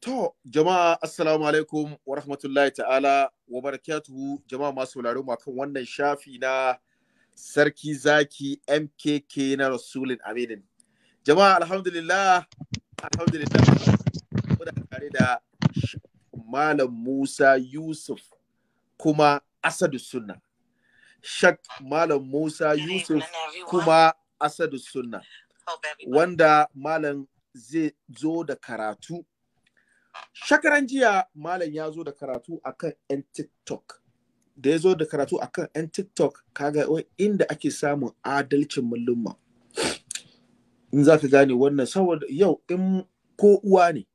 To, jama'a assalamu alaikum wa rahmatullahi ta'ala wa barakatuhu jama'a masu wularu makon wannan shafi na Sarki Zaki MKK na rasulun Aminin. Jama'a alhamdulillah, alhamdulillah. Muna tare da Malam Musa Yusuf kuma Asadu Sunna. Shak Malam Musa Yusuf kuma Asadu Sunna. Wanda Malam zai zo da karatu shakaran jiya malam ya zo da karatu akan yan tiktok da ya zo da karatu akan yan tiktok kaga inda ake samun adalcin mulumma in za ka gane wannan saboda yau in ko uwa ne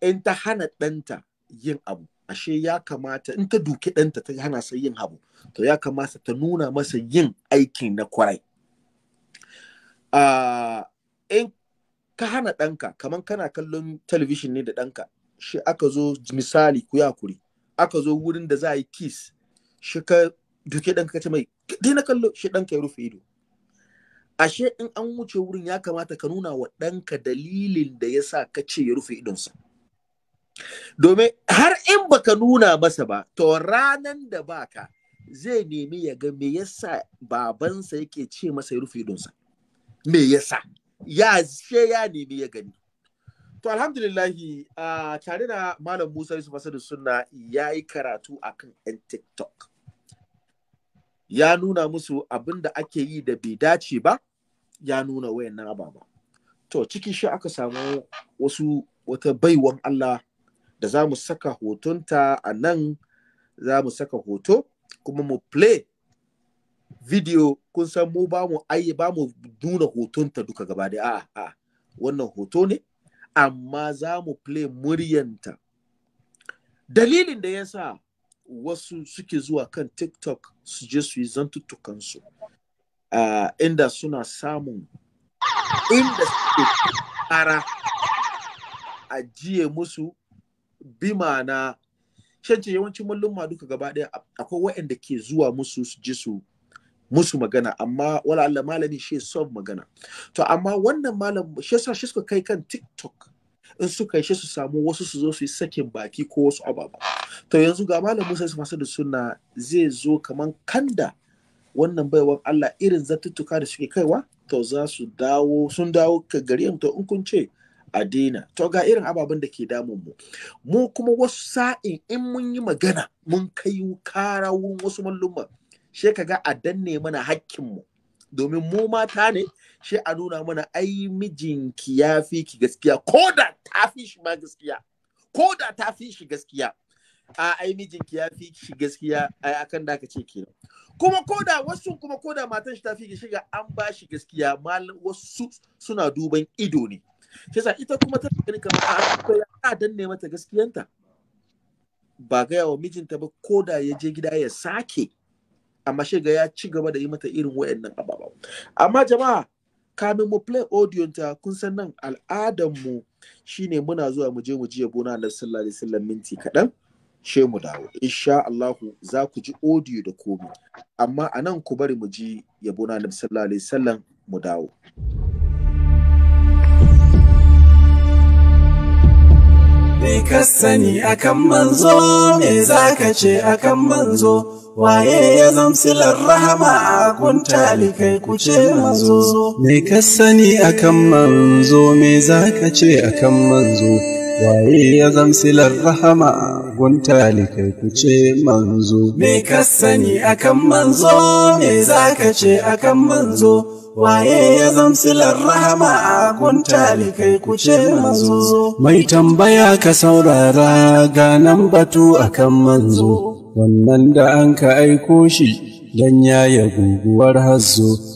in ta hana ɗanta yin abu ashe ya kamata in ta duki ɗanta ta hana sa yin abu to ya kamata ta nuna masa yin aiki na kwarai ah, in ka hana ɗanka kamar kana kallon talabishin ne da ɗanka shi aka zo misali ku kuri aka zo wurin da za a yi kis. shi ka duke ɗanka ka ce mai na kallo shi ɗanka ya rufe ido ashe in an wuce wurin ya kamata ka nuna wa ɗanka dalilin da ya sa ka ce ya rufe idonsa domin har in baka nuna masa ba to ranan da baka zai nemi ya ga me yasa babansa yake ce masa ya rufe idonsa me yasa ya she ya nemi ya gani to alhamdulillahi a tare da malam Musa Yusuf Asadu Sunna ya yi karatu kan yan TikTok ya nuna musu abin da ake yi da bai dace ba ya nuna wayannan ababa to cikin shi aka samu wasu wata baiwan Allah da za mu saka hotonta a nan za mu saka hoto kuma mu play video kun san mu ba mu ai ba mu nuna hotonta duka gaba da a'a a wannan hoto ne amma za mu play muryanta dalilin da ya sa wasu suke zuwa kan tiktok su je su yi zantuttukansu uh, inda suna samun inda suke kara ajiye musu bima na shance yawancin mallon duka gaba ɗaya akwai waɗanda ke zuwa musu su je su musu magana amma wala Allah malami shi son magana to amma wannan malam shi yasa shi suka kai kan TikTok in suka shi su samu wasu su zo su yi sakin baki ko wasu ababa to yanzu ga malam Musa fasa da Sunna zai zo kaman kanda wannan baiwan Allah irin zatuttuka da suke kaiwa to za su dawo sun dawo ka gari to in kun ce adina to ga irin ababen da ke damun mu mu kuma wasu sa'in in mun yi magana mun kai kara wurin wasu malluma she ga a danne mana hakkinmu domin mu mata ne she a nuna mana ai mijinki ya fi ki gaskiya ko da ta fi shi ma gaskiya ko da ta fi shi gaskiya a ai mijinki ya fi shi gaskiya ai akan da aka ce ke kuma koda wasu kuma koda matan shi ta fi shi ga an ba shi gaskiya mal wasu suna duban ido ne shi yasa ita kuma ta gani kamar ah, a ko ya danne mata gaskiyanta ba ga yawa mijinta ba koda ya je gida ya sake amma shiga ya ci gaba da yi mata irin wayannan ababa amma jama'a kamin mu play audio ta kun san nan al'adan mu shine muna zuwa mu je mu ji yabo na sallallahu alaihi wasallam minti kaɗan she mu dawo insha Allah za ku ji audio da komi amma anan ku bari mu ji yabo na sallallahu alaihi wasallam mu dawo Me ka sani akan manzo, me za ce akan manzo, waye ya zamsilar rahama a kuntali kai kuce manzo. Me ka sani akan manzo, me za ce akan manzo. waye ya zamsilar rahama gunta likai ku ce manzo me ka sani akan manzo me zaka ce akan manzo waye ya zamsilar rahama a kuntali kai kuce manzo mai tambaya ka saurara ganan batu akan manzo wannan da an ka aiko shi dan yi guguwar hazo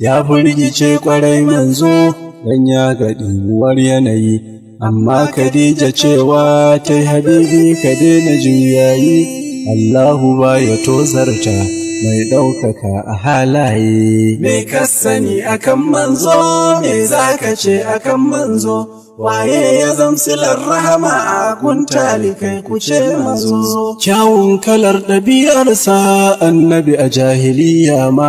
ya firgice kwarai manzo dan ya ga ɗinguwar yanayi amma Khadija cewa ta habibi ka daina juyayi Allahu ba ya tozarta mai ɗaukaka a halaye me ka sani akan manzo me za ka ce akan manzo waye ya zamsilar rahama a kuntali kai kuce manzo kyawun kalar ɗabi'arsa annabi a jahiliya ma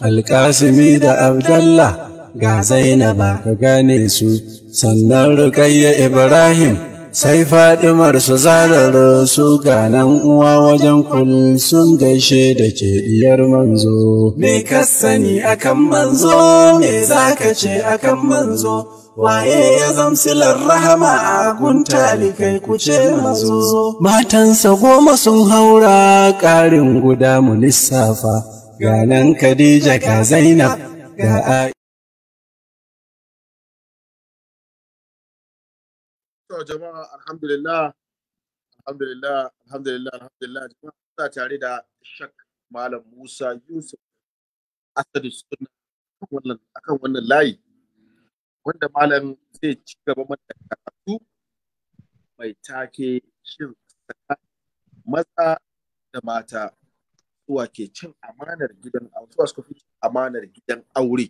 alƙasimi da abdallah ga ba ka gane su sannan rukayya ibrahim sai fadimar su zarar su ganan uwa wajen kullum sun gaishe da ke diyar manzo me ka sani akan manzo me za ka ce akan manzo waye ya zamsilar rahama a guntali kai kuce manzo. matansa goma sun haura ƙarin guda mu lissafa ga nan Khadija ga Zainab ga To jama'a alhamdulillah alhamdulillah alhamdulillah alhamdulillah jama'a muna tare da shak malam Musa Yusuf Asadi Sunna wannan akan wannan layi wanda malam zai ci gaba mata karatu mai take shin maza da mata suwa ke cin amanar gidan suwa suka fi amanar gidan aure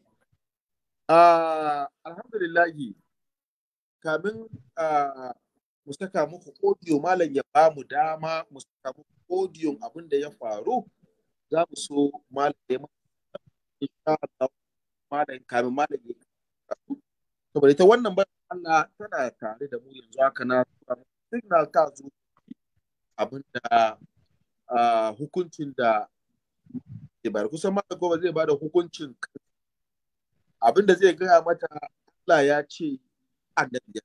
alhamdulillahi kamin mu saka muku audio malam ya ba mu dama mu saka muku audio abin da ya faru za mu so malam ya insha Allah malam kamin malam ya saboda ita wannan ba Allah tana tare da mu yanzu haka na signal ka zo abin da hukuncin da ke bayar kusan mata goma zai bada hukuncin abinda zai gaya mata Allah ya ce annabi ya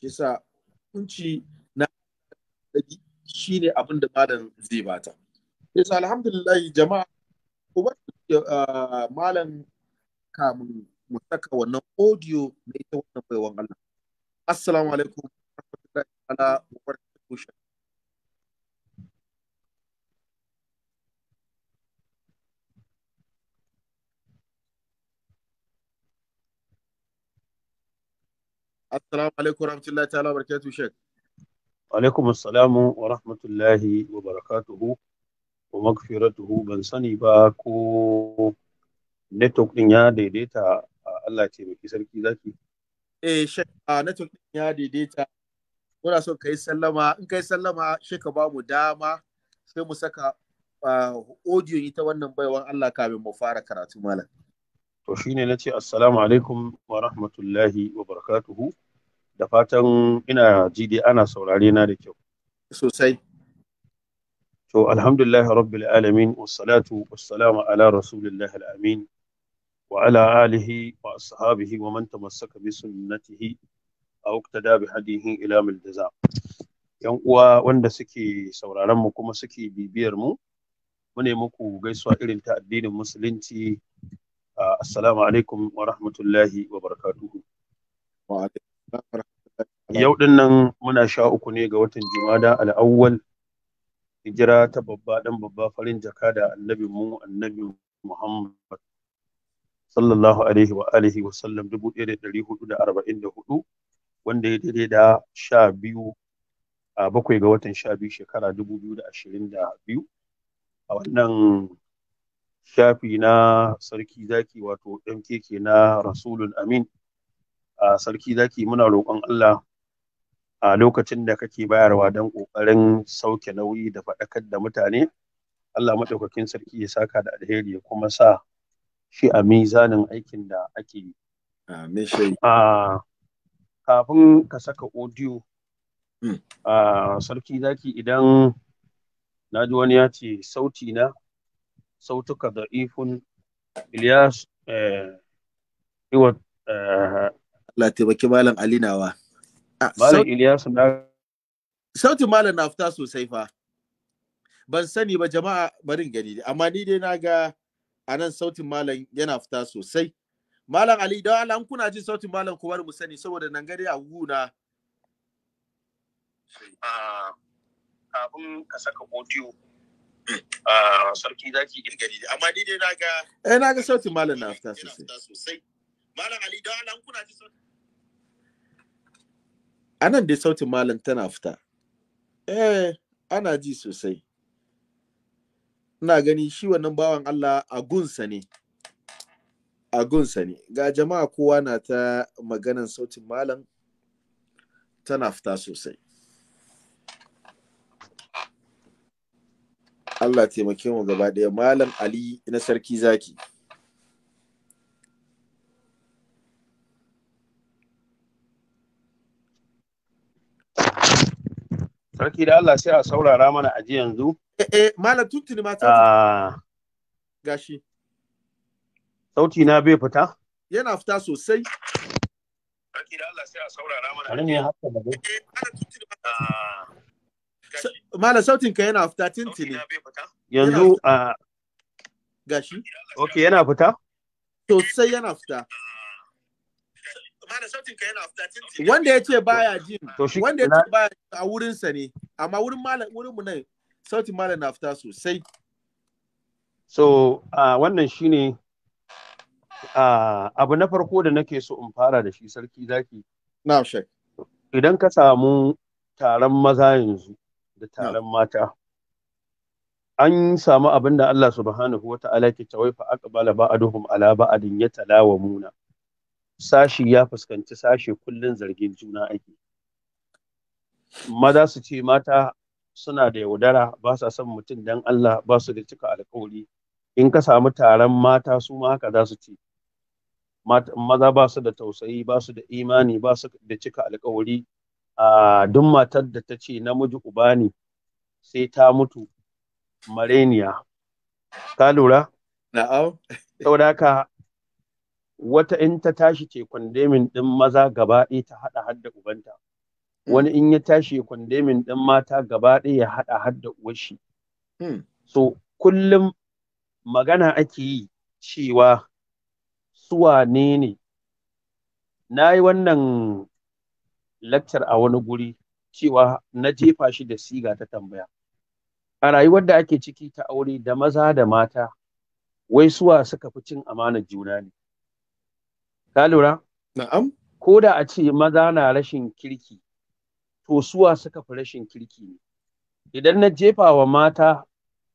kisa hukunci na dabi shine abin da malam zai bata sa alhamdulillah jama'a kuma malam kamun mu saka wannan audio na ita wannan baiwan Allah assalamu alaikum rahmatullahi wa barakatuh Assalamu alaikum warahmatullahi ta'ala barakatuhu Sheikh. Wa alaikum assalamu wa rahmatullahi wa barakatuhu wa magfiratuhu ban sani ba ko network din ya daidaita Allah ce miki sarki zaki. Eh Sheikh network din ya daidaita muna so kai sallama in kai sallama shi ka ba mu dama sai mu saka audio ita wannan baiwan Allah kafin mu fara karatu malam. to shine na ce assalamu alaikum wa rahmatullahi wa barakatuhu da fatan ina ji dai ana saurare na da kyau sosai to alhamdulillah rabbil alamin wassalatu wassalamu ala rasulillah alamin wa ala alihi wa ashabihi wa man tamassaka bi sunnatihi aw iqtada bi hadihi ila mil jaza yan uwa wanda suke sauraron mu kuma suke bibiyar mu mune muku gaisuwa irin ta addinin musulunci assalamu alaikum wa rahmatullahi wa barakatuhu wa Yau din nan muna sha uku ne ga watan Jumada al'awwal hijira ta babba dan babba farin jaka da annabin mu annabi Muhammad sallallahu alaihi wa alihi wa sallam 1444 wanda ya daidai da sha biyu a bakwai ga watan sha biyu shekara 2022 a wannan shafi na sarki zaki wato ɗan keke na rasulun amin a sarki zaki muna roƙon Allah a lokacin da kake bayarwa don ƙoƙarin sauke nauyi da faɗakar da mutane Allah maɗaukakin sarki ya saka da alheri ya kuma sa shi a mizanin aikin da ake yi. Amin Kafin ka saka audio, hmm. sarki zaki idan na ji wani ya ce sauti na sautuka da ifun Ilyas eh, eh, Allah taimaki malam Ali nawa. Ah, malam Ilyasu na Sautin malam na fita sosai fa. Ban sani ba jama'a barin gani amma ni dai na ga a nan sautin malam yana fita sosai. Malam Ali don Allah kuna jin sautin malam ku mu sani saboda nan gari a guna. Abin ah, ka saka audio ah, sarki zaki girgari amma ni dai na ga. Eh na ga sautin malam na fita sosai. Malam Ali don Allah kuna jin sautin anan dai sautin malam tana fita eh ana ji sosai ina gani shi wannan bawan Allah a gunsa ne a gunsa ne ga jama'a kowa na ta maganan sautin malam tana fita sosai Allah taimake mu gaba ɗaya malam Ali na sarki zaki sarki da Allah sai a saurara mana aji yanzu. Eh, eh, malam tuntuni ma ta ah. gashi. Sauti na bai fita? Yana fita sosai. Sarki da Allah sai a saurara mana. Karin ya haka da eh, ah. Malam sautin ka yana fita tuntuni. Yanzu ah. a gashi. Okay, yana fita? Sosai yana fita. wanda ya ce baya jin wanda ya ce baya a wurinsa ne amma wurin malam wurin mu nan sautin malam na fita sosai so wannan shine abu na farko da nake so in fara da shi sarki zaki na shek idan ka samu taron maza yanzu da taron mata an samu abin da Allah subhanahu wa ta'ala ke tawaifa aqbala ba'aduhum ala ba'adin yatalawamuna sashi ya fuskanci sashi kullun zargin juna ake maza su ce mata suna da yaudara ba sa son mutum dan Allah ba su da cika alkawari in ka samu taron mata su ma haka za su ce maza ba su da tausayi ba su da imani ba su da cika alkawari a duk matar da ta ce namiji uba ne sai ta mutu mareniya ka lura na'am saboda haka wata in ta tashi ce kwandemin ɗin maza gaba ɗaya ta haɗa hadda ubanta hmm. wani in ya tashi kwandemin ɗin mata gaba ɗaya ya haɗa hadda shi. Hmm. so kullum magana ake yi cewa suwa ne ne na yi wannan lakcar a wani guri cewa na jefa shi da siga ta tambaya a rayuwar da ake ciki ta aure da maza da mata wai suwa suka fi cin amanar juna ne Ka lura? Na'am. Ko da a ce maza na rashin kirki, to suwa suka fi rashin kirki ne. Idan na jefa wa mata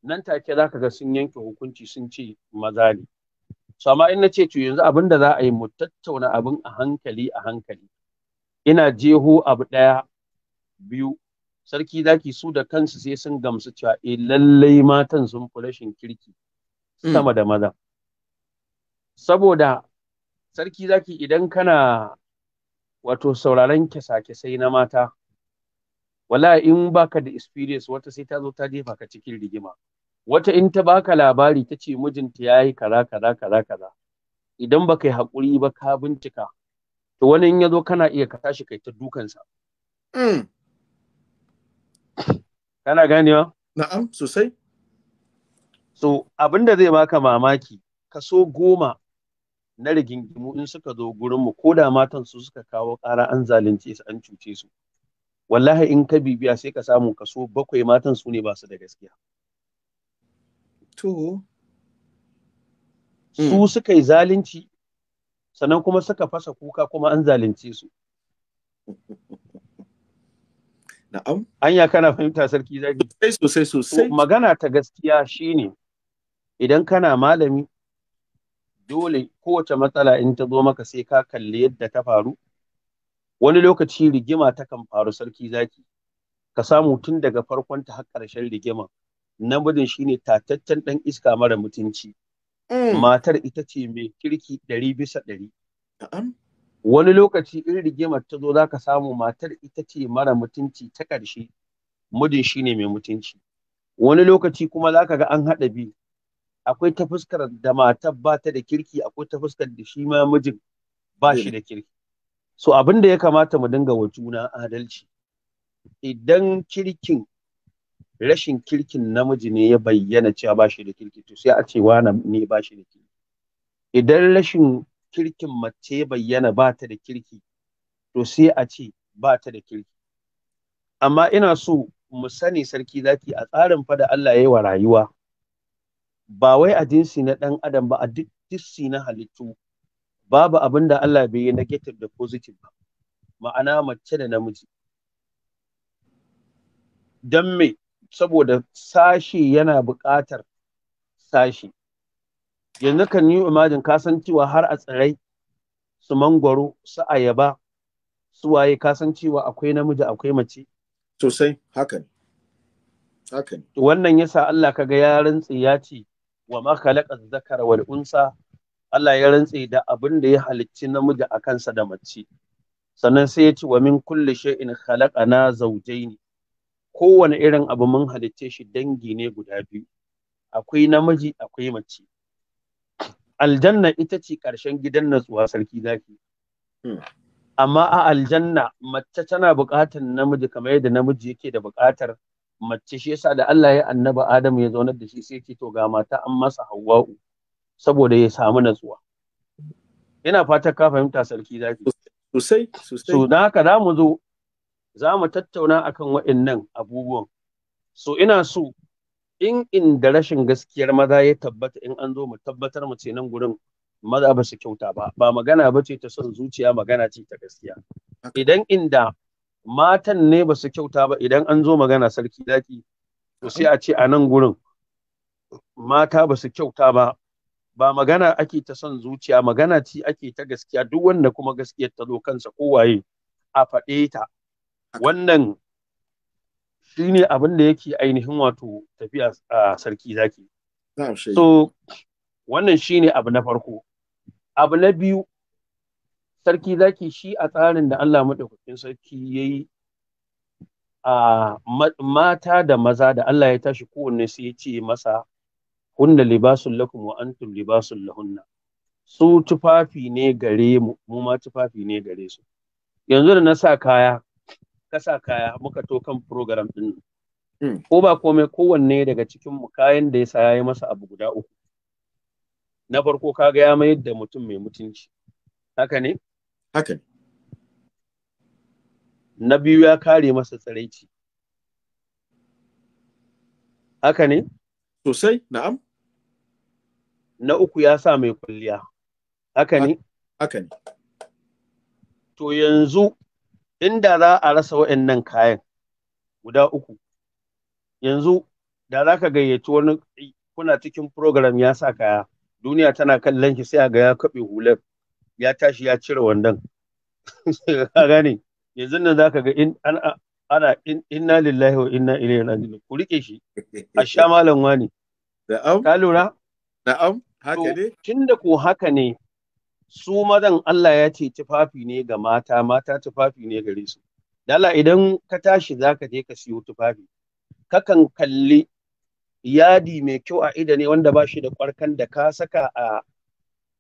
nan take za ka ga sun yanke hukunci sun ce maza ne. So amma in na ce to yanzu abin da za a yi mu tattauna abin a hankali a hankali. Ina jeho abu ɗaya biyu sarki zaki su da kansu sai sun gamsu cewa e lallai matan sun fi rashin kirki hmm. sama da maza. Saboda sarki zaki idan kana wato sauraron kyasa-kyasai na mata wala in baka da experience wata sai ta zo ta jefa ka cikin rigima wata in ta baka labari ta ce mijinta ya yi kaza kaza kaza kaza idan baka yi haƙuri ba ka bincika to wani in ya zo kana iya ka tashi kai ta dukansa mm. kana ganewa na'am sosai so abinda zai baka mamaki kaso goma na rigingimu in suka zo gurinmu ko da matan su suka kawo ƙara an zalunce su an cuce su wallahi in ka bibiya sai ka samu kaso bakwai matan su ne ba su da gaskiya to su hmm. suka yi zalunci sannan kuma suka fasa kuka kuma an zalunce su na'am anya kana fahimta sarki zaki sosai sosai magana ta gaskiya shine idan kana malami dole kowace matsala in ta zo maka sai ka kalli yadda ta faru wani lokaci rigima ta kan faru sarki zaki ka samu tun daga farkon ta har ƙarshen rigima namijin shine tataccen ɗan iska mara mutunci eh. matar ita ce mai kirki ɗari bisa ɗari wani lokaci in rigimar ta zo za ka samu matar ita ce mara mutunci ta ƙarshe mudin shine mai mutunci wani lokaci kuma za ka ga an haɗa biyu akwai ta fuskar da matar ba ta da kirki akwai ta fuskar da shi ma mijin ba shi da kirki so abin da ya kamata mu dinga wa juna adalci idan kirkin rashin kirkin namiji ne ya bayyana cewa ba shi da kirki to sai a ce wa ne ba shi da kirki idan rashin kirkin mace ya bayyana ba ta da kirki to sai a ce ba ta da kirki amma ina so mu sani sarki zaki a tsarin faɗa Allah ya yi wa rayuwa ba wai a jinsi na ɗan adam ba a duk jinsi na halittu babu abin da Allah bai yi negative da positive ba ma'ana mace da namiji don me saboda sashi yana buƙatar sashi yanzu kan yi imajin kasancewa har a tsirai su mangwaro su ayaba su waye kasancewa akwai namiji akwai mace sosai hakan hakan wannan yasa Allah kaga ya rantsi ya ce wa ma khalaqa dhakara wal unsa Allah ya rantse da abin da ya halicci namiji a kansa da mace sannan sai ya ce wa min kulli shay'in khalaqana zawjaini kowane irin abu mun halicce shi dangi ne guda biyu akwai namiji akwai mace aljanna ita ce karshen gidan natsuwa sarki zaki hmm. amma a aljanna mace tana buƙatar namiji kamar yadda namiji yake da buƙatar mace shi yasa da Allah ya annaba Adamu ya zauna da shi sai ce to ga mata an masa Hawwa'u saboda ya samu natsuwa ina fata ka fahimta sarki zaki sosai sosai so dan haka zamu zo za mu tattauna akan waɗannan abubuwan so ina so in inda rashin gaskiyar maza ya tabbata in an zo mu tabbatar mu ce nan gurin maza ba su kyauta ba ba magana ba ce ta son zuciya magana ce ta gaskiya idan inda matan ne ba su kyauta ba idan an zo magana sarki zaki to sai a ce a nan gurin mata ba su kyauta ba ba magana ake ta son zuciya magana ci ake ta gaskiya duk wanda kuma gaskiyar ta zo kansa kowaye a faɗe ta wannan shi ne abin da yake ainihin wato tafiya a sarki zaki so wannan shi ne abu na farko abu na biyu sarki zaki shi a tsarin da Allah maɗaukakin sarki ya yi a mata da maza da Allah ya tashi kowanne sai ya ce masa hunna libasun lakum wa antum libasun lahunna su tufafi ne gare mu mu ma tufafi ne gare su yanzu da na sa kaya ka sa kaya muka to kan program din hmm. ko ba komai kowanne daga cikin mu kayan da ya sa yayi masa abu guda uku na farko kaga ya mayar da mutum mai mutunci haka ne haka ne na biyu ya kare masa tsaraici. haka ne sosai na'am na uku ya sa mai kulliya haka ne haka ne to yanzu inda za a rasa waɗannan kayan guda uku yanzu da za ka gayyaci wani kuna cikin program ya sa kaya duniya tana kallon shi sai a ga ya kaɓe hular ya tashi ya cire wandan. ka gane yanzu nan zaka ga in ana ana inna lillahi wa inna ilaihi raji'un ku rike shi a sha malam wani na'am ka lura na'am haka ne tunda ku haka ne su mazan Allah ya ce tufafi ne ga mata mata tufafi ne gare su dala idan ka tashi zaka je ka siyo tufafi kakan kalli yadi mai kyau a ida ne wanda ba shi da kwarkan da ka saka a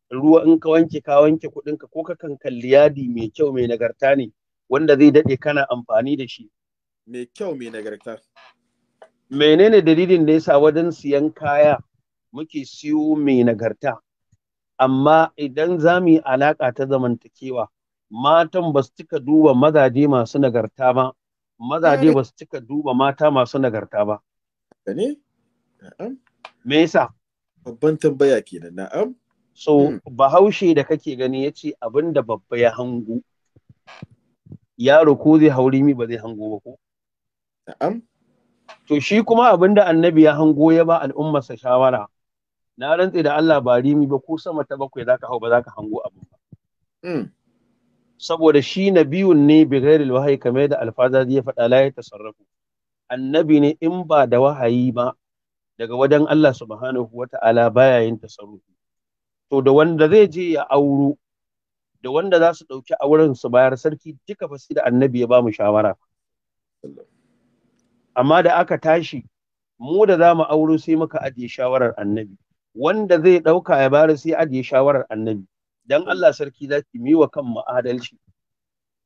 ruwa in ka wanke ka wanke kudin ka ko ka kan kalli yadi mai kyau mai nagarta ne wanda zai daɗe kana amfani da shi mai kyau mai nagarta menene dalilin da yasa wajen siyan kaya muke siyo mai nagarta amma idan za mu yi alaƙa ta zamantakewa matan ba su cika duba mazaje masu nagarta ba mazaje ba su cika duba mata masu nagarta ba. Na'am. Me yasa? Babban tambaya kenan na'am. so hmm. bahaushe da kake gani ya ce abin da babba ya hango, yaro ko zai hauri mi ba zai hango ba ko na'am to shi kuma abin da annabi ya hango ya ba al'ummarsa shawara na rantse da Allah ba rimi ba ko sama ta bakwai za ka hau ba za ka hango abu ba hmm. saboda shi na biyun ne bi ghairil wahayi kamar da alfaza ya faɗa la tasarrafu annabi ne in ba da wahayi ba daga wajen Allah subhanahu ta'ala baya yin tasarrufi to da wanda zai je ya auro da wanda za su ɗauki auren su bayar sarki duka fa da annabi ya ba mu shawara amma da aka tashi mu da za mu auro sai muka ajiye shawarar annabi wanda zai ɗauka ya bayar sai ajiye shawarar annabi dan Allah sarki za ki miwa kan mu adalci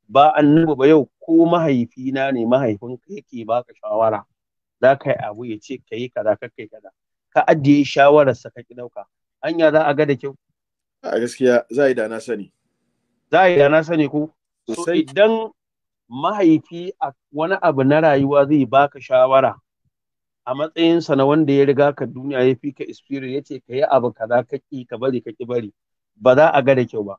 ba annabi ba yau ko mahaifina ne mahaifinka yake baka shawara za ka yi abu ya ce ka yi kaza ka kai kaza ka ajiye shawararsa ka ki ɗauka Hanya za a ga da kyau a gaskiya za a yi da sani za a yi da sani ko so idan mahaifi a wani abu na rayuwa zai baka shawara a matsayinsa na wanda ya riga ka duniya ya fi ka ispiri yace ce ka yi abu kaza ka ki ka bari ka ki bari ba za a ga da kyau ba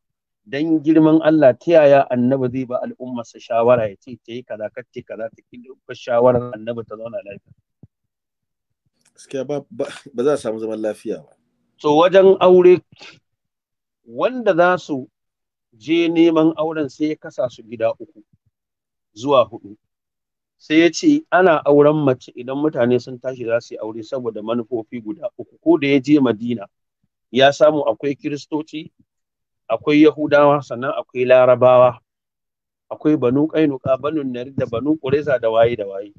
dan girman Allah ta yaya annabi zai ba al'ummarsa shawara ya ce ta yi kaza ka ce kaza ta ki shawarar annabi ta zauna lafiya gaskiya ba ba za a samu zaman lafiya ba so wajen aure wanda za su je neman auren sai ya kasa su gida uku zuwa hudu sai ya ce ana auren mace idan mutane sun tashi za su yi aure saboda manufofi guda uku ko da ya je madina ya samu akwai kiristoci akwai yahudawa sannan akwai larabawa akwai banu kainuka banu nari da banu kureza da waye da waye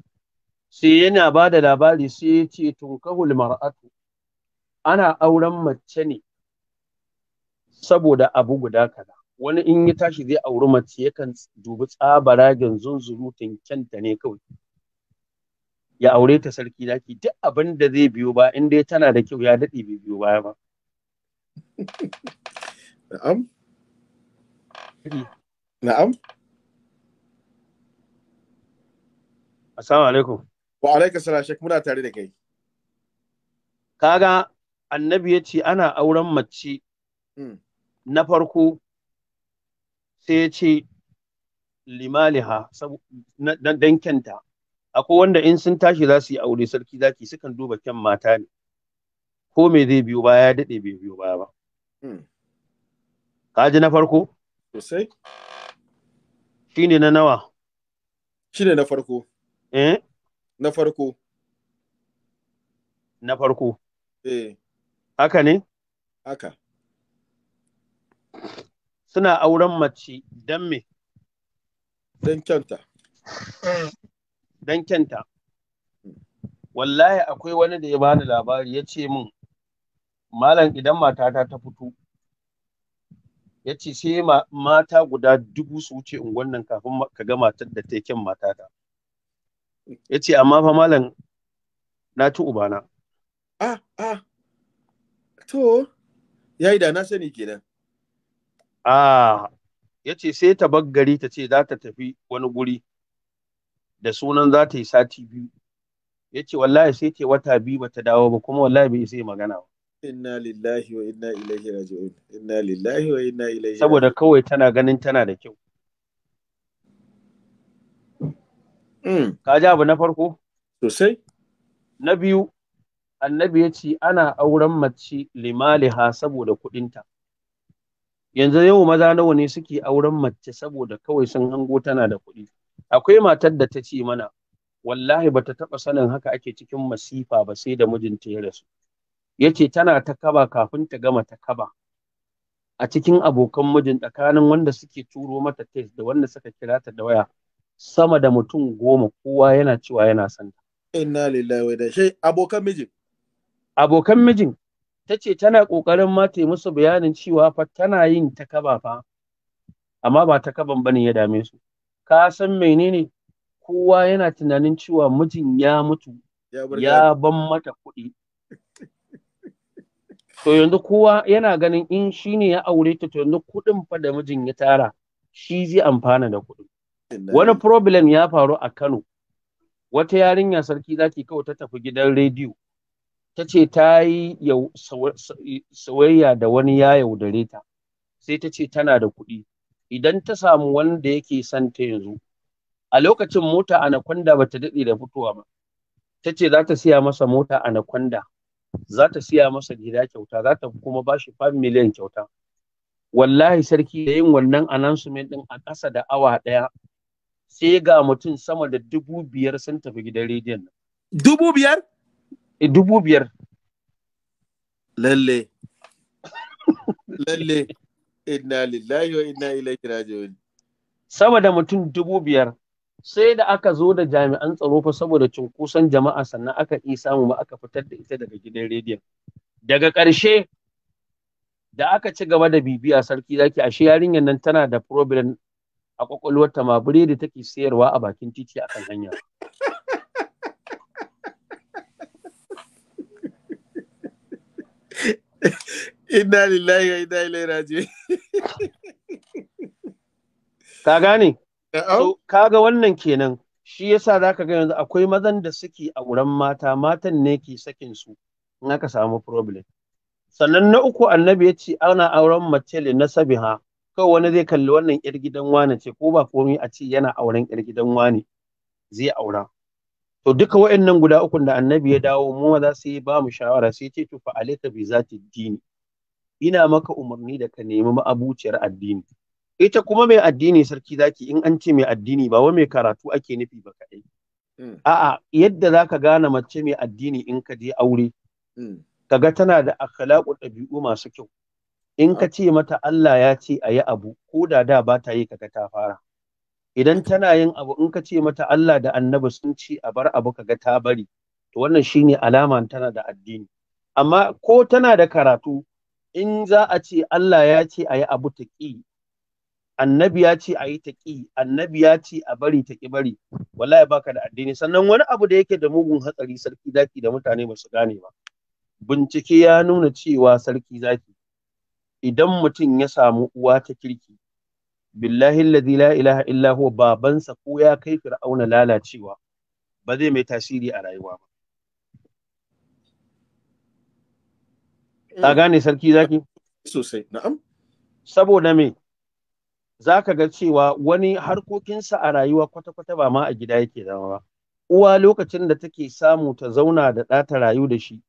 sai yana ba da labari sai ya ce tunkahul mar'atu ana auren mace ne saboda abu guda kaza wani in ya tashi zai auri mace yakan dubi tsabaragen zunzurutun kyanta ne kawai ya aure ta sarki daki duk abin da zai biyo ba in dai tana da kyau ya daɗe bai biyo baya ba na'am na'am assalamu alaikum wa alaikum salam shek muna tare da kai kaga annabi ya ce ana auren mace hmm. na farko sai ya ce limaliha na dankenta akwai wanda in sun tashi za su yi aure sarki zaki sukan duba kyan mata ne ko me zai biyo baya ya daɗe bai biyo baya ba hmm. kaji na farko sosai shine na nawa shine na farko eh na farko na farko eh Haka ne? Haka. Suna auren mace don me? Don kyanta. Don kyanta. Wallahi akwai wani da ya bani labari ya ce min, Malam idan matata ta fito, ya ce sai mata guda dubu su wuce unguwan nan kafin ka ga matar da ta kyan matata. Ya ce, amma fa malam na ci ubana. Ah, ah. To, ya da na sani kenan. Ah, ya ce sai ta baggari ta ce za ta tafi wani guri da sunan za ta yi sati biyu. Ya ce wallahi sai ce wata biyu ba ta dawo ba kuma wallahi bai sai magana ba. Inna lillahi wa inna ilaihi raji'un. Inna lillahi wa inna ilaihi Saboda kawai tana ganin tana da kyau. Hmm. Ka ji abu na farko? Sosai. Na biyu, annabi ya ce ana auren mace limaliha saboda kuɗinta yanzu yau maza nawa ne suke auren mace saboda kawai sun hango tana da kuɗi akwai matar da ta ce mana wallahi bata taɓa sanin haka ake cikin masifa ba sai da mijinta ya rasu yace tana ta kaba kafin ta gama ta kaba a cikin abokan mijin tsakanin wanda suke turo mata test da wanda suka kira ta da waya sama da mutum goma kowa yana cewa yana son ta inna lillahi wa shi abokan mijin abokan mijin ta ce tana ƙoƙarin ma ta musu bayanin cewa fa tana yin ta kaba fa amma ba ta kaban bane ya dame su ka san menene kowa yana tunanin cewa mijin ya mutu ya ban mata kuɗi to yanzu kowa yana ganin in shi ne ya aure ta to yanzu kuɗin fa da mijin ya tara shi zai amfana da kuɗi wani problem ya faru a Kano wata yarinya sarki zaki kawai ta tafi gidan rediyo ta ce ta yi soyayya da wani ya yaudare ta sai ta ce tana da kuɗi idan ta samu wanda yake son ta yanzu a lokacin mota anaconda ba ta daɗe da fitowa ba ta ce za ta siya masa mota anaconda za ta siya masa gida kyauta za ta kuma ba shi fam miliyan kyauta wallahi sarki da yin wannan announcement ɗin a ƙasa da awa ɗaya sai ga mutum sama da dubu biyar sun tafi gidan rediyon nan. Dubu biyar? Eh, dubu biyar lalle lalle inna lillahi wa inna ilaihi raji'un sama mutum dubu biyar sai da aka zo da jami'an tsaro fa saboda cunkoson jama'a sannan aka yi samu ba aka fitar da ita daga gidan rediyon daga ƙarshe da aka ci gaba da bibiya sarki zaki ashe yarinyar nan tana da problem a kwakwalwarta ma biredi take sayarwa a bakin titi akan hanya Inna lillahi wa inna ilaihi raji'un. Ka gane? Kaga wannan kenan. Shi yasa za ka ga yanzu akwai mazan da suke a wurin mata, matan ne ke sakin su in aka samu problem. Sannan na uku annabi ya ce ana auren mace da na sabiha. Kawai wani zai kalli wannan 'yar gidan wane ce ko ba komai a ce yana auren 'yar gidan wane zai aura. to duka wa'annan guda ukun da annabi ya dawo mu maza sai ba mu shawara sai ce to fa alaita bi zati dini ina maka umarni da ka nemi ma'abuciyar addini ita kuma mai addini sarki zaki in an ce mai addini ba wa mai karatu ake nufi ba kaɗai mm. a'a yadda za ka gane mace mai addini in ka je aure mm. kaga tana da akhlaqu ɗabi'u masu kyau in ka ah. ce mata Allah ya ce ayi abu ko da da ba ta yi kaga ta fara idan tana yin abu in ka ce mata Allah da annabi sun ci a bar abu kaga ta bari to wannan shine alama tana da addini amma ko tana da karatu in za a ce Allah ya ce a yi abu ta ƙi annabi ya ce a yi ta ƙi annabi ya ce a bari ta ƙi bari wallahi baka da addini sannan wani abu da yake da mugun hatsari sarki zaki da mutane ba su gane ba bincike ya nuna cewa sarki zaki idan mutum ya samu uwa ta kirki billahi alladhi la ilaha illa huwa babansa ko ya kai fir'auna lalacewa ba zai mai tasiri a rayuwa ba ta eh. gane sarki zaki sosai na'am saboda me za ka ga cewa wani harkokinsa a rayuwa kwata-kwata ba ma a gida yake zama ba uwa lokacin da take samu ta zauna da ɗa ta rayu da shi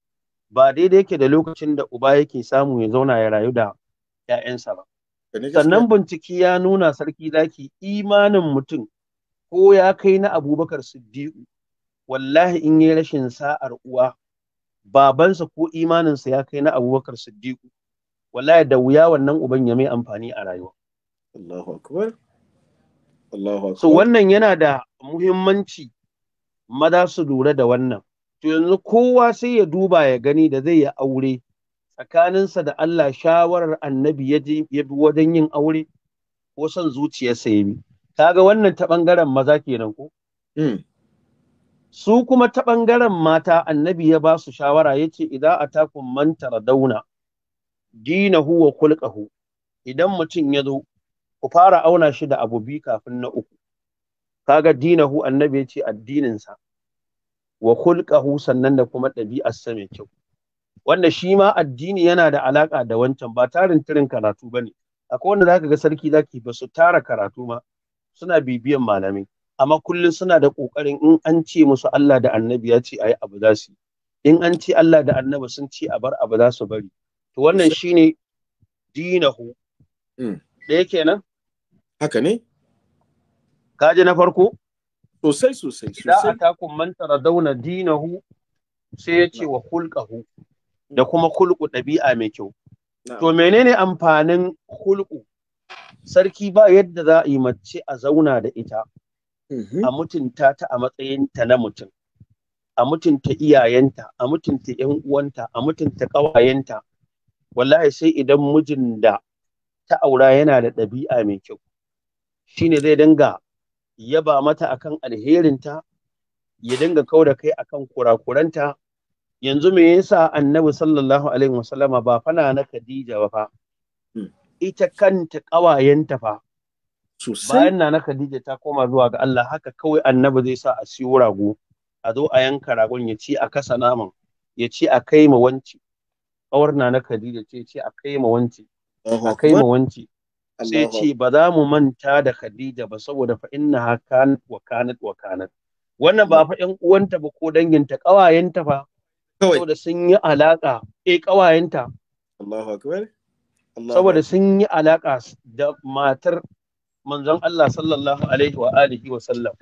ba daidai yake da lokacin da uba yake samu ya zauna ya rayu da ‘ya'yansa ba sannan bincike ya nuna sarki zaki imanin mutum ko ya kai na abubakar siddiqu wallahi in yi rashin sa'ar uwa babansa ko imaninsa ya kai na abubakar siddiqu wallahi da wuya wannan uban ya mai amfani a rayuwa Allahu akbar Allahu akbar so wannan yana da muhimmanci maza su lura da wannan to yanzu kowa sai ya duba ya gani da zai yi aure tsakaninsa da Allah shawarar annabi ya bi wajen yin aure ko son zuciyarsa ya bi kaga wannan ta ɓangaren maza kenan ko hmm. su kuma ta ɓangaren mata annabi ya ba su shawara ya ce idan a mantara dauna, dina dinahu wa hu. idan mutum ya zo ku fara auna shi da abu bi kafin na uku kaga hu annabi ya ce addininsa wa hu sannan da kuma ɗabi'arsa mai kyau wanda shi ma addini yana da alaƙa da wancan ba tarin tirin karatu ba ne akwai wanda zaka ga sarki zaki ba su tara karatu ma suna bibiyan malamai amma kullum suna da ƙoƙarin in an ce musu Allah da annabi ya ce ayi abu za su in an ce Allah da annabi sun ce a bar abu za su bari to wannan shine dinahu mm. yake kenan haka ne ji na farko sosai sosai sosai idan atakum man Dauna dinahu sai ya ce wa hulqahu da kuma hulku ɗabi'a mai kyau. To menene amfanin hulku? Sarki ba yadda za a yi mace a zauna da ita, mhm. a mutunta ta a matsayinta na mutum, a mutunta iyayenta, a mutunta ‘yan uwanta, a mutunta ƙawayenta. Wallahi sai idan mijin da ta aura yana da ɗabi'a mai kyau. Shi ne zai dinga yaba mata akan alherinta, ya dinga kau da kai akan kurakuranta, yanzu me yasa annabi sallallahu alaihi wasallama ba fana na Khadija ba fa hmm. ita kanta kawayenta fa bayan na na Khadija ta koma zuwa ga Allah haka kawai annabi zai sa a siyo rago a zo a yanka ragon ya ci a kasa naman ya ci a kai ma wanci kawar na na Khadija ce ce a kai ma wanci a kai ma wanci sai ce ba za mu manta da Khadija ba saboda fa inna kanat wa kanat wa kanat wannan ba fa ƴan uwanta ba ko danginta kawayenta fa saboda sun yi alaƙa eh ƙawayenta saboda sun yi alaƙa da matar manzon Allah sallallahu alaihi wa alihi wa sallam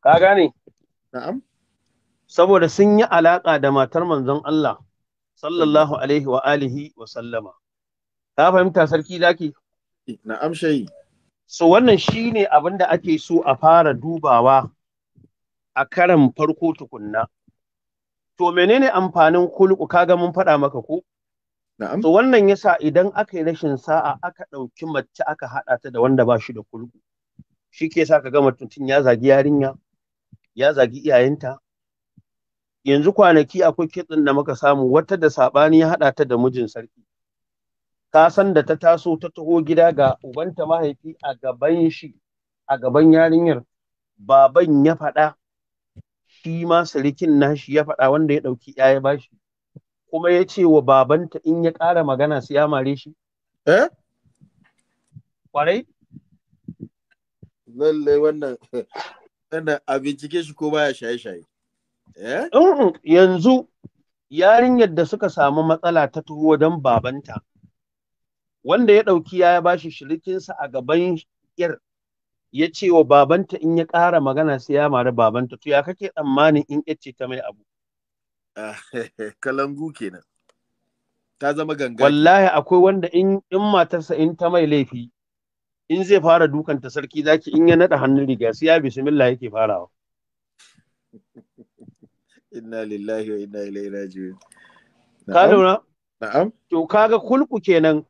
ka gane na'am saboda sun yi alaƙa da matar manzon Allah sallallahu alaihi wa alihi wa sallama ka fahimta sarki zaki na'am shayi so wannan shine abin da ake so a fara dubawa a karan farko tukunna to menene amfanin kulku kaga mun faɗa maka ko na'am so wannan yasa idan aka rashin sa'a aka ɗauki mace aka haɗa ta da wanda ba shi da kulku shi ke sa ka gama mutum ya zagi yarinya ya zagi iyayenta yanzu kwanaki akwai kitsin da muka samu wata da saɓani ya haɗa ta da mijin sarki ka san da ta taso ta taho gida ga ubanta mahaifi a gaban shi a gaban yarinyar baban ya faɗa shi ma sirikin nashi ya faɗa wanda ya ɗauki ya bashi kuma ya ce wa babanta in ya ƙara magana su ya mare shi eh lalle wannan wannan a bincike shi ko baya shaye-shaye eh yanzu yarinyar da suka samu matsala ta taho wajen babanta wanda ya ɗauki ya bashi shirikinsa a gaban yar ya ce wa babanta in ya ƙara magana sai ya mari babanta to ya kake tsammanin in yace ta mai abu ah, kalangu kenan ta zama ganga wallahi akwai wanda in in matarsa in ta mai laifi in zai fara dukanta sarki zaki in ya nada hannun riga sai ya bismillah yake farawa inna lillahi wa inna ilaihi raji'un ka lura na'am to kaga kulku kenan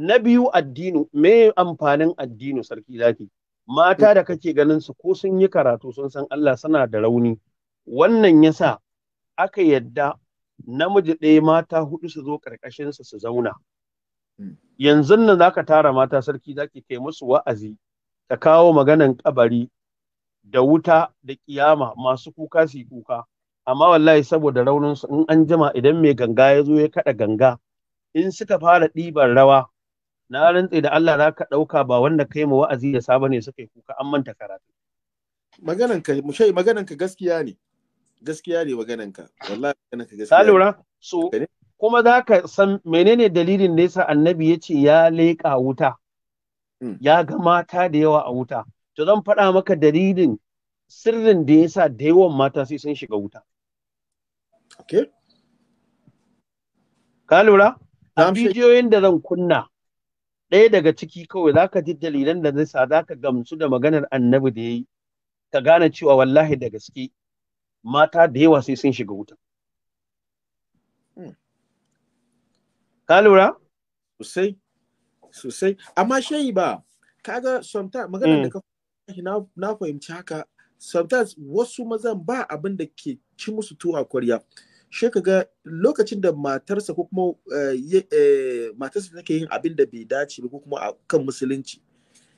na biyu addinu me amfanin addinu sarki zaki mata da kake ganin su ko sun yi karatu sun san Allah suna da rauni wannan yasa aka yadda namiji ɗaya mata hudu su zo karkashin su zauna hmm. yanzu nan zaka tara mata sarki zaki kai musu wa'azi ta kawo maganan kabari da wuta da kiyama masu kuka su kuka amma wallahi saboda raunin su in an jima idan mai ganga ya zo ya kada ganga in suka fara ɗiban rawa na rantse da Allah za ka ɗauka ba wanda kai ma wa'azi da saba ne suka yi kuka an manta karatu. Maganan ka mushai maganan ka gaskiya ne. Gaskiya ne maganan ka. Wallahi maganan ka gaskiya. Ka lura? So kuma za ka san menene dalilin da yasa annabi ya ce ya leƙa wuta. Hmm. Ya ga mata da yawa a wuta. To zan faɗa maka dalilin sirrin da yasa da yawan mata sai sun shiga wuta. Okay. Ka lura? A bidiyoyin da zan kunna ɗaya daga ciki kawai za ka ji dalilan da zai sa za ka gamsu da maganar annabi da ya yi ka gane cewa wallahi da gaske mata da yawa sai sun shiga wuta. Hmm. Ka lura? Sosai, sosai. Amma shayi ba, kaga sometimes maganar da hmm. ka na fahimci haka, sometimes wasu mazan ba abin da ke ci musu tuwa kwarya. shi ga lokacin da matarsa ko kuma eh, eh, matarsa take yin abin da bai dace ba ko kuma kan musulunci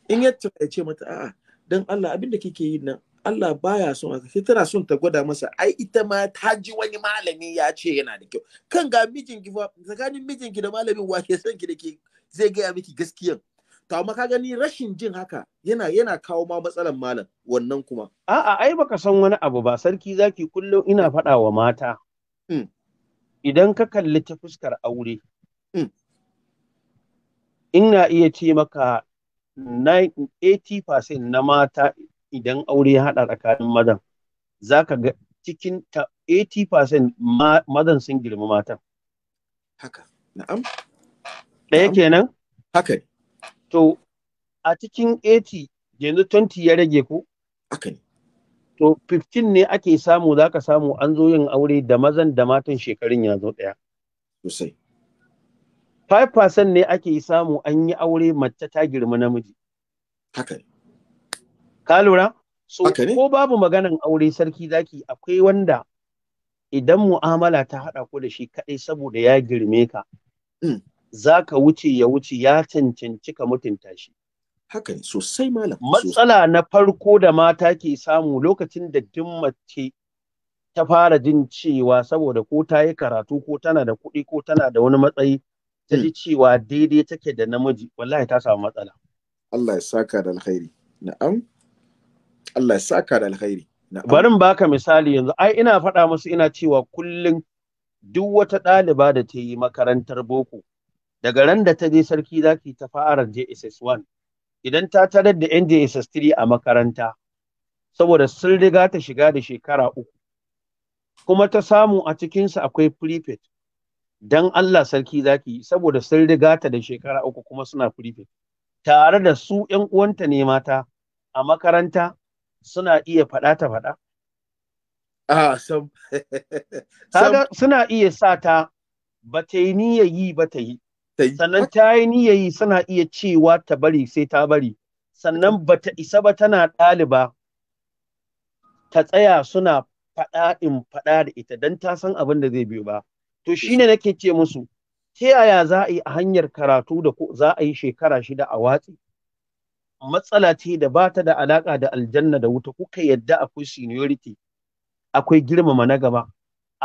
in ya ce mata a'a dan Allah abin da kike yi nan Allah baya son a sai tana son ta gwada masa ai ita ma ta ji wani malami ya ce yana da kyau kan ga mijin ki fa tsakanin mijin ki da malamin wa ke son ki da ke zai gaya miki gaskiyan to amma ka gani rashin jin haka yana yana kawo ma matsalan malam wannan kuma a'a ai baka san wani abu ba sarki zaki kullum ina faɗa wa mata idan ka kalli ta fuskar aure hmm. ina iya ce maka 80% na mata idan aure ya haɗa tsakanin mazan za ka ga cikin 80% mazan sun girma matan. Haka, na'am. Ɗaya kenan? Haka. To, a cikin 80 yanzu 20 ya rage ko? Haka ne. to 15 ne ake samu za ka samu an zo yin aure da mazan da matan shekarun ya zo ɗaya. Sosai. 5% ne ake samu an yi aure mace ta girma namiji. Haka ne. Ka lura? So, ko babu maganan aure sarki zaki akwai wanda idan mu'amala ta haɗa ko da shi kaɗai saboda ya girme ka, hmm. za ka wuce ya wuce ya cancanci ka mutunta shi. haka ne sosai malam matsala na farko da mata ke samu lokacin da duk mace ta fara jin cewa saboda ko ta yi karatu ko tana da kuɗi ko tana da wani matsayi ta ji hmm. cewa daidai take da namiji wallahi ta samu matsala Allah ya saka da alkhairi na'am Allah ya saka da alkhairi barin baka misali yanzu ai ina faɗa musu ina cewa kullum duk wata ɗaliba da ta yi makarantar boko daga ran da ta je sarki zaki ta fara JSS1 idan ta tarar da yan JSS3 a makaranta saboda sun riga ta shiga da shekara uku kuma ta samu a cikinsu akwai prefect dan Allah sarki zaki saboda sun riga ta da shekara uku kuma suna prefect tare da su yan uwanta ne mata a makaranta suna iya faɗa ta faɗa Ah, sab... suna iya sa ta ba ta yi ni yayi ba ta yi. sannan ta yi niyayi suna iya cewa ta bari sai ta bari sannan ba ta isa ba tana ɗaliba ta tsaya suna faɗa in faɗa da ita don ta san abin da zai biyu ba to shine nake ce musu ta yaya za a yi a hanyar karatu da za a yi shekara shida a watsi matsala ce da ba ta da alaƙa da aljanna da wuta kuka yadda akwai seniority akwai girmama na gaba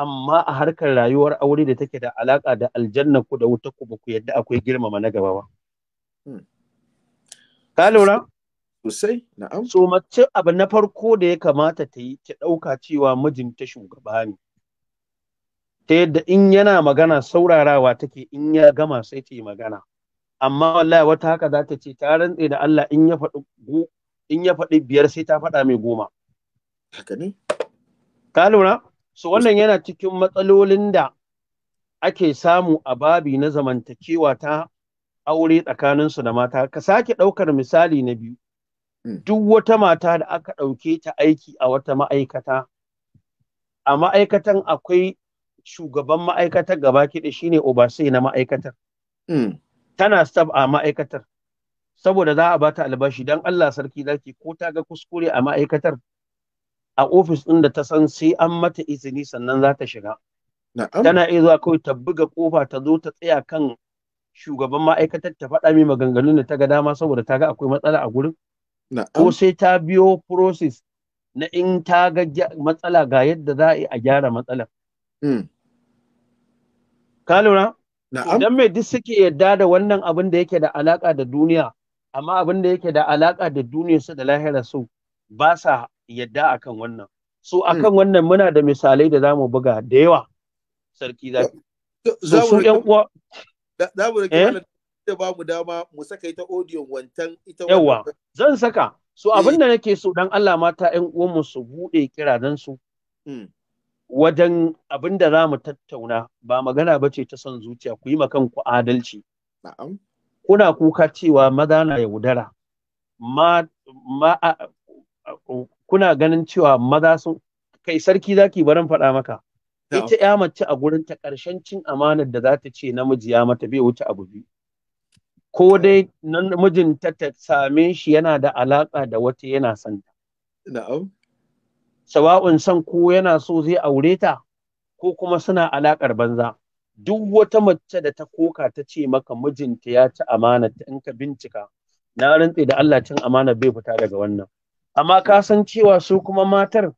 amma a harkar rayuwar aure da take da alaka da aljanna ku da wuta ku ba ku yadda akwai girmama na gaba ba hmm. ka lura sosai na'am so mace abu na farko da ya kamata ta yi ta dauka cewa mijinta shugaba ne ta yadda in yana magana saurarawa take in ya gama sai ta yi magana amma wallahi wata haka za ta ce ta rantse da Allah in ya faɗi in ya faɗi biyar sai ta faɗa mai goma haka ne ka lura So wannan yana cikin matsalolin da ake samu a babi na zamantakewa ta aure tsakaninsu da mata. Ka sake ɗaukar misali na biyu. Hmm. Duk wata mata da aka ɗauke ta aiki a wata ma'aikata, a ma'aikatan akwai shugaban ma'aikatar gaba kiɗi shine obasai na ma'aikatar. Hmm. Tana stab a ma'aikatar. Saboda za a bata albashi don Allah sarki zaki ko ta ga kuskure a ma'aikatar a ofis ɗin da ta san sai an mata izini sannan za ta shiga. Tana iya zuwa kawai ta buga kofa ta zo ta tsaya kan shugaban ma'aikatar ta faɗa mai maganganun da ta ga dama saboda ta ga akwai matsala a gurin. Ko sai ta biyo process na in ta ga matsala ga yadda za a yi a gyara matsalar. Hmm. Ka lura? Idan mai duk suke yadda da wannan abin da yake da alaƙa da duniya, amma abin da yake da alaƙa da su da su ba sa yadda akan wannan so hmm. akan wannan muna da misalai da zamu buga da yawa sarki zaki su yan uwa za mu rike da ba mu eh? dama mu saka ita audio wantan ita yawa zan saka so eh. abin da nake so dan Allah mata yan uwan mu su bude kiranan su hmm. wajen abin da za mu tattauna ba magana ba ce ta son zuciya ku yi ku adalci kuna kuka cewa maza na yaudara ma, ma, kuna ganin cewa maza sun kai sarki zaki barin faɗa maka ita ya mace a gurin ta ƙarshen cin amanar da za ta ce namiji ya mata bai wuce abu biyu ko dai namijin ta ta same shi yana da alaƙa da wata yana son ta na'am sawa'un san ko yana so zai aure ta ko kuma suna alaƙar banza duk wata mace da ta koka ta ce maka mijinta ya ci amana in ka bincika na rantse da Allah cin amanar bai fita daga wannan amma ka san cewa su kuma matar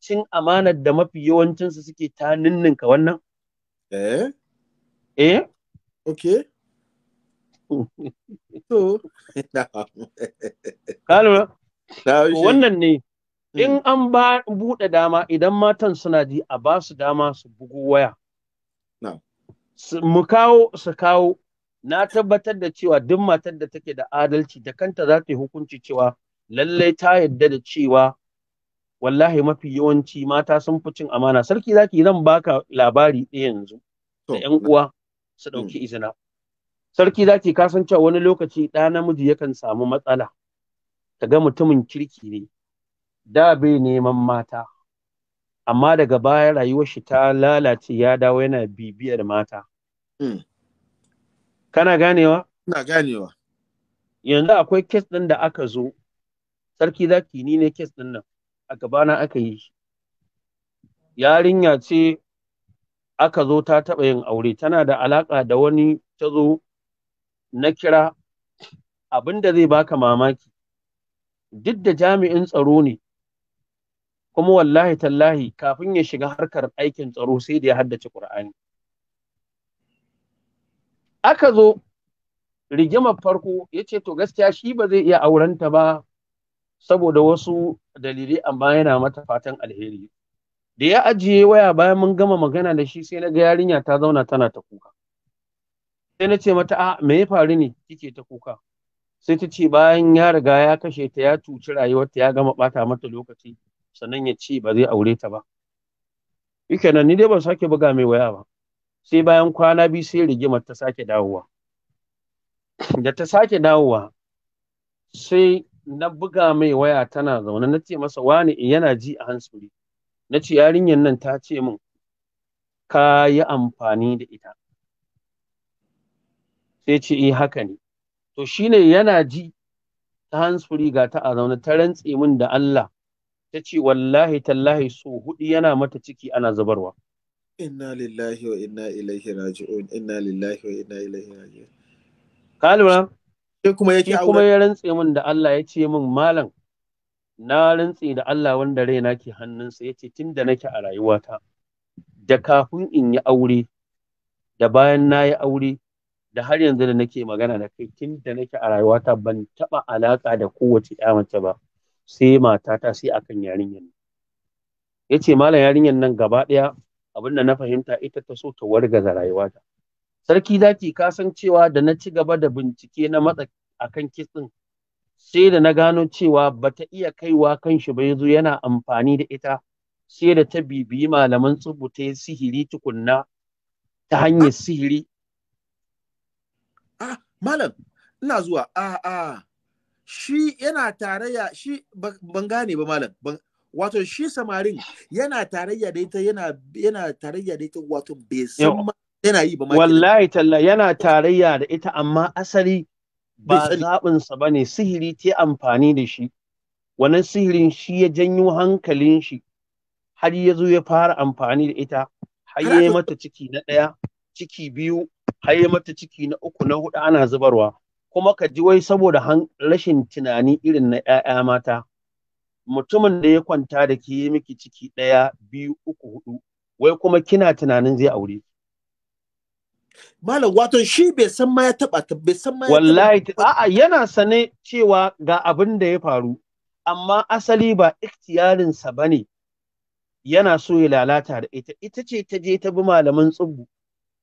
cin amanar da mafi yawancinsu suke ta ninninka wannan? Eh? Eh? Okay. to, ka Wannan ne, hmm. in an ba buɗe dama idan matan suna ji a ba su dama su bugu waya. Mu kawo su kawo, na tabbatar da cewa duk matar da take da adalci da kanta za ta yi hukunci cewa lallai ta yadda da cewa wallahi mafi yawanci mata sun fi cin amana sarki zaki zan baka labari ɗaya yanzu da yan uwa su ɗauki mm. izina sarki zaki ka san cewa wani lokaci ɗa namiji yakan samu matsala ga mutumin kirki ne da bai neman mata amma daga baya rayuwar shi ta lalace ya dawo yana bibiyar mata mm. kana ganewa? Ina ganewa. Yanzu akwai kes ɗin da aka zo sarki zaki ni ne kes ɗin nan a gabana aka yi shi yarinya ce aka zo ta taɓa yin aure tana da alaƙa da wani ta zo na kira abin da zai baka mamaki duk da jami'in tsaro ne kuma wallahi tallahi kafin ya shiga harkar aikin tsaro sai da ya haddace Kur'ani. aka zo rigimar farko ya ce to gaskiya shi ba zai iya aurenta ba saboda wasu dalilai amma yana mata fatan alheri da ya ajiye waya bayan mun gama magana da shi sai na ga yarinya ta zauna tana ta kuka sai na ce mata a me ya faru ne kike ta kuka sai ta ce bayan ya riga ya kashe ta ya cuci rayuwarta ya gama bata mata lokaci sannan ya ce ba zai aure ta ba nan, ni dai ban sake buga mai waya ba sai bayan kwana biyu sai rigima ta sake dawowa da ta sake dawowa sai na buga mai waya tana zaune na ce masa wani eh, yana ji a hansuri na ce yarinyar nan ta ce min ka yi amfani da ita sai ce eh haka ne to shine yana ji ta hansuri ga ta a zaune ta rantse min da Allah ta ce wallahi tallahi so hudu yana mata ciki ana zubarwa inna lillahi wa inna ilaihi raji'un inna lillahi wa inna ilaihi raji'un ka lura kuma ya rantse min da Allah ya ce min malam na rantse da Allah wanda raina ke hannunsa ya ce tun da nake a rayuwata da kafin in yi aure da bayan na yi aure da har yanzu da nake magana da kai tun da nake a rayuwata ban taɓa alaƙa da kowace ƴa mace ba sai matata sai akan yarinyar nan ya ce malam yarinyar nan gaba ɗaya abin da na fahimta ita ta so ta wargaza rayuwata sarki zaki ka san cewa da na ci gaba da bincike na matsa akan kitsin sai da na gano cewa bata iya kaiwa kan shi ba yazo yana amfani da ita sai da ta bibiyi malaman tsubuta sihiri tukunna ta hanyar sihiri ah malam ina zuwa ah ah shi yana tarayya shi ban gane ba malam wato shi samarin yana tarayya da ita yana yana tarayya da ita wato bai san yana yi ba ma wallahi talla yana tarayya da ita amma asali ba zaɓinsa ba ne sihiri ta amfani da shi wannan sihirin shi ya janyo hankalin shi har ya zo ya fara amfani da ita har ya mata ciki na ɗaya ciki biyu har ya mata ciki na uku na hudu ana zubarwa kuma ka ji wai saboda rashin tunani irin na 'ya'ya mata mutumin da ya kwanta da ke miki ciki ɗaya biyu uku hudu wai kuma kina tunanin zai aure ki Malam wato shi bai san ma ya taba ta bai san ma Wallahi a'a yana sane cewa ga abin da ya faru amma asali ba ikhtiyarin sa bane yana so ya lalata da ita ita ce ta je ta bi malaman tsubbu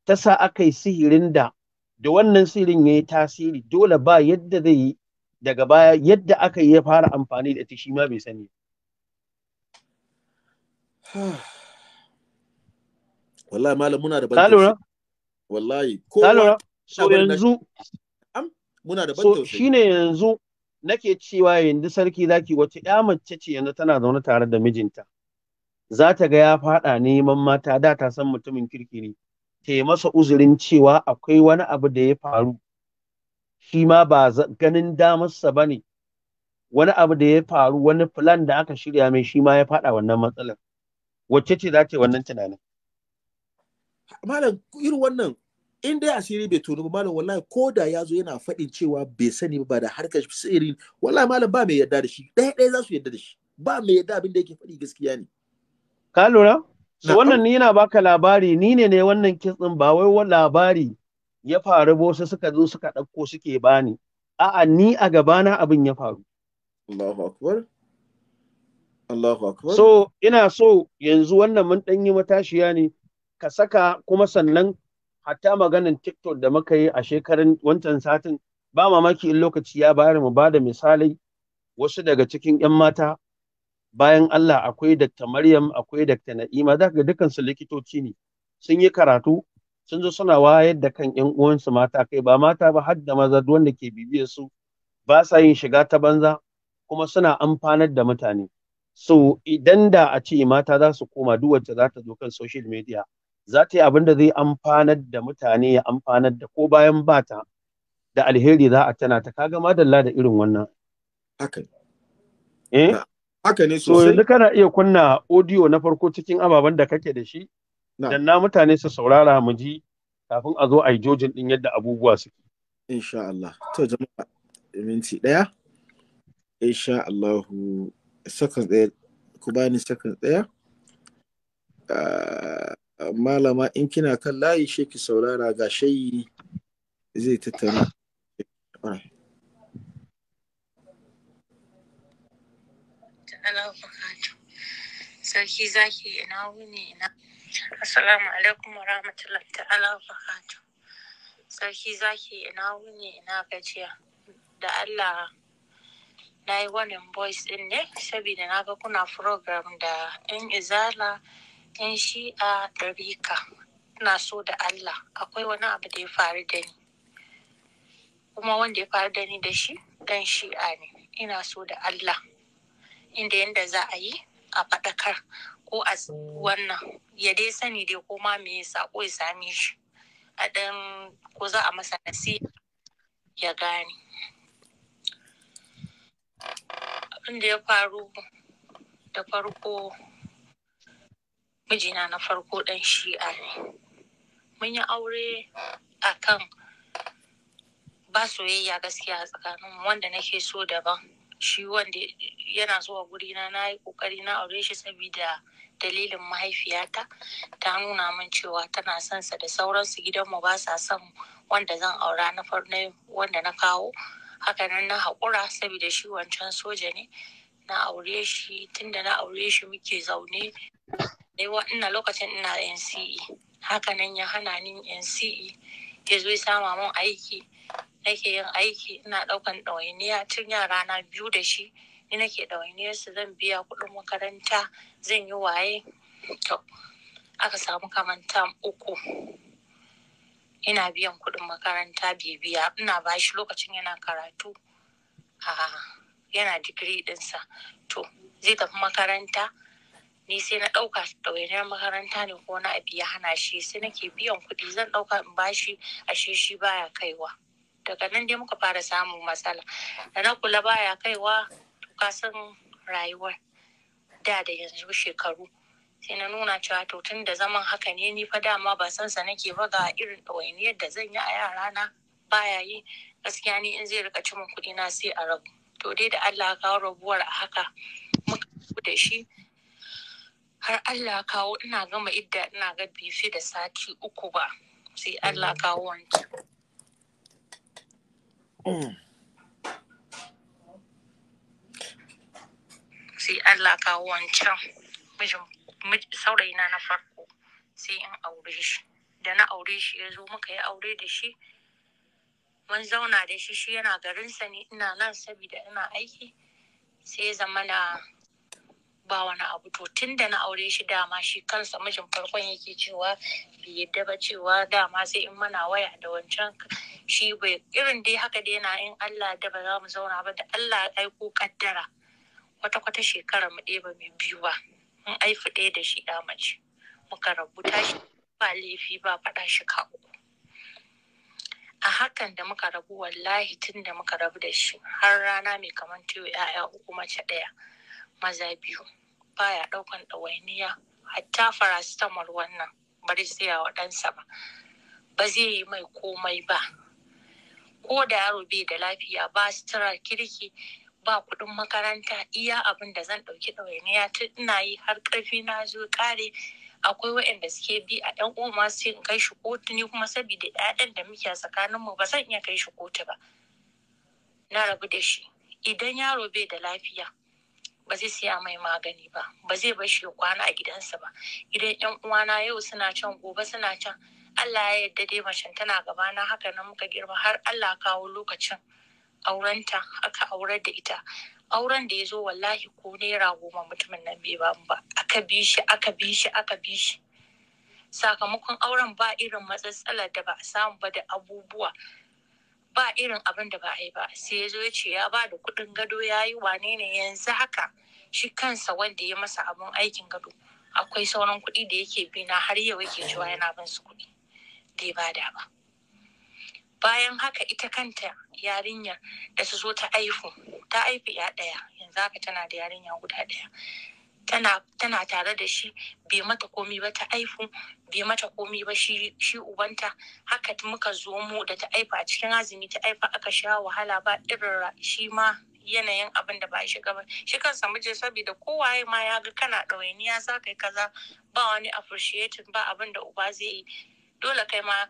ta sa aka yi sihirin da da wannan sihirin ya yi tasiri dole ba yadda zai yi daga baya yadda aka yi ya fara amfani da ita shi ma bai sani wallahi malam muna da ban wallahi ko so yanzu muna da ban so shine yanzu nake cewa yanzu sarki zaki wace ya mace ce yanzu tana zaune tare da mijinta za ta ga ya faɗa neman mata da ta san mutumin kirki ne ta masa uzurin cewa akwai wani abu da ya faru shi ma ba ganin damarsa ba ne wani abu da ya faru wani plan da aka shirya mai shi ma ya faɗa wannan matsalar wacce ce za ta yi wannan tunanin malam irin wannan in dai asiri bai tono ba malam wallahi ko da ya zo yana faɗin cewa bai sani ba da harkar sirri wallahi malam ba mai yarda da shi ɗaya ɗaya za su yarda da shi ba mai yarda abin da yake faɗi gaskiya ne ka lura wannan ni yana baka labari ni ne ne wannan kitsin ba wai labari ya faru ba wasu suka zo suka ɗauko suke bani a'a ni a gabana abin ya faru Allahu akbar Allahu akbar so ina so yanzu wannan mun ɗan yi matashiya ne ka saka kuma sannan hatta maganin TikTok da muka yi a shekarun wancan satin ba mamaki in lokaci ya bayar mu ba da misalai wasu daga cikin 'yan mata bayan Allah akwai Dr. Maryam akwai Dr. Na'ima za ga dukansu likitoci ne sun yi karatu sun zo suna wayar da kan 'yan uwansu mata kai ba mata ba har da maza wanda ke bibiyar su ba sa yin shiga ta banza kuma suna amfanar da mutane so idan da a ce mata za su koma duk wacce za ta zo kan social media za ta yi abin da zai amfanar da mutane ya amfanar da ko bayan bata da alheri za a tana ta kaga madalla da irin wannan haka eh haka ne so yanzu kana iya kunna audio na farko cikin ababen da kake da shi dan na mutane su saurara mu ji kafin a zo a yi jojin din yadda abubuwa suke insha Allah to jama'a minti daya insha Allah sakan ku bani sakan daya ah, malama in kina kan layi shi ki saurara ga shayi zai tattara sarki zaki ina wuni ina assalamu alaikum wa rahmatullahi ta'ala wa barakatuh sarki zaki ina wuni ina gajiya da Allah na yi wani boys din ne saboda na ga kuna program da yan izala shi shi'a ɗarika na so da Allah akwai wani abu da ya faru da ni kuma wanda ya faru da ni da shi dan shi'a ne ina so da Allah inda yanda za a yi a faɗakar ko a wannan ya dai sani dai ko ma me sako ya same shi a ɗan ko za a masa nasiha ya gane abin da ya faru da farko mijina na farko ɗan shi'a ne mun yi aure a kan ba soyayya gaskiya a tsakanin wanda nake so daban shi wanda yana zuwa gurina na yi kokari na aure shi saboda dalilin mahaifiyata ta nuna min cewa tana son sa da sauransu gidanmu ba sa son wanda zan aura na farko wanda na kawo hakanan na haƙura saboda shi wancan soja ne na aure shi tunda na aure shi muke zaune ina lokacin ina NCE hakanan ya hana ni NCE ya zo sama mun aiki nake yin aiki ina ɗaukan ɗawainiya tun yara na biyu da shi ni nake ɗawainiyar su zan biya kuɗin makaranta zan yi waye to aka samu kaman tam uku ina biyan kuɗin makaranta bai biya ina bashi lokacin yana karatu a yana digiri ɗinsa to zai tafi makaranta ni sai na ɗauka ɗawainiyar makaranta ne ko na biya hana shi sai nake biyan kuɗi zan ɗauka in bashi ashe shi baya kaiwa daga nan dai muka fara samun matsala da na kula baya kaiwa to ka san rayuwar da da yanzu shekaru sai na nuna cewa to tun da zaman haka ne ni fa dama ba san sa nake ba ga irin ɗawainiyar da zan yi a yara na baya yi gaskiya ni in zai rika cimin kuɗi na sai a rabu to dai da Allah ka rabuwar a haka muka da shi har Allah kawo ina gama idda ina ga bifi da sati uku ba sai Allah kawo wancan. Sai Allah kawo wancan saurayina na farko sai in aure shi. Da na aure shi ya zo muka yi aure da shi mun zauna da shi shi yana garinsa ne ina nan saboda ina aiki sai zama na. ba wani abu to tun da na aure shi dama shi kansa mijin farkon yake cewa bai yadda ba cewa dama sai in mana waya da wancan shi bai irin dai haka dai na in Allah da ba za mu zauna ba da Allah aiko kaddara kwata kwata shekara mu ɗaya ba mai biyu ba in aifi ɗaya da shi da mace muka rabuta shi ba laifi ba faɗa shi ka a hakan da muka rabu wallahi tun da muka rabu da shi har rana mai kamar tiyo 'ya'ya uku mace ɗaya maza biyu baya ɗaukan ɗawainiya hatta farasitamol wannan bari sai a ɗansa ba ba zai yi mai komai ba ko da yaro bai da lafiya ba sutura kirki ba kuɗin makaranta iya abin da zan ɗauki ɗawainiya tun ina yi har ƙarfi na zo ƙare akwai waɗanda suke bi a ɗan uwa sai in kai shi kotu ni kuma saboda ɗaɗan da muke a tsakaninmu ba zan iya kai shi kotu ba na rabu da shi idan yaro bai da lafiya ba zai siya mai magani ba ba zai bar shi kwana a gidansa ba idan yan uwana yau suna can gobe suna can Allah ya yarda dai macen tana gaba na haka nan muka girma har Allah kawo lokacin aurenta aka aurar da ita auren da ya zo wallahi ko naira goma mutumin nan bai ba ba aka bi shi aka bi shi aka bi shi sakamakon auren ba irin matsatsalar da ba a samu ba da abubuwa ba irin abin da ba a yi ba sai ya zo ya ce ya ba da kuɗin gado ya yi wane ne yanzu haka shi kansa wanda ya masa abin aikin gado akwai sauran kuɗi da yake bi na har yau yake cewa yana bin su kuɗi bai ba da ba bayan haka ita kanta yarinya da su zo ta aihu ta aifi ya ɗaya yanzu haka tana da yarinya guda ɗaya tana tana tare da shi bai mata komi ba ta aifu bai mata komi ba shi ubanta haka muka zo mu da ta aifa a cikin azumi ta aifa aka sha wahala ba irin shi ma yanayin abin da ba shi shiga ba shi kansa mijin saboda kowaye ma ya ga kana ɗawainiya za ka yi kaza ba wani appreciating ba abin da uba zai yi dole kai ma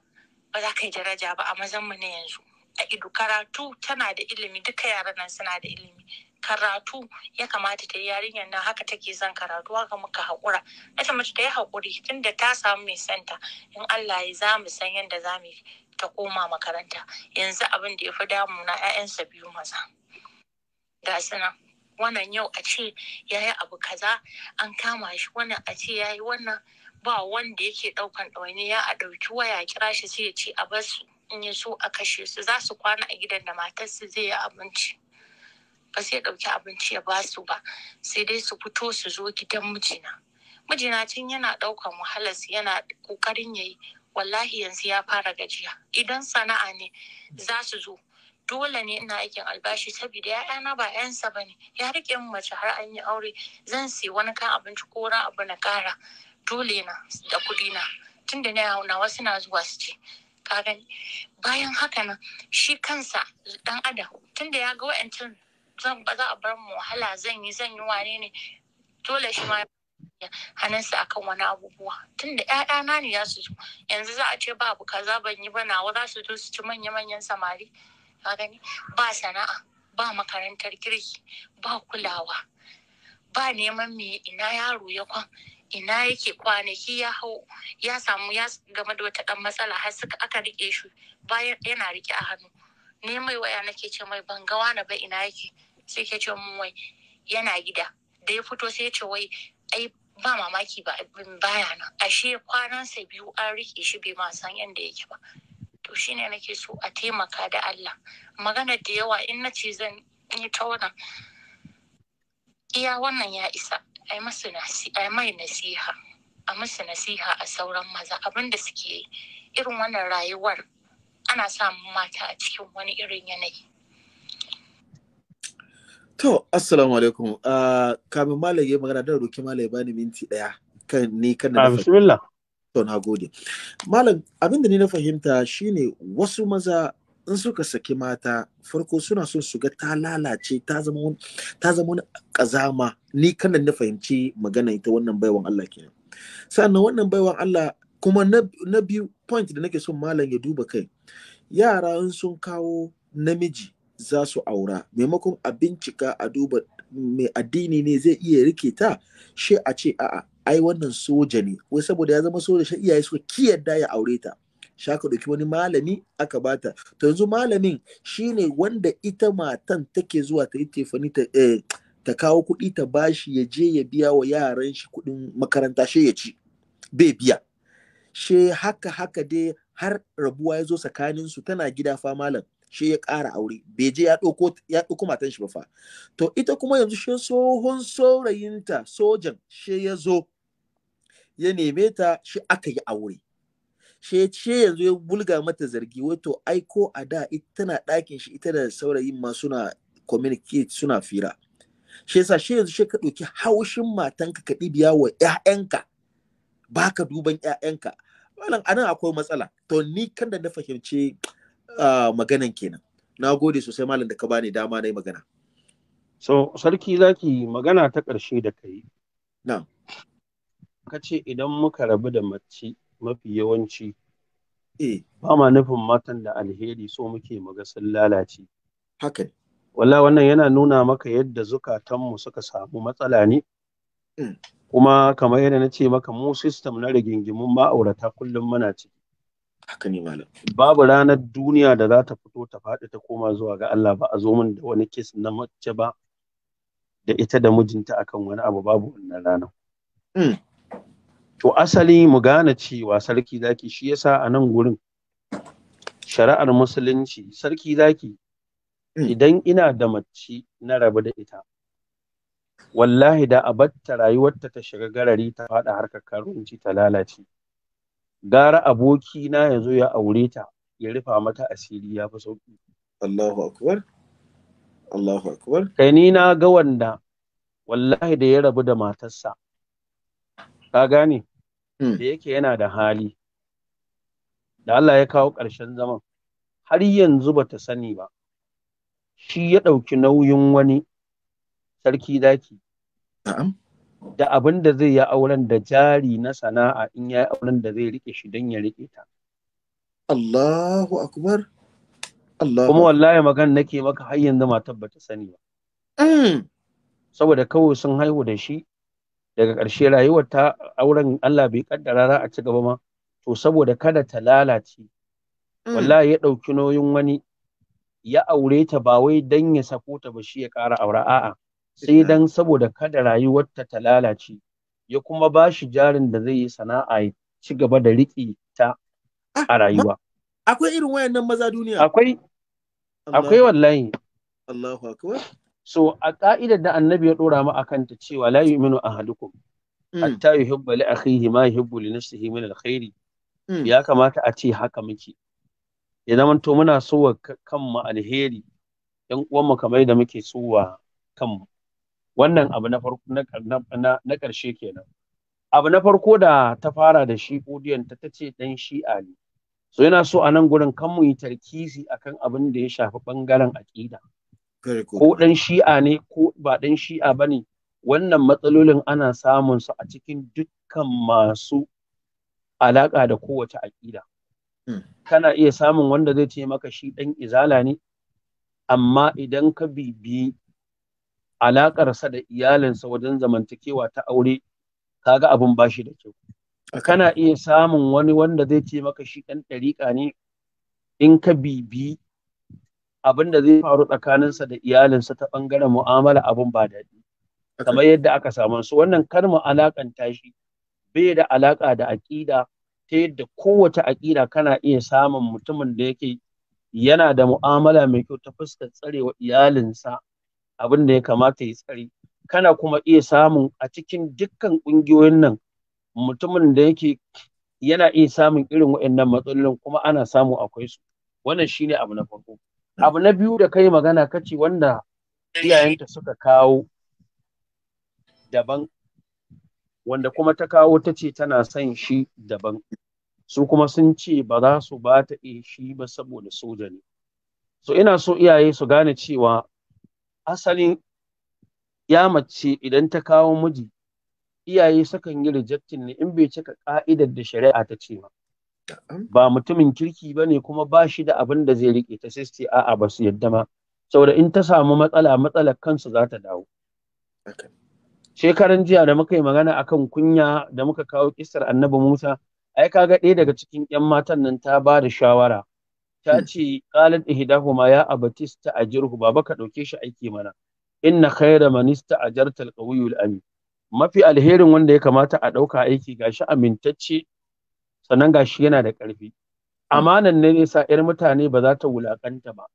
ba za ka yi daraja ba a mazan mu na yanzu a ido karatu tana da ilimi duka yaran nan suna da ilimi karatu ya kamata ta yi yarinyar nan haka take son karatu haka muka haƙura ita mace ta yi haƙuri tun da ta samu mai santa in Allah ya za mu san yadda za mu ta koma makaranta yanzu abin da ya fi damu na 'ya'yansa biyu maza ga suna wannan yau a ce ya yi abu kaza an kama shi wannan a ce ya yi wannan ba wanda yake ɗaukan ya a ɗauki waya kira shi sai ya ce a bar su in yi so a kashe su za su kwana a gidan da matarsu zai yi abinci ba sai ɗauki abinci ya ba su ba sai dai su fito su zo gidan mijina mijina tun yana ɗaukan su yana ƙoƙarin ya yi wallahi yanzu ya fara gajiya idan sana'a ne za su zo dole ne ina aikin albashi saboda ya'yana ba 'yansa ba ne ya rike mu mace har an yi aure zan sai wani kan abinci ko wani abu na kara. dole na da kuɗi na tunda na wasu na zuwa su ce bayan haka nan shi kansa dan adam tunda ya ga wa'ancan zan ba za a bar mu wahala zan yi zan yi wane ne dole shi ma ya hannunsa akan wani abubuwa tunda yayana ne ya su zo yanzu za a ce babu kaza ban yi ba wa za su zo su ci manya-manyan samari ya gani ba sana'a ba makarantar kirki ba kulawa ba neman me ina yaro ya kwan ina yake kwanaki ya hau ya samu ya game da wata ɗan matsala har suka aka rike shi bayan yana rike a hannu ni mai waya nake ce mai ban ga wani ba ina yake sai ke ce mun wai yana gida da ya fito sai ya ce wai ai ba mamaki ba baya nan ashe kwanan sa biyu an rike shi bai ma san yadda yake ba to shine nake so a taimaka da Allah magana da yawa in na ce zan yi ta wannan iya wannan ya isa ai masu ai mai nasiha a musu nasiha a sauran maza abinda suke yi irin wannan rayuwar ana samun mata a cikin wani irin yanayi to assalamu alaikum uh, kamin malam ya magana da roki malam bani minti ɗaya kan ni kan na ah, to na gode malam abin da ni na fahimta shine wasu maza in suka saki mata farko suna son su ga ta lalace ta zama wani kazama ni kan na fahimci magana ita wannan baiwan Allah kenan sannan wannan baiwan Allah kuma na biyu point da nake son malam ya duba kai yara in sun kawo namiji za su aura maimakon a bincika a duba mai addini ne zai iya rike ta shi a ce a'a ai wannan soja ne wai saboda ya zama soja shi iyaye suka kiyarda ya aure ta shaka ɗauki wani malami aka bata to yanzu malamin shine wanda ita matan take zuwa ta yi tefani ta eh, ta kawo kuɗi ta bashi ya je ya biya wa yaran shi kuɗin makaranta shi ya ci bai biya she haka haka dai har rabuwa ya zo tsakanin su tana gida fa malam she ya ƙara aure bai je ya ɗauko ya ɗauko matan shi ba fa to ita kuma yanzu she tsohon saurayinta sojan she ya zo ya neme ta shi aka yi aure she ce yanzu ya bulga mata zargi wato ai ko a da ita tana ɗakin shi ita da saurayin ma suna communicate suna fira she yasa shi yanzu shi ka ɗauki haushin matanka ka ɗibiya wa ‘ya'yanka ba ka duban ‘ya'yanka malam anan akwai matsala to ni kan da na fahimci ah, maganan kenan na gode sosai malam da ka bani dama na yi magana so sarki zaki magana ta ƙarshe da kai na ka ce idan muka rabu da mace mafi yawanci eh ba ma nufin matan da alheri so muke muga sun lalace haka walla wannan yana nuna maka yadda zukatanmu suka samu matsala ne mm. kuma kamar yadda na ce maka mu system na rigingimun ma'aurata kullum muna ciki haka ne malam babu ranar duniya da za ta fito ta faɗi ta koma zuwa ga Allah ba a zo min da wani kes na mace ba da ita da mijinta akan wani abu babu wannan ranar hmm. to asali mu gane cewa sarki zaki shi yasa a nan gurin shari'ar musulunci sarki zaki hmm. idan ina da mace na rabu da ita wallahi da a batta rayuwarta ta shiga garari ta faɗa harkar karuwanci ta lalace gara aboki na ya zo ya aure ta ya rufa mata asiri ya fi sauki Allahu akbar Allahu akbar kai ni na ga wanda wallahi da ya rabu da matarsa ka gane hmm. da yake yana da hali da Allah ya kawo ƙarshen zaman har yanzu bata sani ba shi ya ɗauki nauyin wani sarki zaki da abin da zai yi auren da jari na sana'a in ya yi auren da zai rike shi don ya rike ta Allahu akbar kuma wallahi magan nake maka har yanzu matar sani ba mm. saboda kawai sun haihu da shi daga ƙarshe rayuwar ta auren Allah bai ƙadda ra a ci gaba ma to saboda kada ta lalace mm. wallahi ya ɗauki nauyin wani ya aure ta ba wai don ya sako ta ba shi ya ƙara aure a'a sai dan saboda kada rayuwarta ta lalace ya kuma ba jarin da zai yi sana'a ya ci gaba da riƙe ta ah, a rayuwa. Akwai irin wayannan maza duniya? Akwai, akwai wallahi. Allahu akbar. So a ka'idar da annabi ya ɗora mu akan ta cewa la yu'minu ahadukum mm. hatta yuhibba li akhihi ma yuhibbu li nafsihi min alkhairi mm. ya kamata a ce haka muke. Ya zama to muna so wa kanmu alheri ɗan uwanmu kamar da muke so wa kanmu. wannan abu na farko na ƙarshe kenan abu na farko da ta fara da shi odiyan ta ce ɗan shi'a ne so yana so a nan gurin kan mu yi tarkisi akan abin da ya shafi ɓangaren aƙida ko ɗan shi'a ne ko ba ɗan shi'a ne? wannan matsalolin ana samun su a cikin dukkan masu alaƙa da kowace aƙida hmm. kana iya samun wanda zai ce maka shi ɗan izala ne amma idan ka bibiyi alaƙarsa da iyalinsa wajen zamantakewa ta aure kaga abin bashi da kyau kana iya samun wani wanda zai ce maka shi ɗan ɗariƙa ne in ka bibi abin da zai faru tsakaninsa da iyalinsa ta bangaren mu'amala abin ba daɗi kamar yadda aka samu su wannan kalmar alaƙanta shi bai da alaƙa da aƙida ta yadda kowace aƙida kana iya samun mutumin da yake yana da mu'amala mai kyau ta fuskar tsarewa iyalinsa abin da ya kamata ya tsare kana kuma iya samun a cikin dukkan ƙungiyoyin nan mutumin da yake yana iya samun irin waɗannan matsalolin kuma ana samu akwai su wannan shine abu na farko abu na biyu da kai magana kace wanda iyayenta suka kawo daban wanda kuma ta kawo ta ce tana son shi daban su kuma sun ce ba za su ba ta shi ba saboda soja ne so ina so iyaye su gane cewa asalin ya mace idan ta kawo miji iyaye sukan yi rejectin ne in bai cika ka'idar da shari'a ta ce ba ba mutumin kirki ba ne kuma ba shi da abin da zai rike ta sai a'a ba su yadda ma saboda in ta samu matsala matsalar kansu za ta dawo shekaran jiya da muka yi magana akan kunya da muka kawo kisar annabi musa ai kaga ɗaya daga cikin 'yan matan nan ta ba da shawara ta ce qalat ihdahuma ya abatista ajirhu baba ka dauke shi aiki mana inna khayra man ista'jarta al-qawiyyu amin mafi alherin wanda ya kamata a dauka aiki gashi amintacce sannan gashi yana da karfi amanan ne zai sa yar mutane ba za ta wulakanta ba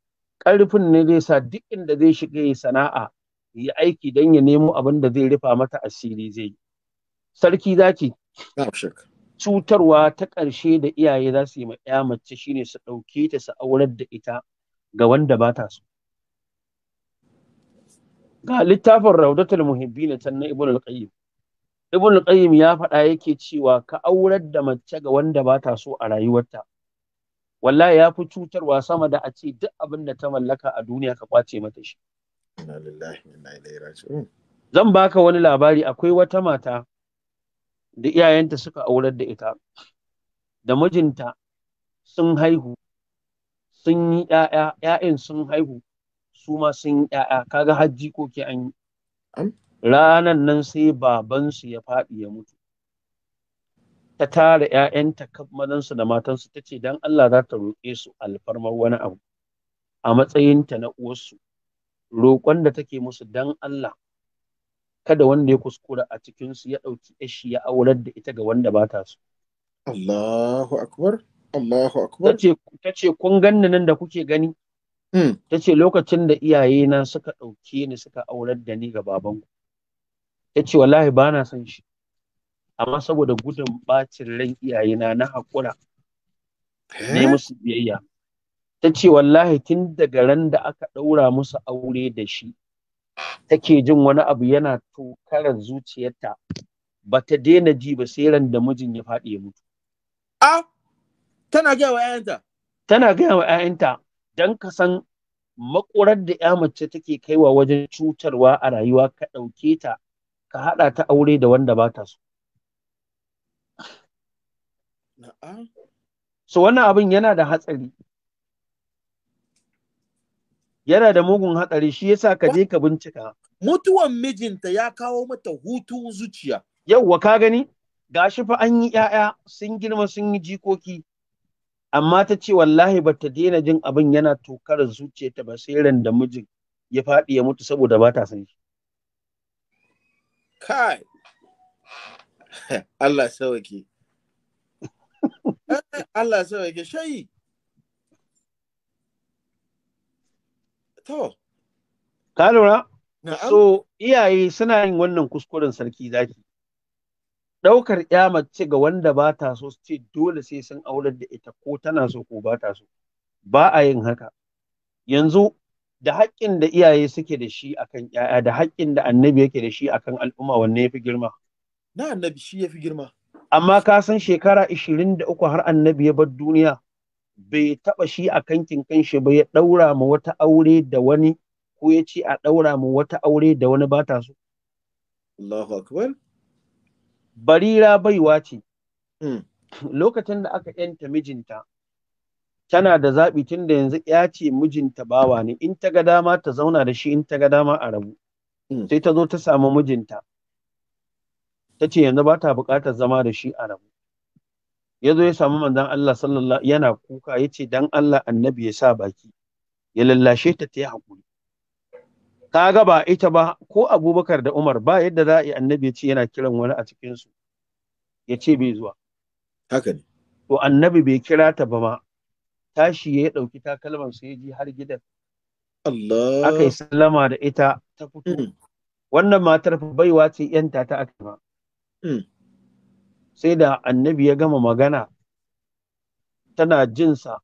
karfin ne zai sa duk inda zai shiga yi sana'a yi aiki don ya nemo abin da zai rufa mata asiri zai yi sarki zaki cutarwa ta ƙarshe da iyaye za su yi ma ya mace shine su ɗauke ta su aurar da ita ga wanda ba ta so ga littafin raudatul na can na ibn al-qayyim ibn al-qayyim ya faɗa yake cewa ka aurar da mace ga wanda ba ta so a rayuwarta wallahi ya fi cutarwa sama da a ce duk abin da ta mallaka a duniya ka kwace mata shi zan baka wani labari akwai wata mata da iyayenta suka aurar da ita da mijinta sun haihu sun yi ƴaƴa ‘ya'yan sun haihu su ma sun yi ƴaƴa. kaga hajji ko ke an yi ranan nan sai babansu ya faɗi ya mutu ta tara ‘ya'yanta kammalansu da matansu ta ce don Allah za ta roƙe su alfarmar wani abu a matsayinta na uwarsu roƙon da take musu dan Allah kada wanda ya kuskura a cikinsu, ya ɗauki shi ya aurar da ita ga wanda ba ta so Allahu akbar Allahu akbar tace kun ganni nan da kuke gani hmm. tace lokacin da iyaye na suka ɗauke ni suka aurar da ni ga babanku tace wallahi ba na son shi amma saboda gudun bacin ran iyaye na na haƙura ne eh? musu biyayya ta ce wallahi tun daga ran da aka ɗaura musu aure da shi take jin wani abu yana tokarar zuciyarta ba ta daina ji ba sai ran da mijin ya faɗi ya mutu. A tana gaya wa ‘ya'yanta? Tana gaya wa ‘ya'yanta don ka san makurar da ‘ya mace take kaiwa wajen cutarwa a rayuwa ka ɗauke ta ka haɗa ta aure da wanda ba ta so. So wannan abin yana da hatsari yana da mugun hatsari shi yasa ka je ka bincika mutuwan mijinta ya kawo mata hutu zuciya yauwa ka gani gashi fa an yi 'ya'ya sun girma sun yi jikoki amma ta ce wallahi ba ta daina jin abin yana tokar zuciyarta ba sai ran da mijin ya faɗi ya mutu saboda ba ta san shi kai Allah sauke eh, Allah sauke shayi To. Ka lura? So iyaye suna yin wannan kuskuren sarki zaki. Ɗaukar ya mace ga wanda ba ta so su ce dole sai sun aurar da ita ko tana so ko ba ta so. Ba a yin haka. Yanzu da haƙƙin da iyaye suke da shi akan ƴaƴa da haƙƙin da annabi yake da shi akan al'umma wanne yafi girma? Na annabi shi yafi girma. Amma ka san shekara 23 har annabi ya bar duniya bai taɓa shi a kankin kan shi ba ya ɗaura ma wata aure da wani ko ya ce a ɗaura ma wata aure da wani ba ta so. Allahu akbar. Barira baiwa ce. Hmm. Lokacin da aka ‘yanta mijinta, tana da zaɓi tun da yanzu ya ce mijinta bawa ne, in ta ga dama ta zauna da shi in ta ga dama a rabu. Hmm. Sai ta zo ta samu mijinta. Ta ce yanzu ba ta buƙatar zama da shi a rabu. ya zo ya samu manzon Allah sallallahu yana kuka ya ce dan Allah annabi ya sa baki ya lallashe ta ta yi haƙuri ka ga ba ita ba ko abubakar da umar ba yadda za a yi annabi ya ce yana kiran wani a cikinsu ya ce bai zuwa haka ne to annabi bai kira ta ba ma tashi ya ɗauki takalman su ya ji har gidan Allah aka yi sallama da ita ta fito mm. wannan matar baiwa ce yanta ta aka ba sai da annabi ya gama magana tana jinsa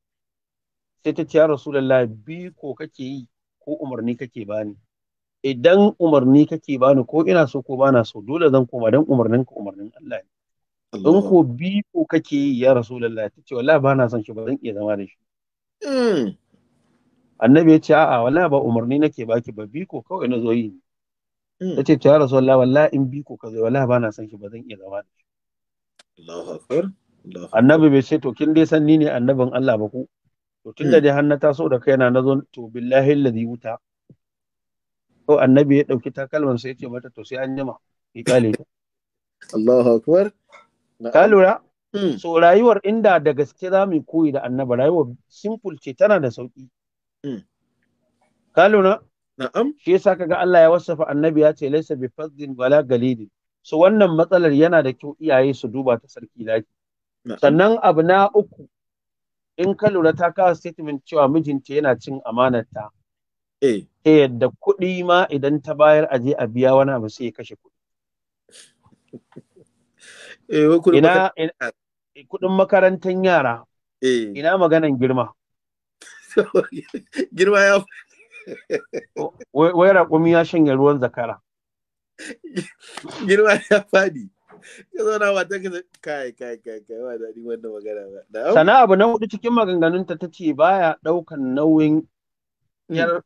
sai ta ce ya rasulullah bi ko kake yi ko umarni kake bani idan umarni kake bani ko ina so ko bana so dole zan koma dan umarnin ka umarnin Allah ne in ko bi ko kake yi ya rasulullah ta ce wallahi bana son shi ba zan iya zama da shi hmm. annabi ya ce a'a wallahi ba umarni nake baki ba bi ko kawai na zo yi hmm. ta ce ta rasu wallahi wallahi in bi ka zo wallahi bana son shi ba zan iya zama da shi annabi bai ce to kin dai san ni ne annabin Allah ba ku to tun da hmm. dai har na taso da kaina na zo to billahi allazi wuta to annabi ya dauki takalman sai ya ce mata to sai an jima ki kale Allahu akbar ka hmm. so rayuwar inda da gaske za mu koyi da annaba rayuwar simple ce tana da sauki hmm. ka lura na'am shi yasa kaga Allah ya wasafa annabi ya ce laysa bi fadlin wala galidin su wannan matsalar yana da kyau iyaye su duba ta sarki laki sannan abu na uku in ka lura ta kawo statement cewa mijinta yana cin amanarta eh. ta yadda kuɗi ma idan ta bayar aje a biya wani abu sai ya kashe kuɗi eh, ina kuɗin makarantar yara eh. ina maganan girma girma ya wai raƙumi ya shanye ruwan zakara girma ya fadi ka zauna ka kai kai kai kai ba daɗi wannan magana ba sana abu na hudu cikin maganganunta ta ce baya ɗaukan nauyin mm. yar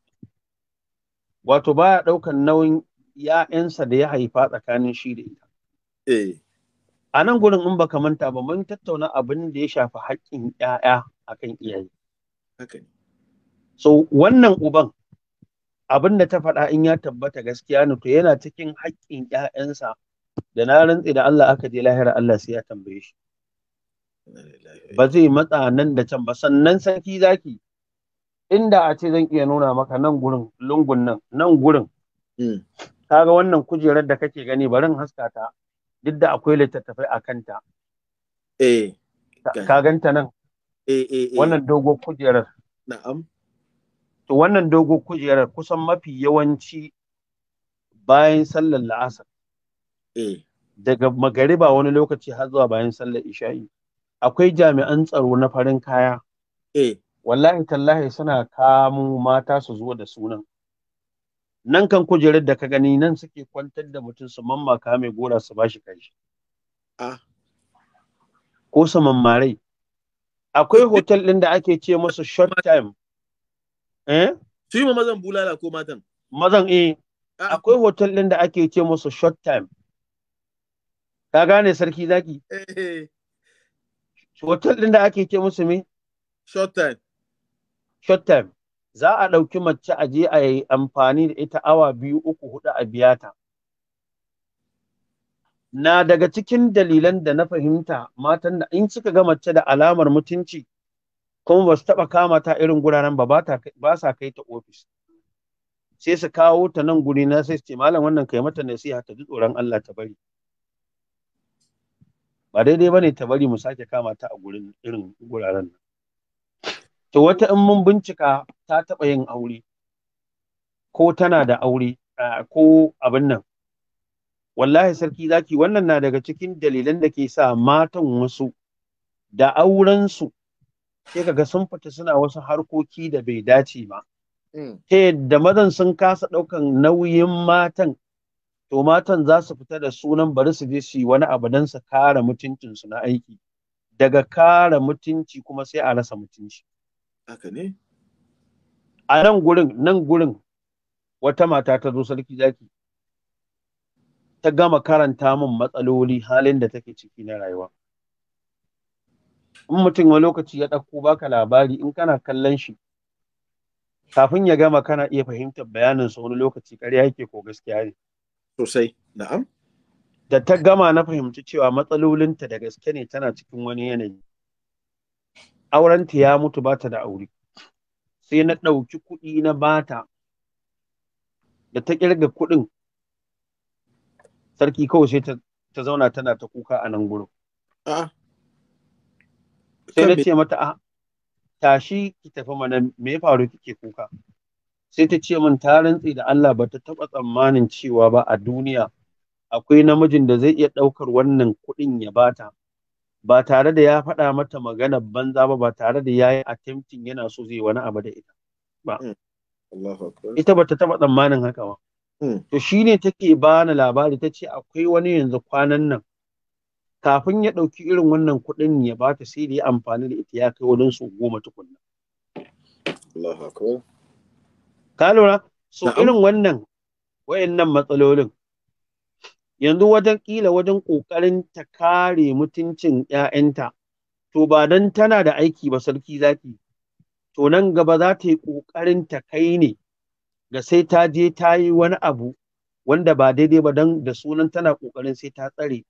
wato baya ɗaukan nauyin ya'yansa da ya haifa tsakanin shi da ita eh a nan gurin in baka manta ba mun tattauna abin da ya shafi haƙƙin ƴaƴa akan iyaye haka so wannan uban abin da ta faɗa in ya tabbata gaskiya ne to yana cikin haƙƙin ƴaƴansa da na rantsi da Allah aka je lahira Allah sai ya tambaye shi ba zai matsa nan da can ba sannan sarki zaki inda a ce zan iya nuna maka nan gurin lungun nan nan gurin hmm. kaga wannan kujerar da kake gani barin haska ta duk da akwai littattafai a kanta eh ka ganta nan eh eh, eh. wannan dogo kujerar na'am to wannan dogo kujerar kusan mafi yawanci bayan sallar la'asar eh. daga magariba wani lokaci har zuwa bayan sallar isha'i akwai jami'an tsaro na farin kaya eh. wallahi tallahi suna kamo mata su zuwa da sunan nan kan kujerar da ka gani nan suke kwantar da mutum su mamaka mai gora su ba shi kashi ah. ko su mammarai akwai hotel ɗin da ake ce masu short time Eh? Su ma mazan bulala ko matan? Mazan eh. Ah. Akwai hotel ɗin da ake ce musu short time. Ka gane sarki zaki? Eh. Hotel ɗin da ake ce musu me? Short time. Short time. Za a ɗauki mace a je a yi amfani da ita awa biyu uku hudu a biya ta. Na daga cikin dalilan da na fahimta matan da in cika ga mace da alamar mutunci kuma ba su taɓa kama ta irin guraren ba ba sa kai ta ofis sai su kawo ta nan guri na sai su ce malam wannan kai mata sai ta ji tsoron Allah ta bari ba daidai ba ne ta bari mu sake kama ta a gurin irin guraren nan to wata in mun bincika ta taɓa yin aure ko tana da aure ko abin nan wallahi sarki zaki wannan na daga cikin dalilan da ke sa matan wasu da aurensu sai kaga sun fita suna wasu harkoki da bai dace ba mm. ta yadda mazan sun kasa ɗaukan nauyin matan to matan za su fita da sunan bari su je su yi wani abu don su kare mutuncinsu na aiki daga kare mutunci kuma sai a rasa mutunci haka ne a nan gurin nan gurin wata mata ta zo sarki zaki ta gama karanta min matsaloli halin da take ciki na rayuwa in mutum wani lokaci ya ɗauko baka labari in kana kallon shi kafin ya gama kana iya fahimtar bayanin sa wani lokaci ƙarya yake ko gaskiya ne sosai na'am da ta gama na fahimci cewa matsalolinta da gaske ne tana cikin wani yanayi aurenta ya mutu bata da aure sai na ɗauki kuɗi na bata da ta ƙirga kuɗin sarki kawai sai ta zauna tana ta kuka a nan gurin sai na ce mata a tashi ki tafi mana me ya faru kike kuka sai ta ce min ta rantse da Allah ba ta taɓa tsammanin cewa ba a duniya akwai namijin da zai iya ɗaukar wannan kuɗin ya bata ba tare da ya faɗa mata magana banza ba ba tare da ya attempting yana so zai wani abu da ita ba hmm. ita ba ta taɓa tsammanin haka ba hmm. to shine take bani labari ta ce akwai wani yanzu kwanan nan kafin ya ɗauki irin wannan kuɗin ya ba ta sai da ya amfani da ita ya kai wajen su goma tukunna. Ka lura? So irin wannan wayannan matsalolin yanzu wajen ƙila wajen ƙoƙarin ta kare mutuncin ‘ya'yanta to ba don tana da aiki ba sarki zaki to nan gaba za ta yi ƙoƙarin ta kai ne ga sai ta je ta yi wani abu wanda ba daidai ba don da sunan tana ƙoƙarin sai ta tsare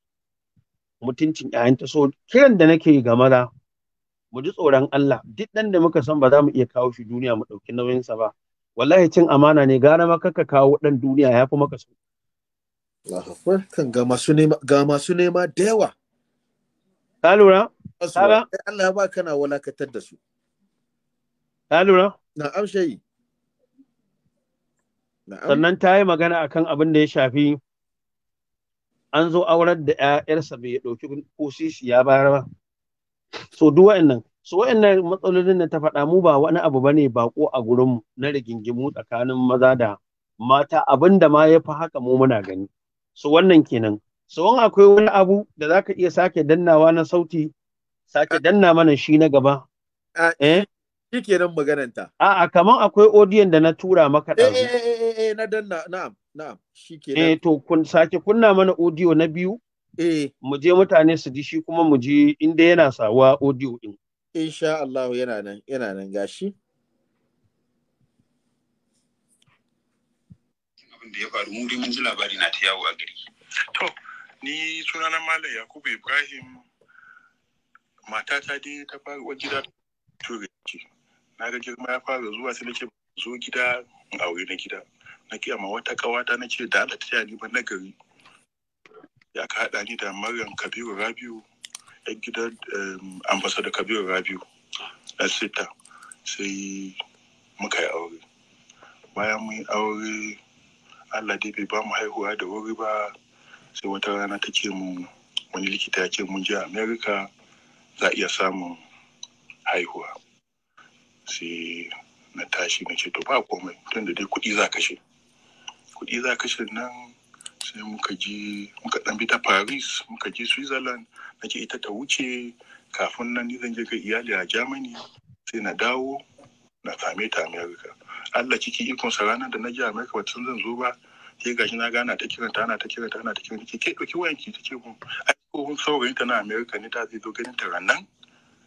mutuncin ƴaƴanta so kiran da nake ga maza mu ji tsoron Allah duk dan da muka san ba za mu iya kawo shi duniya mu ɗauki nauyin sa ba wallahi cin amana ne gara ma kaka kawo dan duniya ya fi maka so kan ga masu nema ga masu nema da yawa ka lura Allah ya ba kana walakatar da su ka lura na amshayi sannan ta yi magana akan abin da ya shafi an zo aurar da ƴaƴarsa bai ɗauki shi ya bayar ba so duk wa'annan so wa'annan matsalolin da ta faɗa mu ba wani abu bane baƙo a gurinmu na rigingimu tsakanin maza da mata abin da ma ya fi haka mu muna gani so wannan kenan so in akwai wani abu da za ka iya sake dannawa na sauti sake danna mana shi na gaba eh? shi kenan magananta a'a kaman akwai odiyon da na tura maka eh, ɗazu eh, eh eh eh na danna na'am Na'am, Eh to kun sake kunna mana audio na biyu. Eh. Mu je mutane su ji shi kuma mu ji inda yana sawa audio din. Insha Allah yana nan yana nan gashi. Abin da ya faru mu dai mun ji labari na ta yawo a gari. To, ni sunana Malam Yakubu Ibrahim matata dai ta fara wa gida to na ga girma ya fara zuwa sai nake zo gida a aure na gida. na gaya amma wata kawata na ce da ta ni ba nagari gari ya ka haɗa ni da maryam kabiru rabiu ɗan gidan ambasada kabiru rabiu na sita sai muka yi aure bayan mun yi aure allah dai bai ba mu haihuwa da wuri ba sai wata rana ta ce mu wani likita ya ce mun je america za iya samun haihuwa sai na tashi na ce to ba komai tunda dai kuɗi za kashe kuɗi za kashe nan sai muka je muka ɗan bi ta paris muka je switzerland nake ita ta wuce kafin nan ni zan je ga iyali a germany sai na dawo na same ta america allah ciki ikon sa ranar da na je america ba tun zan zo ba sai gashi na gana ta kiranta ana ta kiranta ana ta kiran ta ke ɗauki wayanki ta ce mun ai tsohon saurayin ta na america ne ta zai zo ganin ta ranan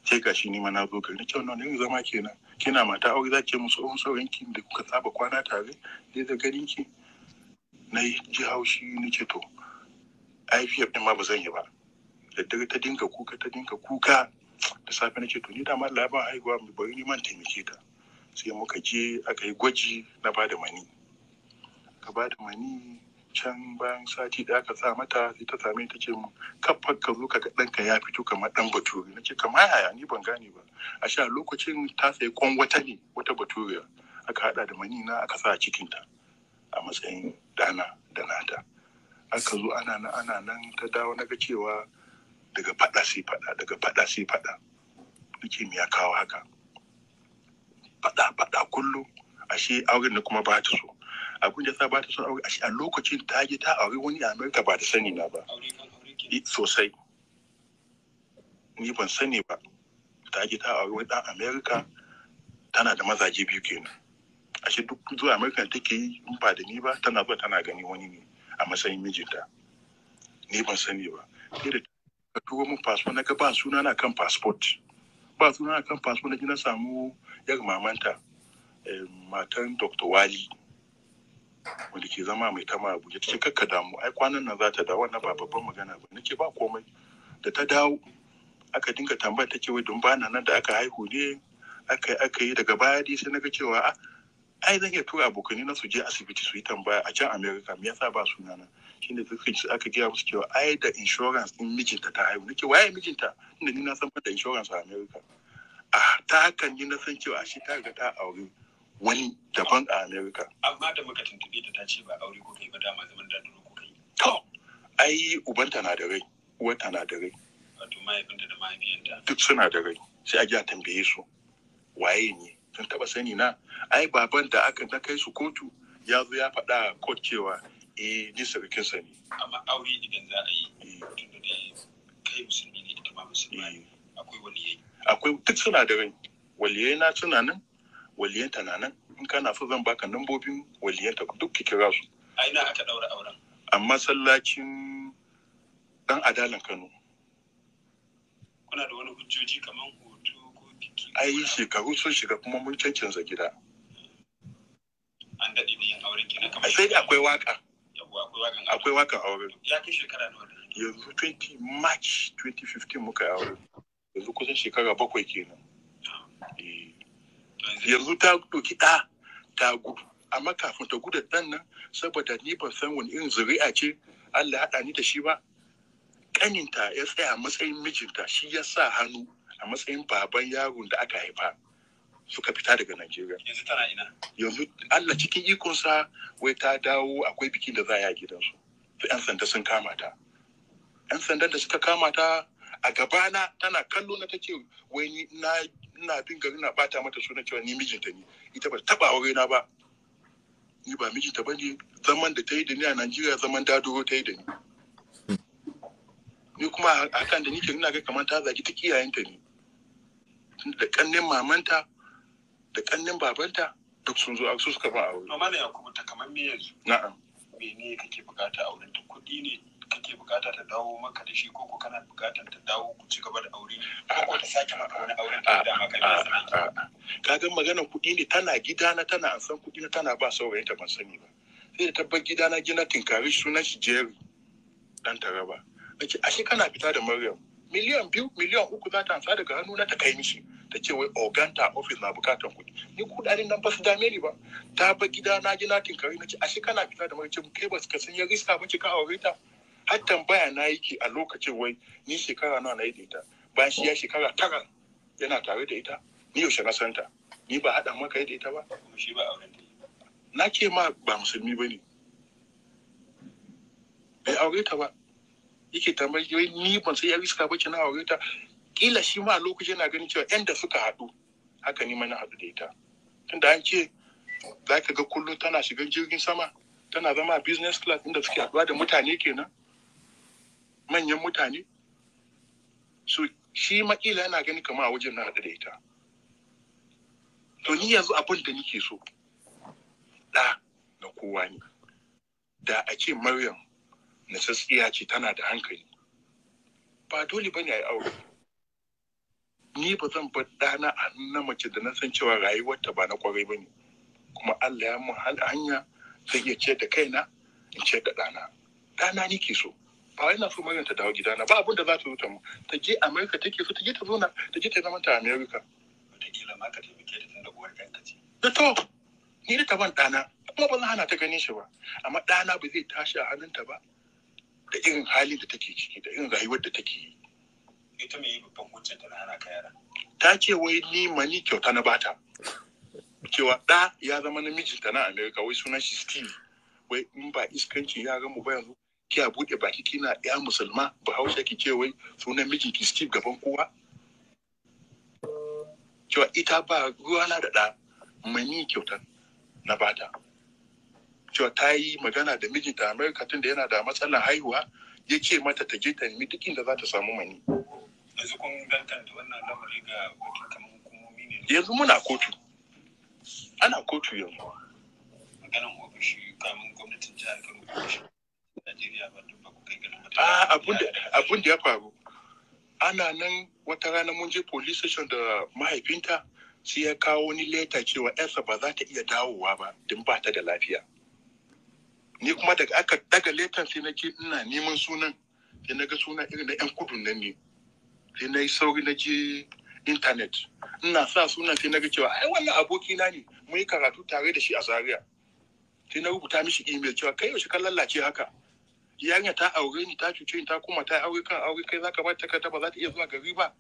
sai gashi ni ma na zo gari na cewa wani zama kenan kina mata aure za ki musu tsohon sauran ki da kuka saba kwana tare zai da ganin ki na ji haushi nake to IVF din ma ba zan yi ba da ta dinka kuka ta dinka kuka da safe nake to ni da ma haihuwa mai bari ni man taimake ta sai muka je aka yi gwaji na ba da mani ka ba da mani can bayan sati da aka sa mata sai ta same ta ce mu kafar ka zo ka ga ɗanka ya fito kamar ɗan baturi na ce kamar yaya ni ban gane ba a sha lokacin ta sai kwan wata ne wata baturiya aka haɗa da mani na aka sa a cikinta a matsayin dana da nata aka zo ana nan ana nan ta dawo na ga cewa daga fada sai fada daga fada sai fada nake me ya kawo haka fada fada kullum ashe auren da kuma ba ta so abin da ta ba ta so aure ashe a lokacin ta je ta aure wani a Amerika ba ta sani na ba sosai ni ban sani ba ta je ta aure wani dan Amerika tana da mazaje biyu kenan ashe duk zuwa amurka take yi in ba da ni ba tana zuwa tana gani wani ne a matsayin mijinta ni ban sani ba sai da ka turo min passport na ka ba suna na kan passport ba suna na kan passport na gina samu yar mamanta eh, matan dr wali wanda ke zama mai tama abuja ta ce kakka damu ai kwanan nan za ta dawo wannan ba babban magana ba nake ba komai da ta dawo aka dinga tambaya take wai don bana nan da aka haihu ne aka yi daga baya dai sai na ga cewa a ah, ai zan iya tura abokanai na su je asibiti su yi tambaya a can america me yasa ba na shine suka ce aka gaya musu cewa ai da insurance din mijinta ta haihu nake waye mijinta inda ni na san da insurance a america a ta hakan ni na san cewa shi ta riga ta aure wani daban a america amma da muka tuntube ta ce ba aure ko kai ba dama zaman da duro ko kai to ai ubanta na da rai uwanta na da rai wato mahaifinta da mahaifiyanta duk suna da rai sai a gaya tambaye su waye ne kan taba sani na ai baban da aka na kai su kotu ya zo ya faɗa kot cewa e ni sarkin sani amma aure idan za a yi eh. tunda dai kai musulmi ne ita ma musulmi eh. akwai waliyai akwai duk suna da rai waliyai na suna nan waliyan ta na nan in kana so zan baka nambobin waliyan ta duk ki kira su ai na aka daura auren a masallacin dan adalan Kano kuna da wani hujjoji kaman ai shekaru sun shiga kuma mun cancanza gida an daɗe ne yin auren kamar sai akwai waka akwai wakan auren ya ke shekara nawa yanzu 20 march 2015 muka yi auren yanzu kusan shekara bakwai kenan ah. eh. yanzu ta ɗauki ɗa ta gudu amma kafin ta gudu ɗan nan saboda ni ban san wani irin zuri'a ce Allah haɗa ni da shi ba ƙaninta ya tsaya matsayin mijinta shi ya sa hannu a matsayin baban yaro da aka haifa suka fita daga Najeriya. Yanzu tana ina. Yanzu Allah cikin ikonsa wai ta dawo akwai bikin da za a yi gidansu. Sai 'yan sanda sun kama ta. 'Yan sandan da suka kama ta a gabana tana kallo na ta ce wai ni na bin gari na bata mata suna cewa ni mijinta ne ita ba taɓa aure na ba ni ba mijinta ba ne zaman da ta yi da ni a Najeriya zaman dadoro ta yi da ni ni kuma kan da nike ina ga kamar ta zagi ta kiyayenta ne da kannin mamanta da kannin babanta duk sun zo su suka ba aure. Amma ne ya kuma ta me yanzu? Na'am. Mene kake bukata a wurin ta kuɗi ne kake bukata ta dawo maka da shi Koko kana bukatar ta dawo ku ci gaba da aure koko ta sake maka wani auren ta da maka da ga magana kuɗi ne tana gidana tana an san kuɗi na tana ba saurayin ta ban sani ba sai da tabbar gidana gina tinkari sunan shi Jerry dan Taraba Ake ashe kana fita da Maryam miliyan biyu miliyan uku za ta amsa daga hannu na ta kai mishi ta ce wai oganta ofis na bukatan kuɗi ni kuɗaɗen nan ba su dame ni ba ta ba gida na ji na tinkari na ce ashe kana fita da mace kai ba ka sanya ya risa ba ka aure ta har tambaya na yake a lokacin wai ni shekara nawa na yi da ita bayan shi ya shekara tara yana tare da ita ni yaushe na santa ni ba haɗa maka yi da ita ba shi ba na ce ma ba musulmi ba ne bai aure ta ba yake tambayar ni ban sai yi suka bace na aure ta kila shi ma lokacin na ganin cewa yan suka haɗu haka ni mana haɗu da ita tunda an ce za ka ga kullum tana shigan jirgin sama tana zama business class inda suke haɗuwa da mutane kenan manyan mutane so shi makila yana gani kama a wajen na haɗu da ita to ni yanzu abin da nike so da na kowa ne da a ce maryam nasassiya ce tana da hankali ba dole ba ne a yi aure ni ba zan bar ɗana na mace da na san cewa rayuwarta ba na kwarai ba ne kuma allah ya mun hanya zai iya ce da kaina in ce da ɗana ɗana ni ke so ba wai na so Maryam ta dawo gidana ba abin da za ta zo ta mu ta je ta take so ta je ta zauna na ta je ta zama ta America wataƙila ma ka taimake ta tunda uwar ɗanta ce da to ni da ban ɗana kuma ba zan hana ta ganin shi ba amma ɗana ba zai tashi a hannunta ba da irin hali da take ciki da irin rayuwar da take yi ita me babban hujjar da rana ka yara ta ce wai ni mani kyauta na bata cewa ɗa ya zama na mijinta na Amerika wai sunan shi Steve wai in ba iskancin yaran mu ba yanzu kiya buɗe baki kina ya musulma Bahaushe ki ce wai sunan mijin ki Steve gaban kowa cewa ita ba ruwana da ɗa mani kyauta na bata cewa ta yi magana da mijinta Amerika tun da yana da matsalar haihuwa ya ce mata ta je ta nemi duk inda za ta samu mani. Yanzu kun wannan lamari ga hukumomi ne. Yanzu muna kotu. Ana kotu yanzu. Maganan Abun da ya faru. Ana nan wata rana mun je police station da mahaifinta sai ya kawo ni leta cewa 'yarsa ba za ta iya dawowa ba din ba ta da lafiya. ni kuma daga aka daga letan sai na je ina neman sunan sai na ga sunan irin na yan kudu nan ne sai na yi sauri na je intanet ina sa sunan sai na ga cewa ai wannan na ne mun yi karatu tare da shi a zaria sai na rubuta mishi email cewa kai yaushe ka lallace haka yarinya ta aure ni ta cuce ni ta kuma ta aure kan aure kai zaka bata ka ba za ta iya zuwa gari ba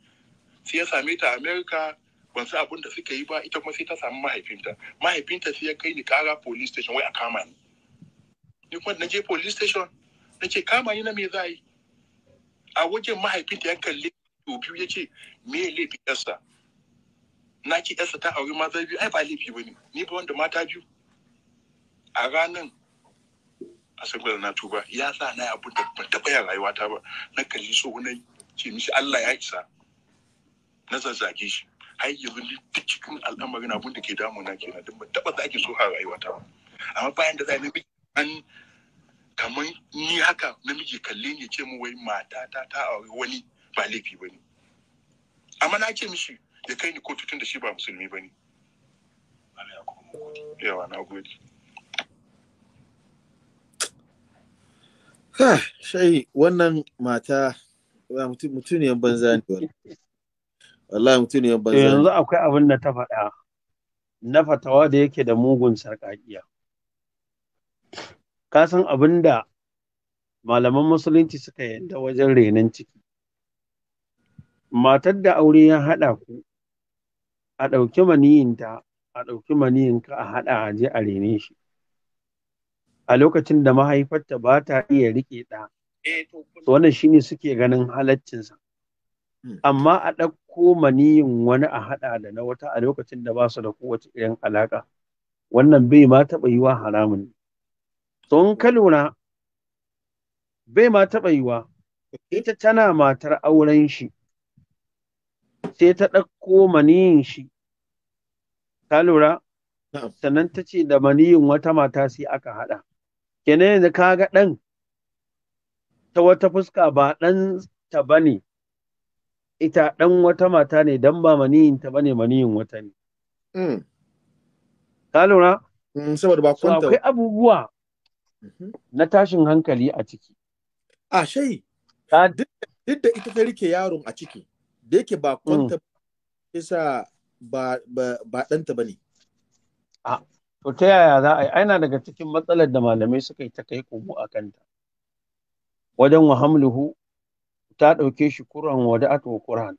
sai ya same ta America ban san abin da suka yi ba ita kuma sai ta samu mahaifinta mahaifinta sai ya kai ni kara police station wai a kama ni ni kuma na je police station na ce kama ni na me za yi a wajen mahaifinta ya yankan to biyu ya ce me laifin yarsa na ki yarsa ta auri maza biyu ai ba laifi ba ne ni ba wanda mata biyu a ranar a saboda na tuba ya sa na abu da ban taɓa yin rayuwa ba na kalli so na ce mishi Allah ya isa na zazzage shi har yanzu ni duk cikin al'amarin abun da ke damuna kenan don ban taɓa zage so a rayuwa ta ba amma bayan da zai na biki an kamar ni haka namiji kalle ne ce mu wai mata ta ta wani ba laifi ba ne, amma na ce mishi ya kai ni kotu tun da shi ba musulmi ba. yawa na gode ha shai wannan mata mutuniyan banza ne wani wallahi mutuniyan banza yanzu akwai abin da ta faɗa na fatawa da yake da mugun sarƙaƙiya ka san abin da malaman musulunci suka yadda wajen renon ciki matar da aure ya haɗa ku a ɗauki maniyinta a ɗauki maniyinka a haɗa a je a rene shi a lokacin da mahaifarta ba ta iya riƙe ɗa eh, wannan shine suke ganin halaccinsa hmm. amma a ɗauko maniyin wani a haɗa da na wata a lokacin da ba su da kowace irin alaƙa wannan bai ma taɓa yi wa haramun tsohon in ka lura bai ma taɓa yiwa ita tana matar auren shi sai ta ɗauko maniyin shi ta lura sannan ta ce da maniyin wata mata sai aka haɗa kenan yanzu ka ga ɗan ta wata fuska ba ɗan ta bane ita ɗan wata mata ne don ba maniyin ta ba ne maniyin wata ne ta mm. lura mm, saboda ba kwanta akwai abubuwa Mm-hmm. na tashin hankali a ciki. A shai, duk da ita ta rike yaron a ciki, da yake ba mm. kwanta isa ba ɗanta ba ne. A, to ta yaya za a yi, aina daga cikin matsalar da malamai suka yi ta kai komo a kanta. Wajen wahamluhu ta ɗauke shi kuran wada ato kuran.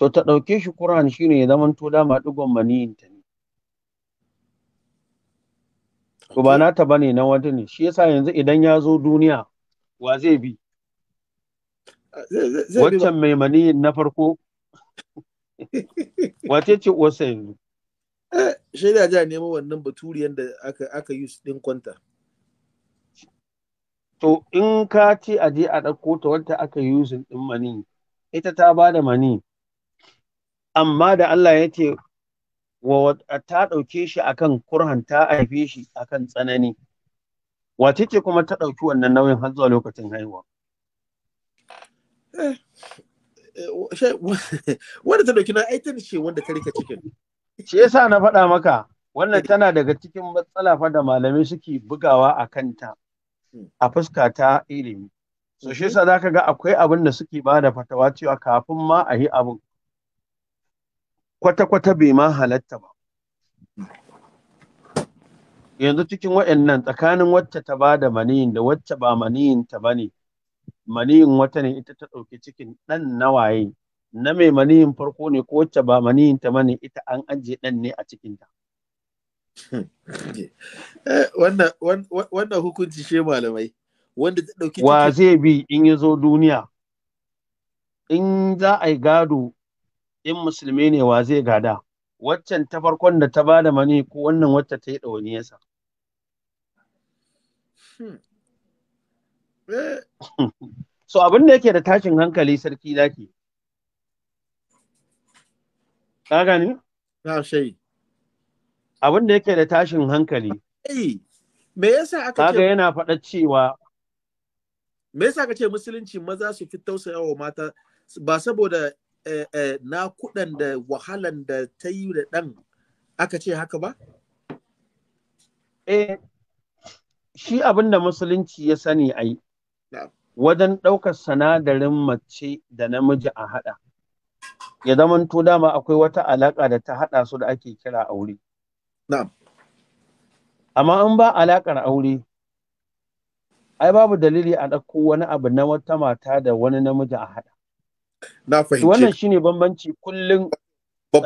To ta ɗauke shi kuran shine ya zamanto dama ɗigon maniyinta ko ba ta bane na wata ne shi yasa yanzu idan ya zo duniya wa zai bi waccan mai mani na farko wace ce wasa yanzu eh, da ja nemo wannan baturiyan da aka aka yi din kwanta to in ka ce a je a ɗauko ta wanda aka yi din mani ita ta ba da mani amma da Allah ya ce wa ta ɗauke shi akan kurhan ta haife shi akan tsanani wace ce kuma ta ɗauki wannan nauyin har zuwa lokacin haihuwa eh, eh, wanda ta ɗauki na aitan ce wanda ta rika cikin shi yasa na faɗa maka wannan tana daga cikin matsala fa da malamai suke bugawa a kanta a fuska ta ilimi so shi yasa zaka ga akwai abin da suke ba da fatawa cewa kafin ma a yi abin kwata-kwata bai ma halatta ba yanzu cikin waɗannan tsakanin wacce ta ba da maniyin da wacce ba maniyin ta ba ne maniyin wata ne ita ta ɗauki cikin ɗan nawaye na mai maniyin farko ne ko wacce ba maniyin ta ba ne ita an ajiye ɗan ne a ta. wannan hukunci she malamai wanda ta ɗauki wa zai bi in ya zo duniya in za a yi gado in musulmi ne wa zai gada waccan ta farkon da ta ba da mani ko wannan wacce ta yi yasa. Hmm. Eh. so abin da yake da tashin hankali sarki zaki ka gani? na shai abin da yake da tashin hankali me yasa aka ce kaga yana faɗa cewa me yasa aka ce musulunci maza su fi tausayawa mata ba saboda na eh, eh, nakudan da wahalan da ta yi da ɗan aka ce haka ba? Eh, shi abin da musulunci ya sani a yi, wajen ɗaukar sanadarin mace da namiji a haɗa. Ya zamanto dama akwai wata alaƙa da ta haɗa su da ake kira aure. Amma an ba alaƙar aure, ai babu dalili a ɗauko wani abu na wata mata da wani namiji a haɗa. na fahimci wannan shine bambanci kullun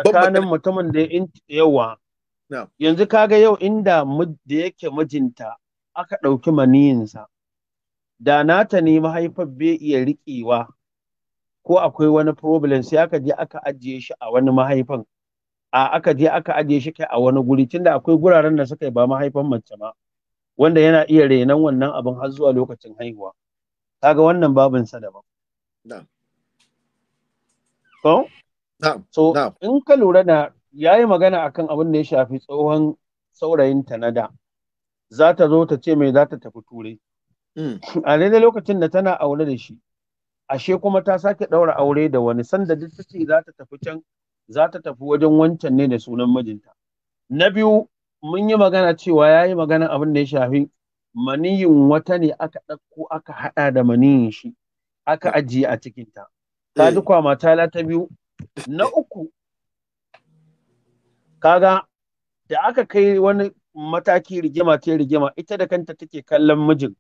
tsakanin mutumin da yawa yanzu kaga yau inda da yake mijinta aka ɗauki maniyinsa da nata ne mahaifar bai iya riƙewa ko akwai wani problem sai aka je aka ajiye shi a wani mahaifan a aka je aka ajiye shi kai a wani guri tunda akwai guraren da suka ba mahaifan mace ma wanda yana iya renon wannan abin har zuwa lokacin haihuwa kaga wannan babin sa daban ko so in ka lura da yayi magana akan abin da ya shafi tsohon saurayin ta na da za ta zo ta ce mai za ta tafi turai hmm. a daidai lokacin da tana aure da shi ashe kuma ta sake ɗaura aure da wani sanda duk ta ce za ta tafi can za ta tafi wajen wancan ne da sunan mijinta na biyu mun yi magana cewa ya yi magana abin da ya shafi maniyin wata ne aka ɗauko aka haɗa da maniyin shi aka hmm. ajiye a cikinta ka ji eh. kwama tala ta biyu na uku kaga da aka kai wani mataki rigima ta rigima ita da kanta take kallon mijin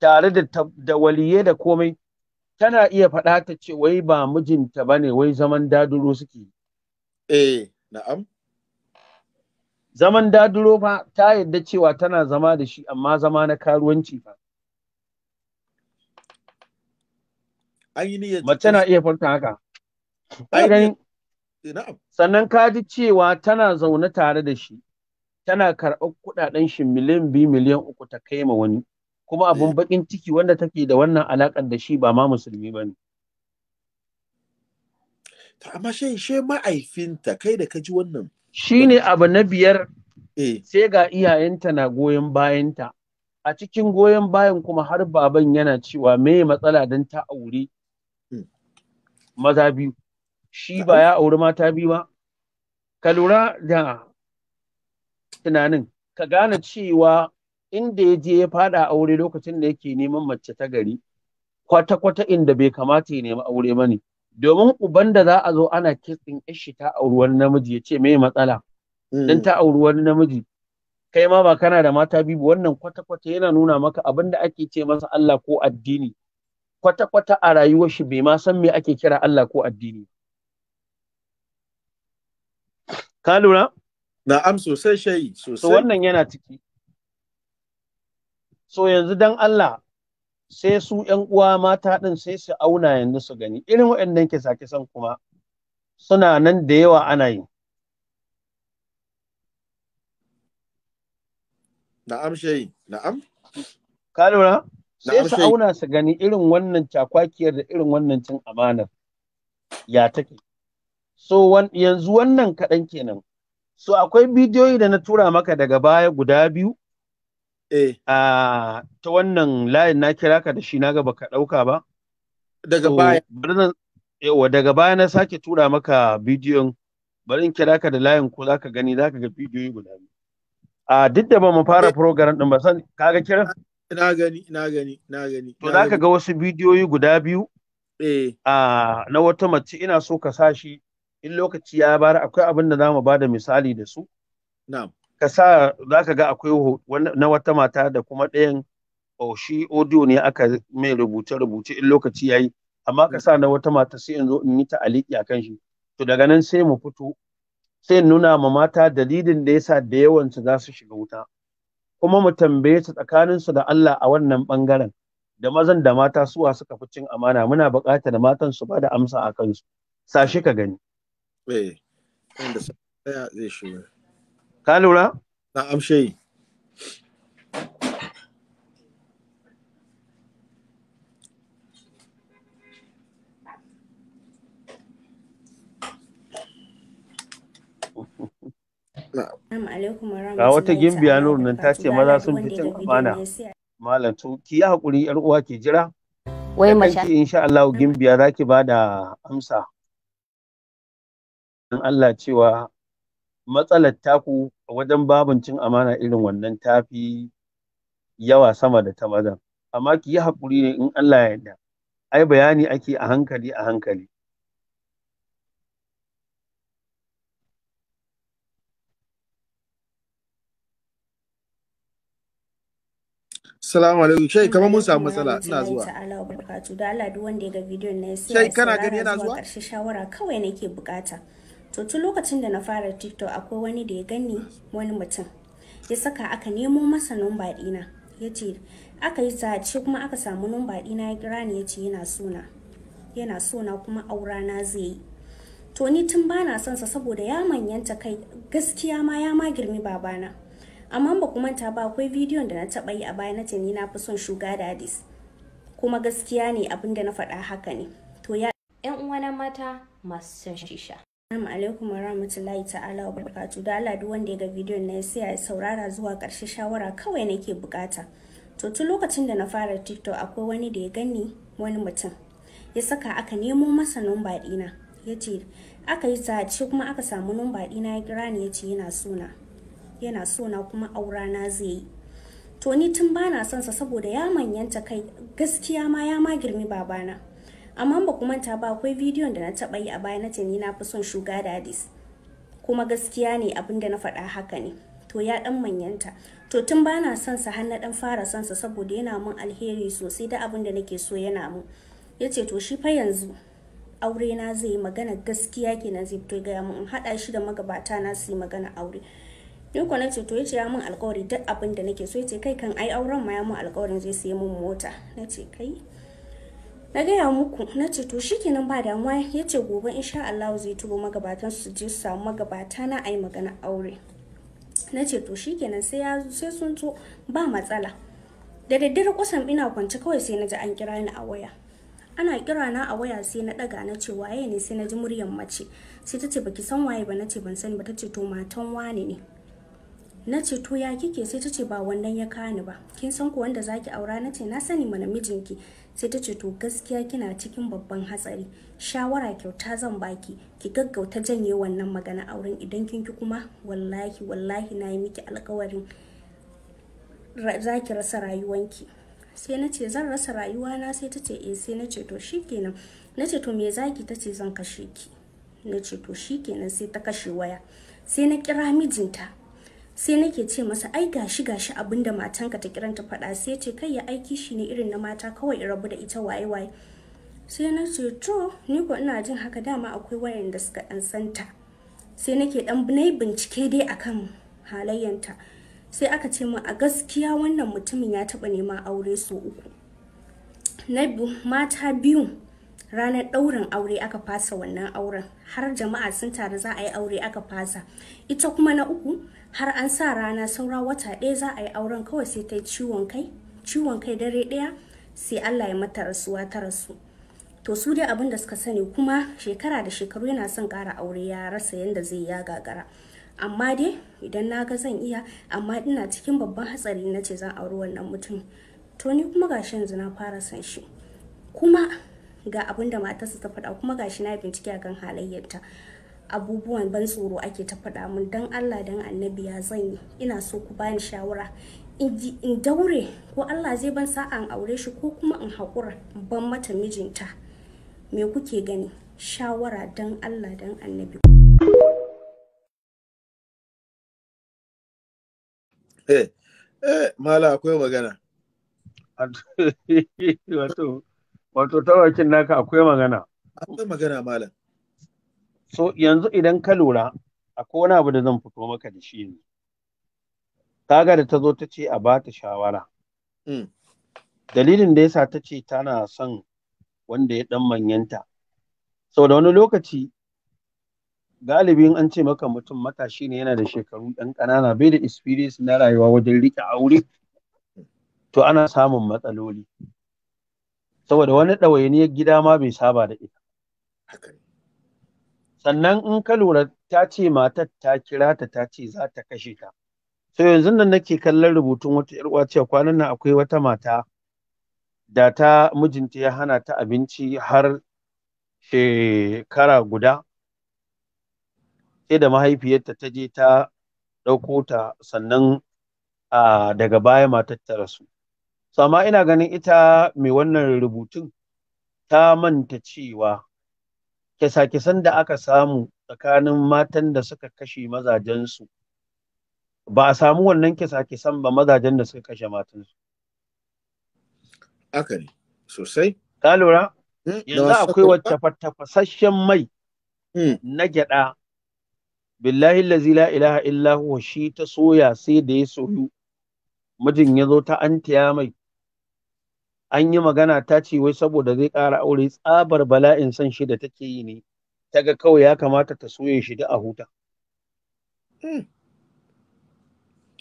tare da da waliye da komai tana iya faɗa ta ce wai ba mijinta ne, wai zaman daduro suke eh na'am zaman daduro fa ta yadda cewa tana zama da shi amma zama na karuwanci an yi niyyar mace na iya farka haka ganin eh, sannan ka ji cewa tana zaune tare da shi tana karɓar kuɗaɗen shi miliyan biyu miliyan uku ta kai ma wani kuma abun eh. bakin ciki wanda take da wannan alaƙar da shi ba ma musulmi ba ne. amma shi shi ma'aifinta kai da ka ji wannan. Shi ne abu na biyar eh. sai ga iyayenta na goyon bayanta. A cikin goyon bayan kuma har baban yana cewa me matsala don ta aure maza biyu shi ba ya auri mata biyu ba ka lura da tunanin ka gane cewa inda ya je ya fada aure lokacin da yake neman mace ta gari kwata-kwata inda bai kamata ya nemi aure ba ne domin uban da za a zo ana kitsin ishi ta auri wani namiji ya ce mai matsala hmm. dan ta auri wani namiji kai ma ba kana da mata biyu wannan kwata-kwata yana nuna maka abin da ake ce masa Allah ko addini kwata-kwata a rayuwar shi bai ma san me ake kira Allah ko addini ka lura na'am sosai shayi sosai so wannan yana ciki so yanzu dan Allah sai su ƴan uwa mata ɗin sai su auna yanzu su gani irin waɗannan kisa-kisan kuma suna nan da yawa ana yi na'am shayi na'am ka lura sai su auna su gani irin wannan cakwakiyar da irin wannan cin amanar ya take so yanzu wannan kaɗan kenan so akwai bidiyoyi da na tura maka daga baya guda biyu eh ta wannan layin na kira ka da shi na gaba ka ɗauka ba daga baya yawa daga baya na sake tura maka bidiyon bari in kira ka da layin ko zaka gani zaka ga bidiyoyi guda biyu a duk da ba mu fara eh. program din ba san kaga kiran na gani na gani na gani to ka ga wasu bidiyoyi guda biyu eh a na wata mace ina so ka sa shi in lokaci ya bar akwai abin da zamu bada misali da su na'am ka sa ka ga akwai na wata mata da kuma ɗayan oh, shi audio ne aka mai rubuce rubuce in lokaci yayi amma ka sa na wata mata sai in zo in yi ta aliki kan shi to daga nan sai mu fito sai nuna ma mata dalilin da yasa da yawansu za su shiga wuta kuma mu tambaye su tsakaninsu da Allah a wannan bangaren da mazan da mata suwa suka fi cin amana muna buƙatar matan su ba da amsa a kansu sashi ka gani eh wanda zai shiga ka lura na amshe Ga wata gimbiya nur nan ta ce maza sun fi cin amana. Malam to ki yi hakuri yar uwa ki jira. Wai mace. Insha Allah gimbiya zaki ki bada amsa. Dan Allah cewa matsalar taku a wajen babin cin amana irin wannan tafi yawa sama da ta maza. Amma ki yi hakuri ne in Allah ya yarda. Ai bayani ake a hankali a hankali. Salamu alaikum. Shai kamar mun samu matsala ina zuwa. Da Allah duk wanda ya ga bidiyon na sai Shai kana gani yana zuwa? Karshe shawara kawai nake bukata. To tun lokacin da na fara TikTok akwai wani da ya gani wani mutum. Ya saka aka nemo masa numba dina. yace aka yi sace kuma aka samu numba dina ya kira ni yace yana sona Yana sona kuma aura na zai yi. To ni tun bana son sa saboda ya manyanta kai gaskiya ma ya ma girmi babana. amma ba ku manta ba akwai bidiyon da na taɓa yi a baya na ni na fi son shuga dadis kuma gaskiya ne abin na faɗa haka ne to ya yan uwana mata masu son shisha Assalamu alaikum wa rahmatullahi ta'ala wa barakatu da Allah duk wanda ya ga bidiyon na sai ya saurara zuwa karshe shawara kawai nake bukata to tun lokacin da na fara TikTok akwai wani da ya gani wani mutum ya saka aka nemo masa numba ɗina ya ce aka yi ta ce kuma aka samu numba ɗina ya kira ni ya ce yana suna yana so na kuma aura na zai yi to ni tun bana son sa saboda ya manyanta kai gaskiya ma ya ma girmi babana amma ba ku manta ba akwai bidiyon da na taba yi a baya na ce ni na fi son shuga dadis kuma gaskiya ne abin da na faɗa haka ne to ya dan manyanta to tun bana son sa har na dan fara son sa saboda yana mun alheri sosai da abin da nake so yana mun yace to shi fa yanzu aure na zai magana gaskiya kenan zai fito gaya mun in haɗa shi da magabata na su yi magana aure ni na ce to yace ya mun alƙawari duk abin da nake so yace kai kan ai auren ma ya mun alƙawarin zai siya mun mota na ce kai na gaya muku na ce to shikenan ba damuwa yace gobe insha Allah zai tubo magabatan su je su samu magabata na ai magana aure na ce to shikenan sai ya sai sun zo ba matsala da daddare kusan ina kwance kawai sai na ji an kira ni a waya ana kira na a waya sai na daga na ce waye ne sai na ji muryar mace sai ta ce baki san waye ba na ce ban sani ba ta ce to matan wane ne na ce to ya kike sai ta ce ba wannan ya kani ba kin san ku wanda zaki aura na ce na sani mana mijinki sai ta ce to gaskiya kina cikin babban hatsari shawara kyauta zan baki ki gaggauta janye wannan magana auren idan kin ki kuma wallahi wallahi na yi miki alkawarin zaki rasa rayuwanki sai na ce zan rasa rayuwana sai ta ce eh sai na ce to shikenan na ce to me zaki ta ce zan kashe ki na ce to shikenan sai ta kashe waya sai na kira mijinta sai nake ce masa ai gashi gashi abin da matanka ta kiranta faɗa sai ce kai ya aiki shi ne irin na mata kawai in rabu da ita waye waye sai na ce to ni ko ina jin haka dama akwai wayan da suka dan santa sai nake dan nayi bincike dai akan halayyanta sai aka ce min a gaskiya wannan mutumin ya taba neman aure su uku na mata biyu ranar ɗaurin aure aka fasa wannan auren har jama'a sun tare za a yi aure aka fasa ita kuma na uku har an sa rana saura wata ɗaya za a yi auren kawai sai ta yi ciwon kai ciwon kai dare ɗaya sai allah ya mata rasuwa ta rasu to su dai abin da suka sani kuma shekara da shekaru yana son kara aure ya rasa yadda zai ya gagara amma dai idan na ga zan iya amma ina cikin babban hatsari na ce zan auri wannan mutum to ni kuma gashi yanzu na fara san shi kuma ga abin da matarsa ta faɗa kuma ga shi na bincike a akan halayyarta abubuwan ban tsoro ake ta faɗa mun dan Allah dan annabi ya zan yi ina so ku bani shawara in daure ko Allah zai ban sa'a in aure shi ko kuma in haƙura ban mata mijinta me kuke gani shawara dan Allah dan annabi eh eh mala akwai magana wato wato tawakin naka akwai magana akwai magana malam So yanzu idan ka lura akwai wani abu da zan fito maka da shi yanzu. ga da ta zo ta ce a ba ta shawara. Mm. Dalilin da ya sa ta ce tana son wanda ya ɗan manyanta. Sau da wani lokaci galibin an ce maka mutum matashi ne yana da shekaru ɗan ƙanana bai da experience na rayuwa wajen riƙe aure to ana samun matsaloli saboda wani ɗawainiyar gida ma bai saba da ita sannan in ka lura ta ce matar ta kira ta ta ce za ta kashe ta to yanzu nan nake kallon rubutun wata yar uwa kwanan nan akwai wata mata da ta mijinta ya hana ta abinci har shekara guda sai da mahaifiyarta ta je ta ɗauko ta sannan a daga baya matar ta rasu so amma ina ganin ita mai wannan rubutun ta manta cewa kisa-kisan da aka samu tsakanin matan da suka kashe mazajensu ba a samu wannan kisa-kisan ba mazajen da suka kashe matansu. Aka ne, sosai. Ka lura? Hmm, Yanzu akwai wacce tafasasshen mai hmm. na gyada. Billahi lazi la ilaha illa shi ta soya sai da ya soyu. Mijin ya zo ta an mai an yi magana ta ce wai saboda zai ƙara aure tsabar bala'in san shi da take yi ne ta ga kawai ya kamata ta soye shi da a huta. Hmm.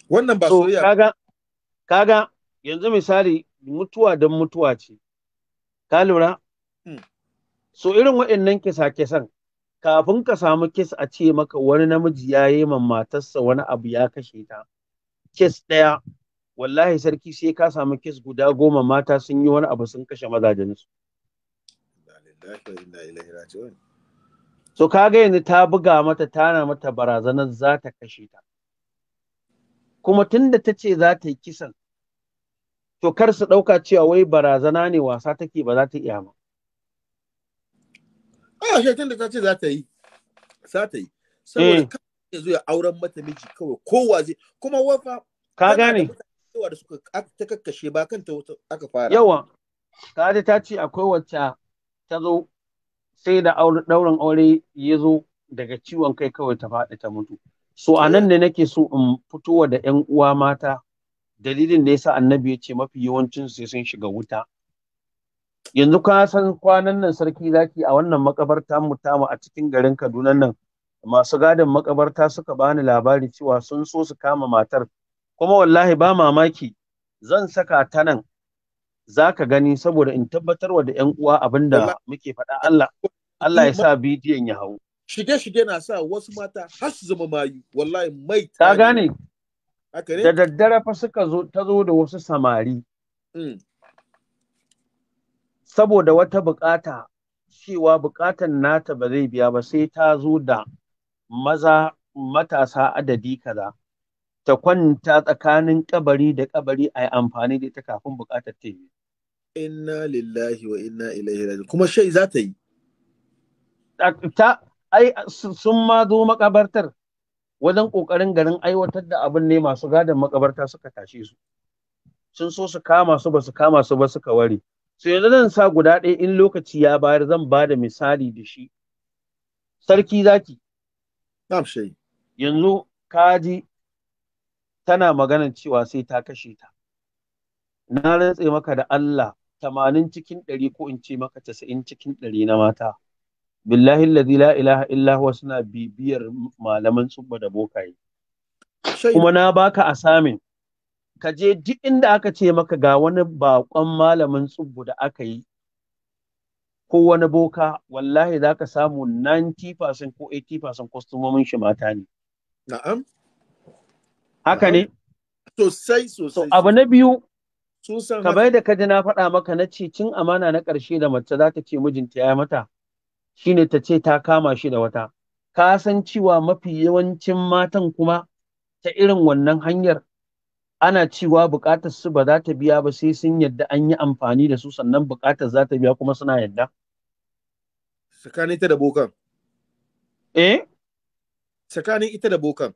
Wannan ba soyayya. Kaga, kaga yanzu misali mutuwa don mutuwa ce. Ka lura? Hmm. So irin waɗannan kisa-kisan kafin ka samu kis a ce maka wani namiji ya yi matarsa wani abu ya kashe ta. Kis ɗaya wallahi sarki sai ka samu kes guda goma mata sun yi wani abu sun kashe mazajensu so kaga yanzu ta buga mata tana mata barazanar za ta kashe ta kuma tunda ta ce za ta yi kisan to kar su ɗauka cewa wai barazana ne wasa take ba za ta iya ma. Ah, shi tunda ta ce za ta yi, za ta yi. Saboda eh. kawai zo ya auren mata miji kawai kowa zai kuma wafa. Ka gane. yawa da suka ta kakkashe ba kanta aka fara yawa kaji ta ce akwai wacce ta zo sai da ɗaurin aure ya zo daga ciwon kai kawai ta faɗi ta mutu so a nan ne nake so in fitowa da 'yan uwa mata dalilin da yasa annabi ya ce mafi yawancin sai sun shiga wuta yanzu ka san kwanan nan sarki zaki a wannan makabarta mu tamu a cikin garin Kaduna nan masu gadin makabarta suka bani labari cewa sun so su kama matar kuma wallahi ba mamaki zan saka ta nan za ka gani saboda in tabbatarwa da 'yan uwa abin da muke faɗa Allah Allah ya sa bidiyon ya hau. Shige-shige na sa wasu mata har su zama mayu wallahi mai ta gane da daddare fa suka zo ta zo da wasu samari hmm. saboda wata bukata cewa bukatan nata ba zai biya ba sai ta zo da maza matasa adadi kaza ta kwanta tsakanin ƙabari da kabari a yi amfani da ita kafin bukatar ta yi. Inna lillahi wa inna ilaihi raji'un kuma shai za ta yi. Ta ai sun ma zo makabartar wajen ƙoƙarin garin aiwatar da abin ne masu gadon makabarta suka tashe su. Sun so su kama su ba su kama su ba suka ware. So yanzu zan sa guda ɗaya in lokaci ya bayar zan ba da misali da shi. Sarki zaki. Yanzu ka ji. tana maganar cewa sai ta kashe ta na rantse maka da Allah tamanin cikin ɗari ko in ce maka casa'in cikin ɗari na mata billahi alladhi la ilaha illa huwa suna bibiyar malaman tsubba da bokaye kuma na baka asamin ka je duk inda aka ce maka ga wani bakon malamin tsubbu da aka yi ko wani boka wallahi za ka samu 90% ko 80% kwastomomin shi mata ne na'am Haka ne? Sosai sosai. Abu na biyu, kamar da ka ji na faɗa maka na ce cin amana na ƙarshe da mace za ta ce mijinta ya mata shine ta ce ta kama shi da wata. Ka san cewa mafi yawancin matan kuma ta irin wannan hanyar ana cewa buƙatar su ba za ta biya ba sai sun yadda an yi amfani da su sannan buƙatar za ta biya kuma suna yadda. Tsakanin ita da bokan. Eh? Tsakanin ita da bokan.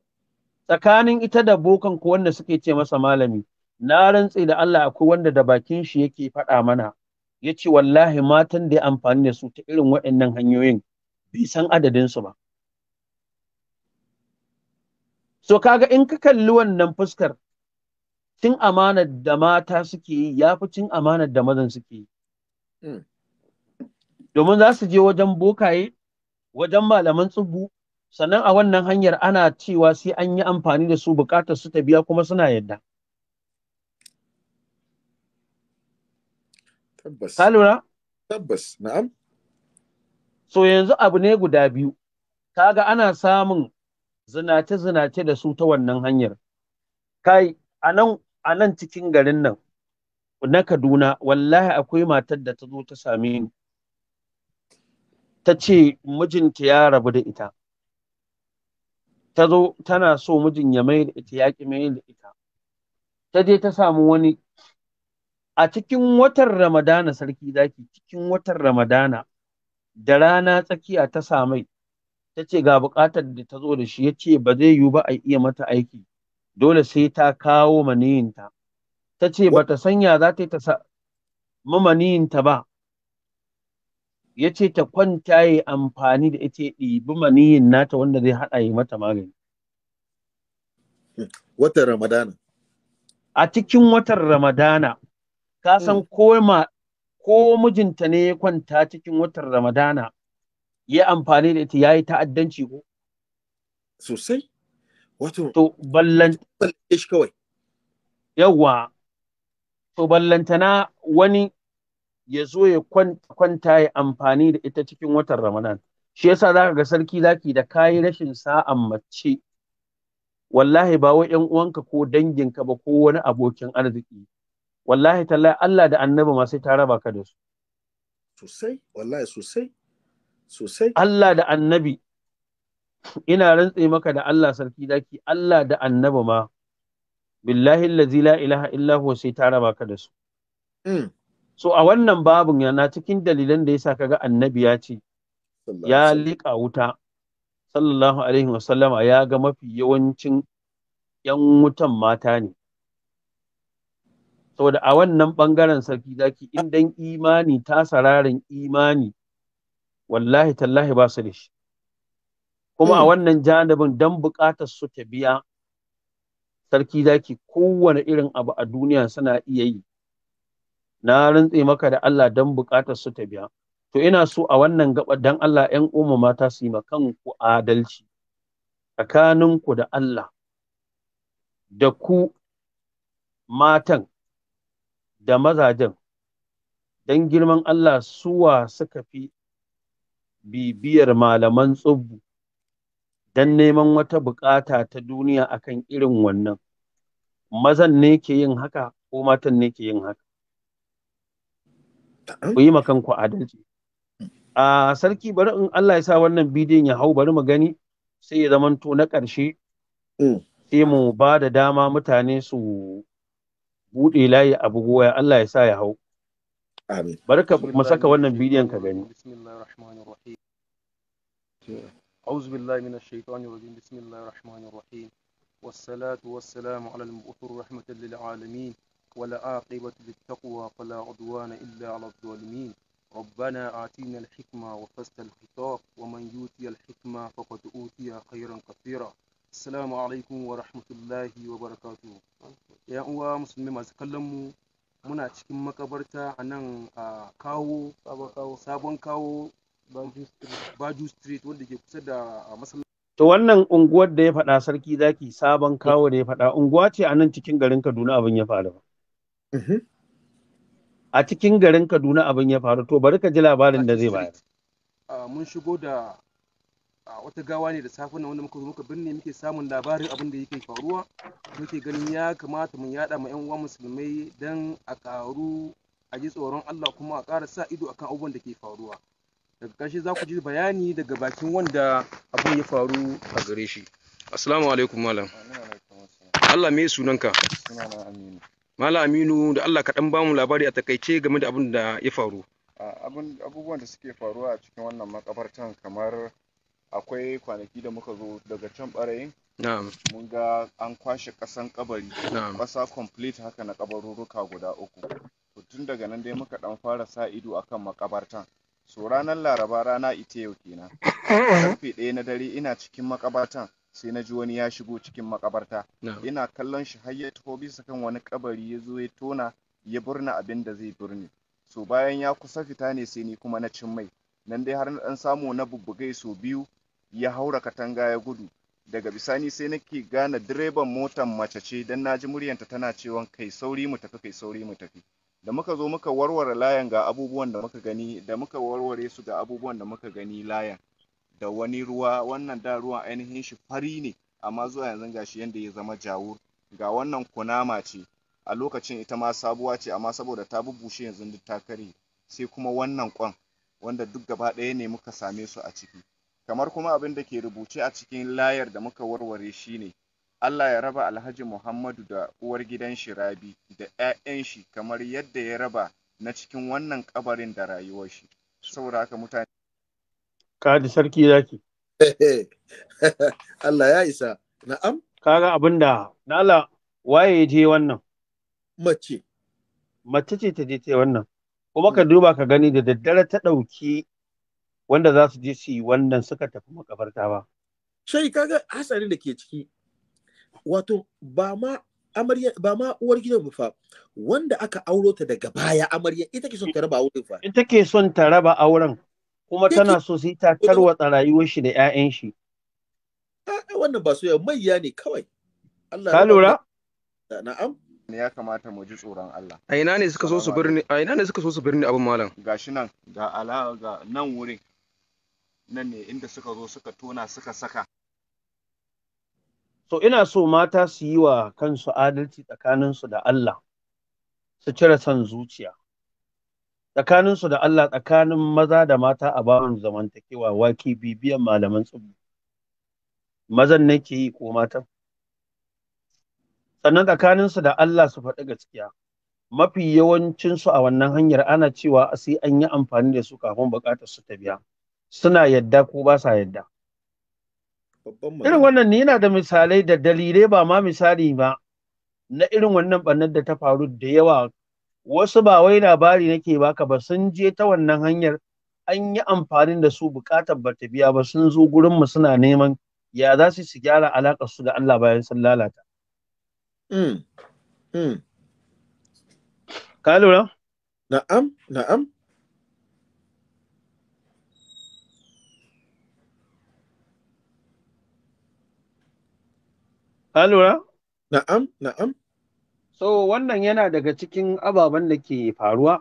tsakanin ita da bokan ku wanda suke ce masa malami na rantse da Allah akwai wanda da bakin shi yake faɗa mana ya ce wallahi matan da ya amfani da su ta irin waɗannan hanyoyin bai san adadin su ba so kaga in ka kalli wannan fuskar cin amanar da mata suke yi ya fi cin amanar da mazan suke yi hmm. domin za su je wajen bokaye wajen malaman tsubu sannan a wannan hanyar ana cewa sai an yi amfani da su bukatar su ta biya kuma suna yadda tabbas ka tabbas na'am so yanzu abu ne guda biyu ga ana samun zinace-zinace da su ta wannan hanyar kai a nan cikin garin nan na Kaduna wallahi akwai matar da ta zo ta same ni ta ce mijinta ya rabu da ita ta zo tana so mijin ya mai da ita ya ki mai da ita ta je ta samu wani a cikin watan ramadana sarki zaki cikin watan ramadana da rana tsakiya ta samai ta ce ga buƙatar da ta zo da shi ya ce ba zai yiwu ba a iya mata aiki dole sai ta kawo maniyinta ta ce ba ta sanya za ta yi ta maniyinta ba ya ce ta kwanta yi amfani da ita ɗibi maniyin nata wanda zai haɗa yi mata magani. Watan Ramadana. A cikin watan Ramadana, ka san hmm. ko mijinta ne ya kwanta cikin watan Ramadana ya amfani da ita ya yi ta'addanci ko? Sosai. Wato, to ballanta kawai. Yawwa, to ballantana wani ya zo ya kwanta ya amfani da ita cikin watan Ramadan. Shi yasa za ka ga sarki zaki da kayi rashin sa'an mace wallahi ba wai uwanka ko danginka ba ko wani abokin arziki wallahi tallahi Allah da annabi ma sai ta raba ka da su sosai wallahi sosai sosai Allah da annabi ina rantse maka da Allah sarki zaki Allah da annabi ma billahi la ilaha illa huwa sai ta raba ka da su mm. so a wannan babun yana cikin dalilan da yasa kaga annabi ya ce ya liƙa wuta sallallahu alaihi wasallama ya ga mafi yawancin yan wutan mata ne saboda a wannan ɓangaren sarki zaki indan imani ta sararin imani wallahi tallahi ba su da shi kuma a hmm. wannan janibin dan buƙatar su ta biya sarki zaki kowane irin abu a duniya suna iya yi na rantse maka da Allah dan bukatar su ta biya to ina so a wannan gaba dan Allah 'yan umma mata su yi ma kanku adalci tsakaninku da Allah da ku matan da mazajen dan girman Allah suwa suka fi bibiyar malaman tsubbu dan neman wata bukata ta duniya akan irin wannan mazan ne ke yin haka ko matan ne ke yin haka ku yi kanku adalci a sarki bari in Allah ya sa wannan bidiyon ya hau bari mu gani sai ya zamanto na ƙarshe hmm. sai mu ba da dama mutane su buɗe layi a bugoya Allah ya sa ya hau bari ka mu saka wannan bidiyon ka gani أعوذ بالله من الشيطان الرجيم بسم الله الرحمن الرحيم والصلاة والسلام على المبعوث رحمة للعالمين والعاقبة للتقوى فلا عدوان إلا على الظالمين ربنا آتينا الحكمة وفصل الخطاب ومن يؤتي الحكمة فقد أوتي خيرا كثيرا السلام عليكم ورحمة الله وبركاته يا أوا مسلمين ما تكلموا muna cikin makabarta a nan a kawo sabon kawo baju street wanda ke kusa da masallaci to wannan unguwar da ya faɗa sarki zaki sabon kawo da ya faɗa unguwa ce a nan cikin garin kaduna abin ya faru Mhm. a cikin garin kaduna abin ya faru to bari ka ji labarin da zai bayar mun shigo da wata gawa ne da safe wanda muka zo muka binne muke samun labarin abin da yake faruwa muke ganin ya kamata mu yada ma yan uwa musulmai dan a karu a ji tsoron Allah kuma a ƙara sa ido akan abubuwan da ke faruwa daga ƙarshe za ku ji bayani daga bakin wanda abin ya faru a gare shi assalamu alaikum malam Allah me sunanka sunana Aminu Malam Aminu da Allah ka dan bamu labari a takaice game da abin da ya faru. Abubuwan da suke faruwa a cikin wannan makabartan kamar akwai kwanaki da muka zo daga can barayin mun ga an kwashe ƙasan kabari ƙasa complete haka na ƙabarurruka guda uku to tun daga nan dai muka ɗan fara sa ido akan makabartan so ranar laraba rana ita yau kenan karfe ɗaya na dare ina cikin makabartan sai na ji wani ya shigo cikin makabarta ina kallon shi har ya taho bisa kan wani kabari ya zo ya tona ya burna abin da zai burne so bayan ya kusa fita ne sai ni kuma na cin mai nan dai har na dan samu na bubbugai so biyu ya haura katanga ya gudu daga bisani sai nake gane direban motan mace ce dan naji muryanta tana cewa kai sauri mu tafi kai sauri mu tafi da muka zo muka warware layan ga abubuwan da muka gani da muka warware su ga abubuwan da muka gani layan da wani ruwa wannan da ruwan ainihin shi fari ne amma zuwa yanzu ga shi yanda ya zama jawo. ga wannan kunama ce a lokacin ita ma sabuwa ce amma saboda ta bubbushe yanzu duk ta karye sai kuma wannan kwan wanda duk gaba ɗaya ne muka same su a ciki kamar kuma abin da ke rubuce a cikin layar da muka warware shi ne. Allah ya raba Alhaji Muhammadu da uwar gidan shi Rabi da 'ya'yan shi kamar yadda ya raba na cikin wannan kabarin da rayuwar shi saboda haka mutane Kadi sarki zaki. Allah ya isa. Na'am. Kaga abin da Allah waye je wannan? Mace. Mace ce ta je ta wannan. Kuma ka mm. duba ka gani da daddare ta ɗauki wanda za su je su yi wannan suka tafi makabarta ba. Shai kaga hatsari da ke ciki. Wato ba ma amarya ba ma uwar gidan ba fa wanda aka auro ta daga baya amarya ita ke son ta raba auren fa. Ita ke son ta raba auren. kuma tana so sai ta tarwatsa rayuwar shi da ƴaƴan shi wannan ba soyayya mayya ne kawai Allah ka lura na'am ne ya kamata mu ji tsoron Allah a ina ne suka so su birni a ina ne suka so su birni abin malam gashi nan ga ala ga nan wurin nan ne inda suka zo suka tona suka saka so ina so mata su yi wa kansu adalci tsakaninsu da Allah su cire son zuciya tsakaninsu da Allah tsakanin maza da mata a bawan zamantakewa wake bibiyan malaman tsubu mazan nake yi ko matan sannan tsakaninsu da Allah su faɗi gaskiya mafi yawancinsu a wannan hanyar ana cewa sai an yi amfani da su kafin buƙatar su ta biya suna yadda ko ba sa yadda irin wannan ni yana da misalai da dalilai ba ma misali ba na irin wannan bannan da ta faru da yawa wasu ba wai labari nake baka ba sun je ta wannan hanyar an yi amfani da su bukatar ba ta biya ba sun zo gurin mu suna neman ya za su su gyara alaƙar su da Allah bayan sun lalata. Ka mm, mm. Ka lura? Na'am, na'am. So wannan yana daga cikin ababen da ke faruwa.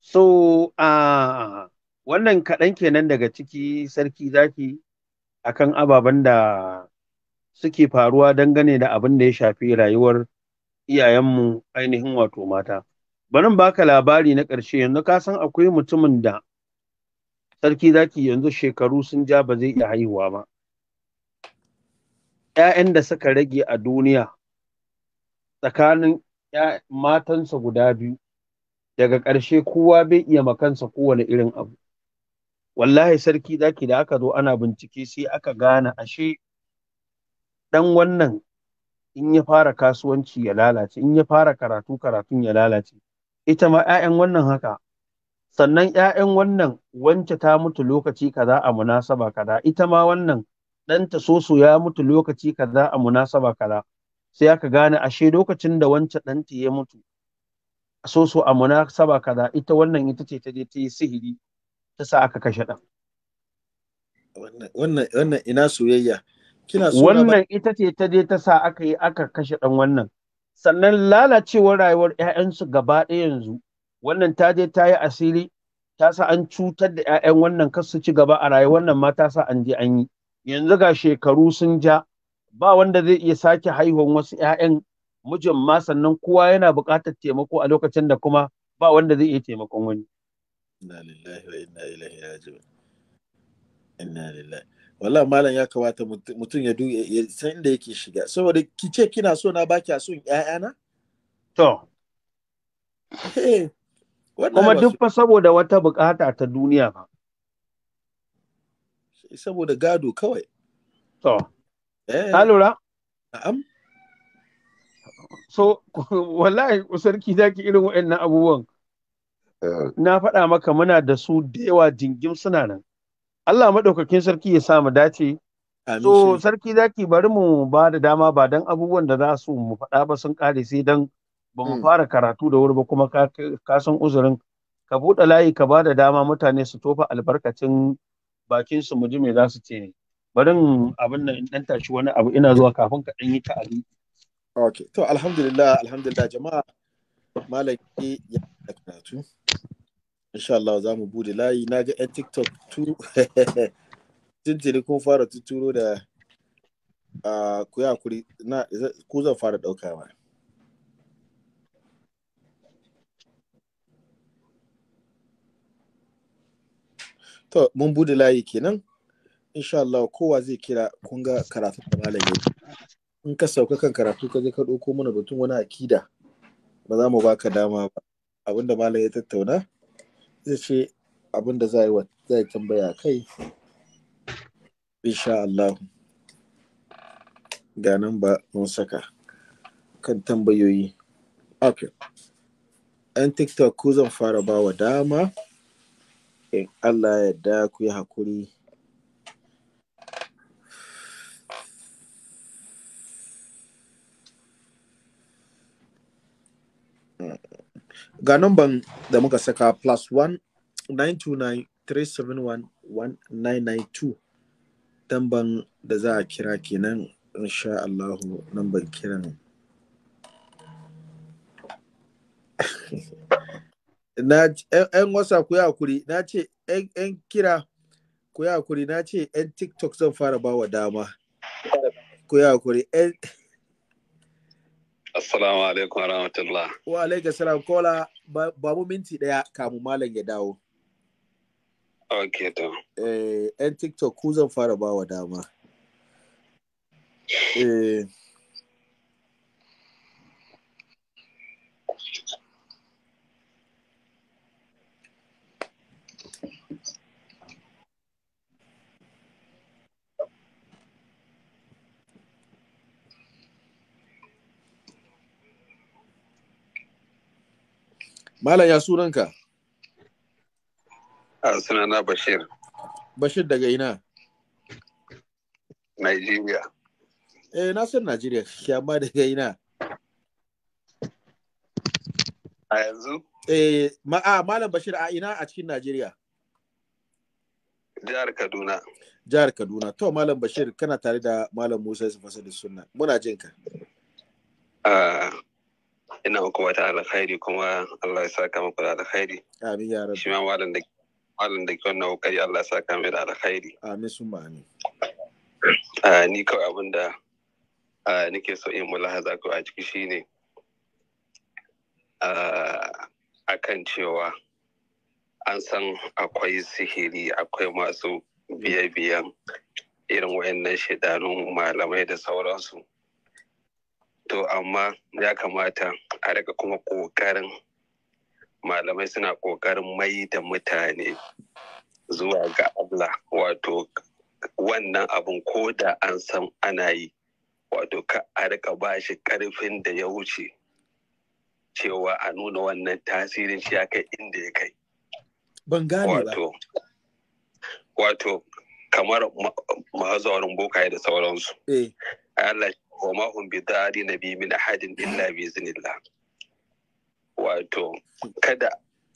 So a wannan kaɗan kenan daga ciki sarki zaki akan ababen da suke faruwa dangane da abin da ya shafi rayuwar iyayenmu ainihin wato mata. Barin baka labari na ƙarshe yanzu ka san akwai mutumin da sarki zaki yanzu shekaru sun ja ba zai iya haihuwa ba. ‘Ya'yan da suka rage a duniya tsakanin matansa guda biyu daga ƙarshe kowa bai iya makansa kowane irin abu wallahi sarki zaki da aka zo ana bincike sai aka gane ashe dan wannan in ya fara kasuwanci ya lalace in ya fara karatu karatun ya lalace ita ma 'ya'yan wannan haka sannan 'ya'yan wannan wance ta mutu lokaci kaza a munasaba kaza ita ma wannan ɗanta soso ya mutu lokaci kaza a munasaba kaza sai aka gane ashe lokacin da wancan ɗanta ya mutu a so so a munasaba kaza ita wannan ita ce ta je ta yi sihiri ta sa aka kashe ɗan. Wannan ina soyayya. Wannan ita ce ta je ta sa aka yi aka kashe ɗan wannan. Sannan lalacewar rayuwar 'ya'yansu gaba ɗaya yanzu wannan ta je ta yi asiri ta sa an cutar da 'ya'yan wannan kar su ci gaba a rayuwar nan ma ta sa an je an yi. Yanzu ga shekaru sun ja ba wanda zai iya sake haihuwar wasu 'ya'yan mijin ma sannan kowa yana buƙatar taimako a lokacin da kuma ba wanda zai iya taimakon wani inna lillahi wa inna ilaihi raji'un inna lillahi wallahi malam ya kamata mutum ya ya san inda yake shiga saboda ki ce kina so na baki son ƴaƴana to eh. kuma duk fa saboda wata bukata ta duniya ba saboda gado kawai to Ta eh, lura? Na'am. So, wallahi sarki daki irin waɗannan abubuwan. Eh. Na faɗa maka muna da su da yawa jingim suna nan. Allah maɗaukakin sarki ya sa mu dace. So, sarki zaki bari mu ba da dama ba don abubuwan da za su mu faɗa ba sun kare sai don ba mu hmm. fara karatu da wuri ba kuma ka san uzurin. Ka buɗe layi ka ba da dama mutane su tofa albarkacin bakinsu mu ji me za su ce ne. barin abin nan in dan tashi wani abu ina zuwa kafin ka dan yi ta'ali okay to alhamdulillah alhamdulillah jama'a malaki ya karatu insha Allah za mu bude layi na ga tiktok tu tuntuni kun fara tuturo da ku ya kuri na ku zan fara ma to mun bude layi kenan insha Allah kowa zai kira kun ga karatu da malam in ka sauka kan karatu ka je ka ɗauko mana batun wani akida ba za mu baka dama ba abinda malam ya tattauna zai ce abinda za yi tambaya kai insha Allah ga nan ba mun saka kan tambayoyi okay yan tiktok ku zan fara ba wa dama in Allah ya yarda ku yi hakuri ga numban da muka saka plus 1 929 371 1992 damban da za a kira kenan insha Allahu numban kiran na yan eh, eh, wasa ku yi hakuri na ce eh, kira ku yi hakuri na ce yan tiktok zan fara bawa dama ku yi hakuri Assalamu alaikum wa rahmatullah. Wa alaikum salam kola ba mu minti daya kamu malam ya dawo. Ok to. Eh, en TikTok ku zan fara ba wa dama. Eh, Malam ya sunanka? A sunana Bashir. Bashir daga ina? Nigeria. Eh, na san Najeriya, kyamma daga ina? A yanzu? Eh, ma, a, Malam Bashir a ina a cikin Najeriya? Jihar Kaduna. Jihar Kaduna. To, Malam Bashir, kana tare da Malam Musa Yusuf Asadu Sunna. Muna jinka. Uh, ina muku wata alkhairi kuma Allah ya saka muku da alkhairi amin ya rabu. shi ma malam da malam da wannan kokari Allah ya saka mai da alkhairi amin summa amin ni kawai abinda nake so in mulahaza ko a ciki ne. a kan cewa an san akwai sihiri akwai masu biye-biyen irin wayannan shidanun malamai da sauransu to amma ya kamata a daga kuma ƙoƙarin malamai suna ƙoƙarin mai da mutane zuwa ga Allah wato wannan abin ko da an san ana yi wato ka a rika ba shi ƙarfin da ya wuce cewa a nuna wannan tasirin shi ya kai inda ya kai. Ban gane ba. Wato, kamar mahazawarin bokaye da sauransu. Eh. Allah wa bi hum bi dari nabi min ahadin illa bi iznillah wato kada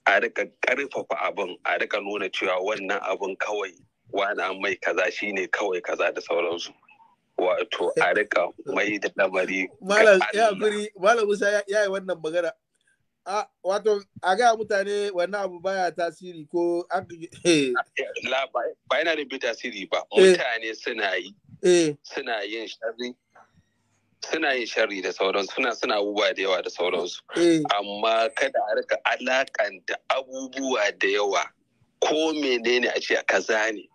a rika karfafa abin a rika nuna cewa wannan abin kawai wani mai kaza shine kawai kaza da sauransu wato a rika mai da lamari malam musa ya yi wannan magana wato a ga mutane wannan abu baya tasiri ko an eh. ba yana da bi tasiri ba eh. mutane suna yi eh. suna yin shari'a. suna yin sharri da sauransu suna suna abubuwa da yawa da sauransu eh. amma kada a rika alakanta abubuwa da yawa ko menene a ce a kaza ne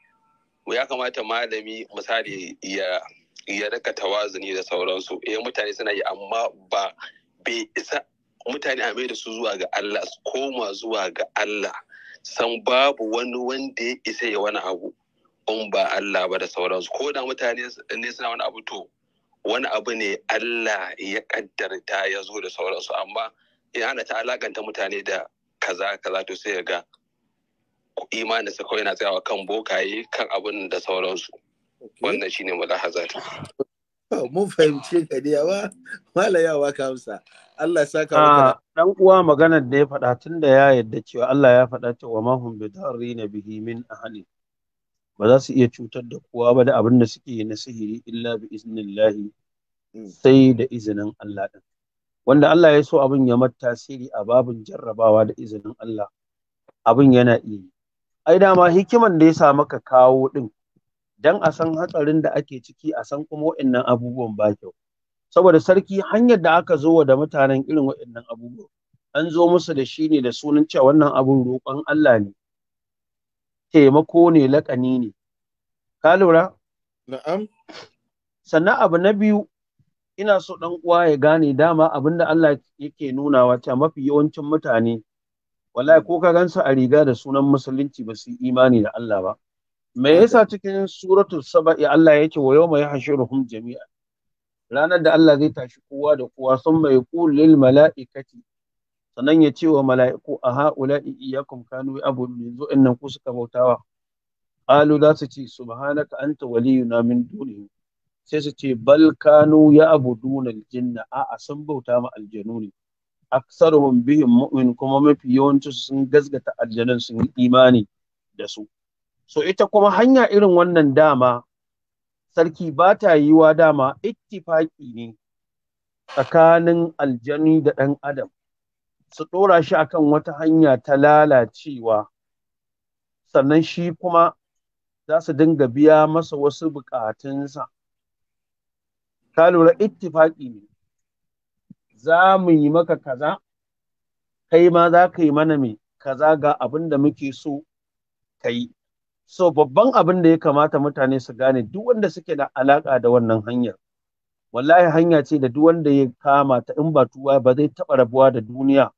ya kamata malami misali ya rika tawazuni da sauransu eh mutane suna yi amma ba bai isa mutane a mai da su zuwa ga Allah su koma zuwa ga Allah san babu wani wanda ya isa ya wani abu in ba Allah ba da sauransu ko da mutane ne suna wani abu to wani abu ne Allah ya kaddarta ya zo da sauransu amma in ana ta alakanta mutane da kaza kaza to sai ga imanin sa kawai na tsayawa kan bokaye kan abin da sauransu wannan shine mulahaza mun fahimce ka ne amma malayawa ka amsa Allah sa ka ah, dan uwa maganar da ya faɗa tun da ya yarda cewa Allah ya faɗa cewa mahum hum bidarrina bihi min ahli ba za su iya cutar da kowa ba da abin da suke yi na sihiri illa bi iznillahi mm. sai da izinin Allah din wanda Allah ya so abin ya mata tasiri a babin jarrabawa da izinin Allah abin yana iya ai dama hikiman da ya sa maka kawo din dan a san hatsarin da ake ciki a san kuma waɗannan abubuwan ba kyau saboda sarki hanyar da aka zo da mutanen irin waɗannan abubuwan an zo musu da shi ne da sunan cewa wannan abun roƙon Allah ne taimako ne laƙani ne ka lura na'am sannan abu na biyu ina so ɗan uwa ya gane dama abin da Allah yake nuna ta mafi yawancin mutane wallahi ko ka gansu a riga da sunan musulunci ba su yi imani da Allah ba me yasa cikin suratul saba'i Allah yake wa mai hashiruhum jami'a ranar da Allah zai tashi kowa da kowa sun mai qul lil mala'ikati sannan ya ce wa mala'iku a ha'ula'i iyakum kanu abu zo nan ku suka bautawa Alu za su ce subhanaka anta waliyuna min duniya. sai su ce bal kanu ya abu jinna a a'a sun bauta ma aljanu ne aksaruhum bihim mu'min kuma mafi yawanci sun gazgata aljanun sun yi imani da su so ita kuma hanya irin wannan dama sarki ba ta yiwa dama ittifaki ne tsakanin aljanu da ɗan adam su ɗora shi kan wata hanya ta lalacewa sannan shi kuma za su dinga biya masa wasu buƙatunsa ka lura ittifaƙi ne za mu yi maka kaza kai ma za ka yi mana mai kaza ga abin da muke so ka yi so babban abin da ya kamata mutane su gane duk wanda suke da alaƙa da wannan hanyar wallahi hanya ce da duk wanda ya kama ta in ba tuwa ba zai taɓa rabuwa da duniya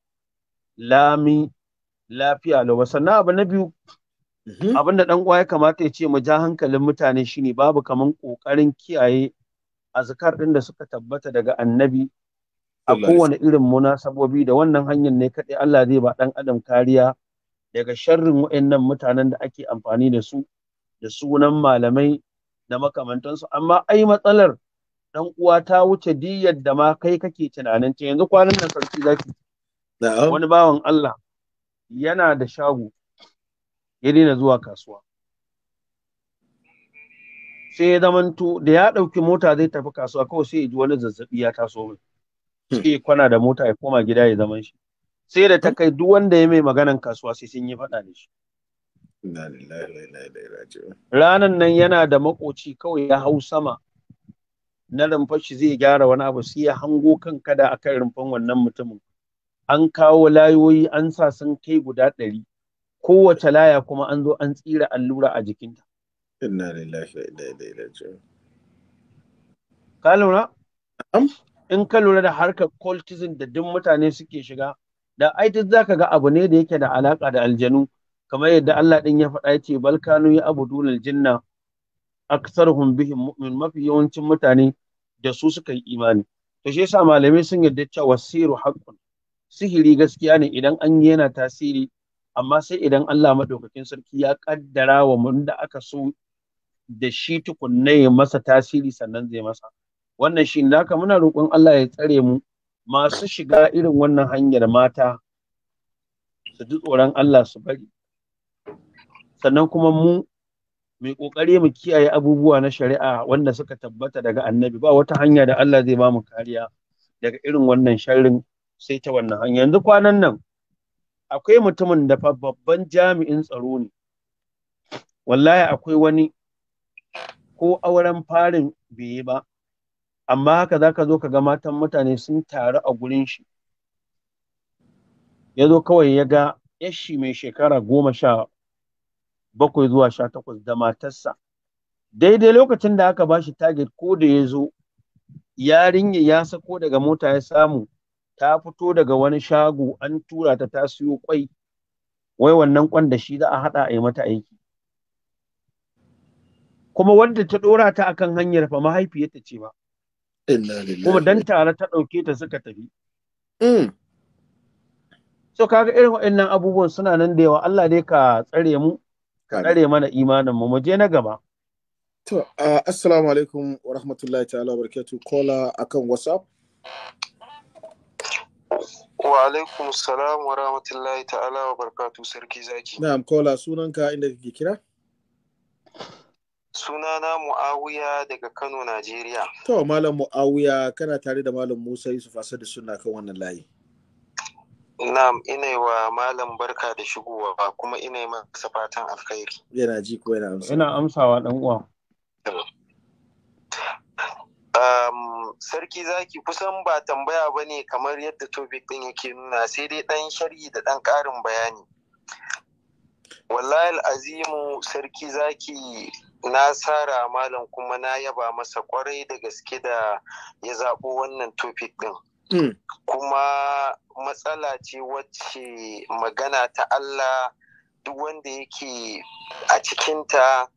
lami lafiya lau sannan abu na biyu mm-hmm. abin da uwa ya kamata ya ce mu ja hankalin mutane shine babu kaman ƙoƙarin kiyaye azkar ɗin da suka tabbata daga annabi a kowane irin munasabobi da wannan hanyar ne kaɗai Allah zai ba ɗan adam kariya daga sharrin waɗannan mutanen da ake amfani da su da sunan malamai da makamantansu amma ai matsalar ɗan uwa ta wuce diyyar da ma kai kake tunanin ta yanzu kwanan nan sarki zaki wani bawan Allah yana da shago ya daina zuwa kasuwa sai ya zamanto da ya ɗauki mota zai tafi kasuwa kawai sai ya ji wani zazzabi ya taso mai hmm. sai ya kwana da mota ya koma gida ya zaman shi sai da ta kai duk wanda ya mai maganan kasuwa sai sun yi faɗa da shi ranan nan yana da makoci kawai ya hau sama na rumfar shi zai gyara wani abu sai ya hango kan kada akan rumfan wannan mutumin an kawo layoyi an sa sun kai guda ɗari kowace laya kuma an zo an tsira allura a jikinta. Inna lillahi wa inna ilaihi raji'un. Ka lura? In ka lura da harkar cultism da duk mutane suke shiga, da ai duk zaka ga abu ne da yake da alaka da aljanu, kamar yadda Allah din ya faɗa yace bal kanu ya abudul jinna aktsaruhum bihim mu'min mafi yawancin mutane da su suka yi imani. To shi yasa malamai sun yarda cewa siru haqqun sihiri gaskiya ne idan an yi yana tasiri amma sai idan Allah maɗaukakin sarki ya ƙaddara wa mun da aka so da shi tukunna ya masa tasiri sannan zai masa wannan shi da haka muna roƙon Allah ya tsare mu masu shiga irin wannan hanyar mata su ji tsoron Allah su bari sannan kuma mu mai ƙoƙari mu kiyaye abubuwa na shari'a wanda suka tabbata daga annabi ba wata hanya da Allah zai ba mu kariya daga irin wannan sharrin sai ta wannan hanya yanzu kwanan nan akwai mutumin da fa babban jami'in tsaro ne wallahi akwai wani ko auren farin bai yi ba amma haka za ka zo ka ga matan mutane sun taru a gurin shi ya zo kawai ya ga yashi mai shekara goma sha bakwai zuwa sha takwas da matarsa daidai lokacin da aka ba shi target ko da ya zo yarinya ya sako daga mota ya samu ta fito daga wani shago an tura ta ta siyo kwai wai wannan kwan da shi za a haɗa a yi mata aiki kuma wanda ta dora ta akan hanyar fa mahaifiyarta ce ba kuma dan tare ta ɗauke ta suka tafi mm. so kaga irin waɗannan abubuwan suna nan da yawa Allah dai ka tsare mu ka tsare mana imanin mu mu je na gaba to uh, assalamu alaikum wa rahmatullahi ta'ala kola akan whatsapp Wa alaikum salam wa rahmatullahi ta'ala wa barkatu sarki zaki. Na'am kola sunanka inda kake kira? Sunana Mu'awiya daga Kano, Najeriya. To malam Mu'awiya kana tare da malam Musa Yusuf Asad da sunna kan wannan layi. Na'am ina wa malam barka da shigowa kuma ina masa fatan alkhairi. Yana ji ko yana amsa. ina amsawa dan uwa. um, sarki zaki kusan ba tambaya ba ne kamar yadda topic ɗin yake nuna sai dai ɗan sharhi da ɗan ƙarin bayani wallahi azimu sarki zaki na sara malam kuma na yaba masa kwarai da gaske da ya zaɓo wannan topic ɗin hmm. kuma matsala ce wacce magana ta Allah duk wanda yake a cikinta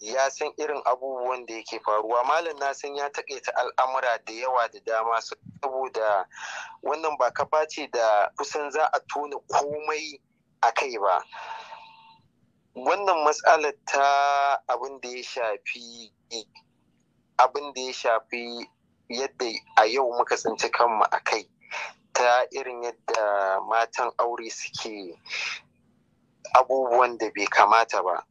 ya san irin abubuwan da yake faruwa malam na san ya taƙaita al'amura da yawa da dama saboda wannan ba kafa ce da kusan za a tona komai a kai ba wannan matsalar ta abin da ya shafi abin da ya shafi yadda a yau muka tsinci kanmu a kai ta irin yadda matan aure suke abubuwan da bai kamata ba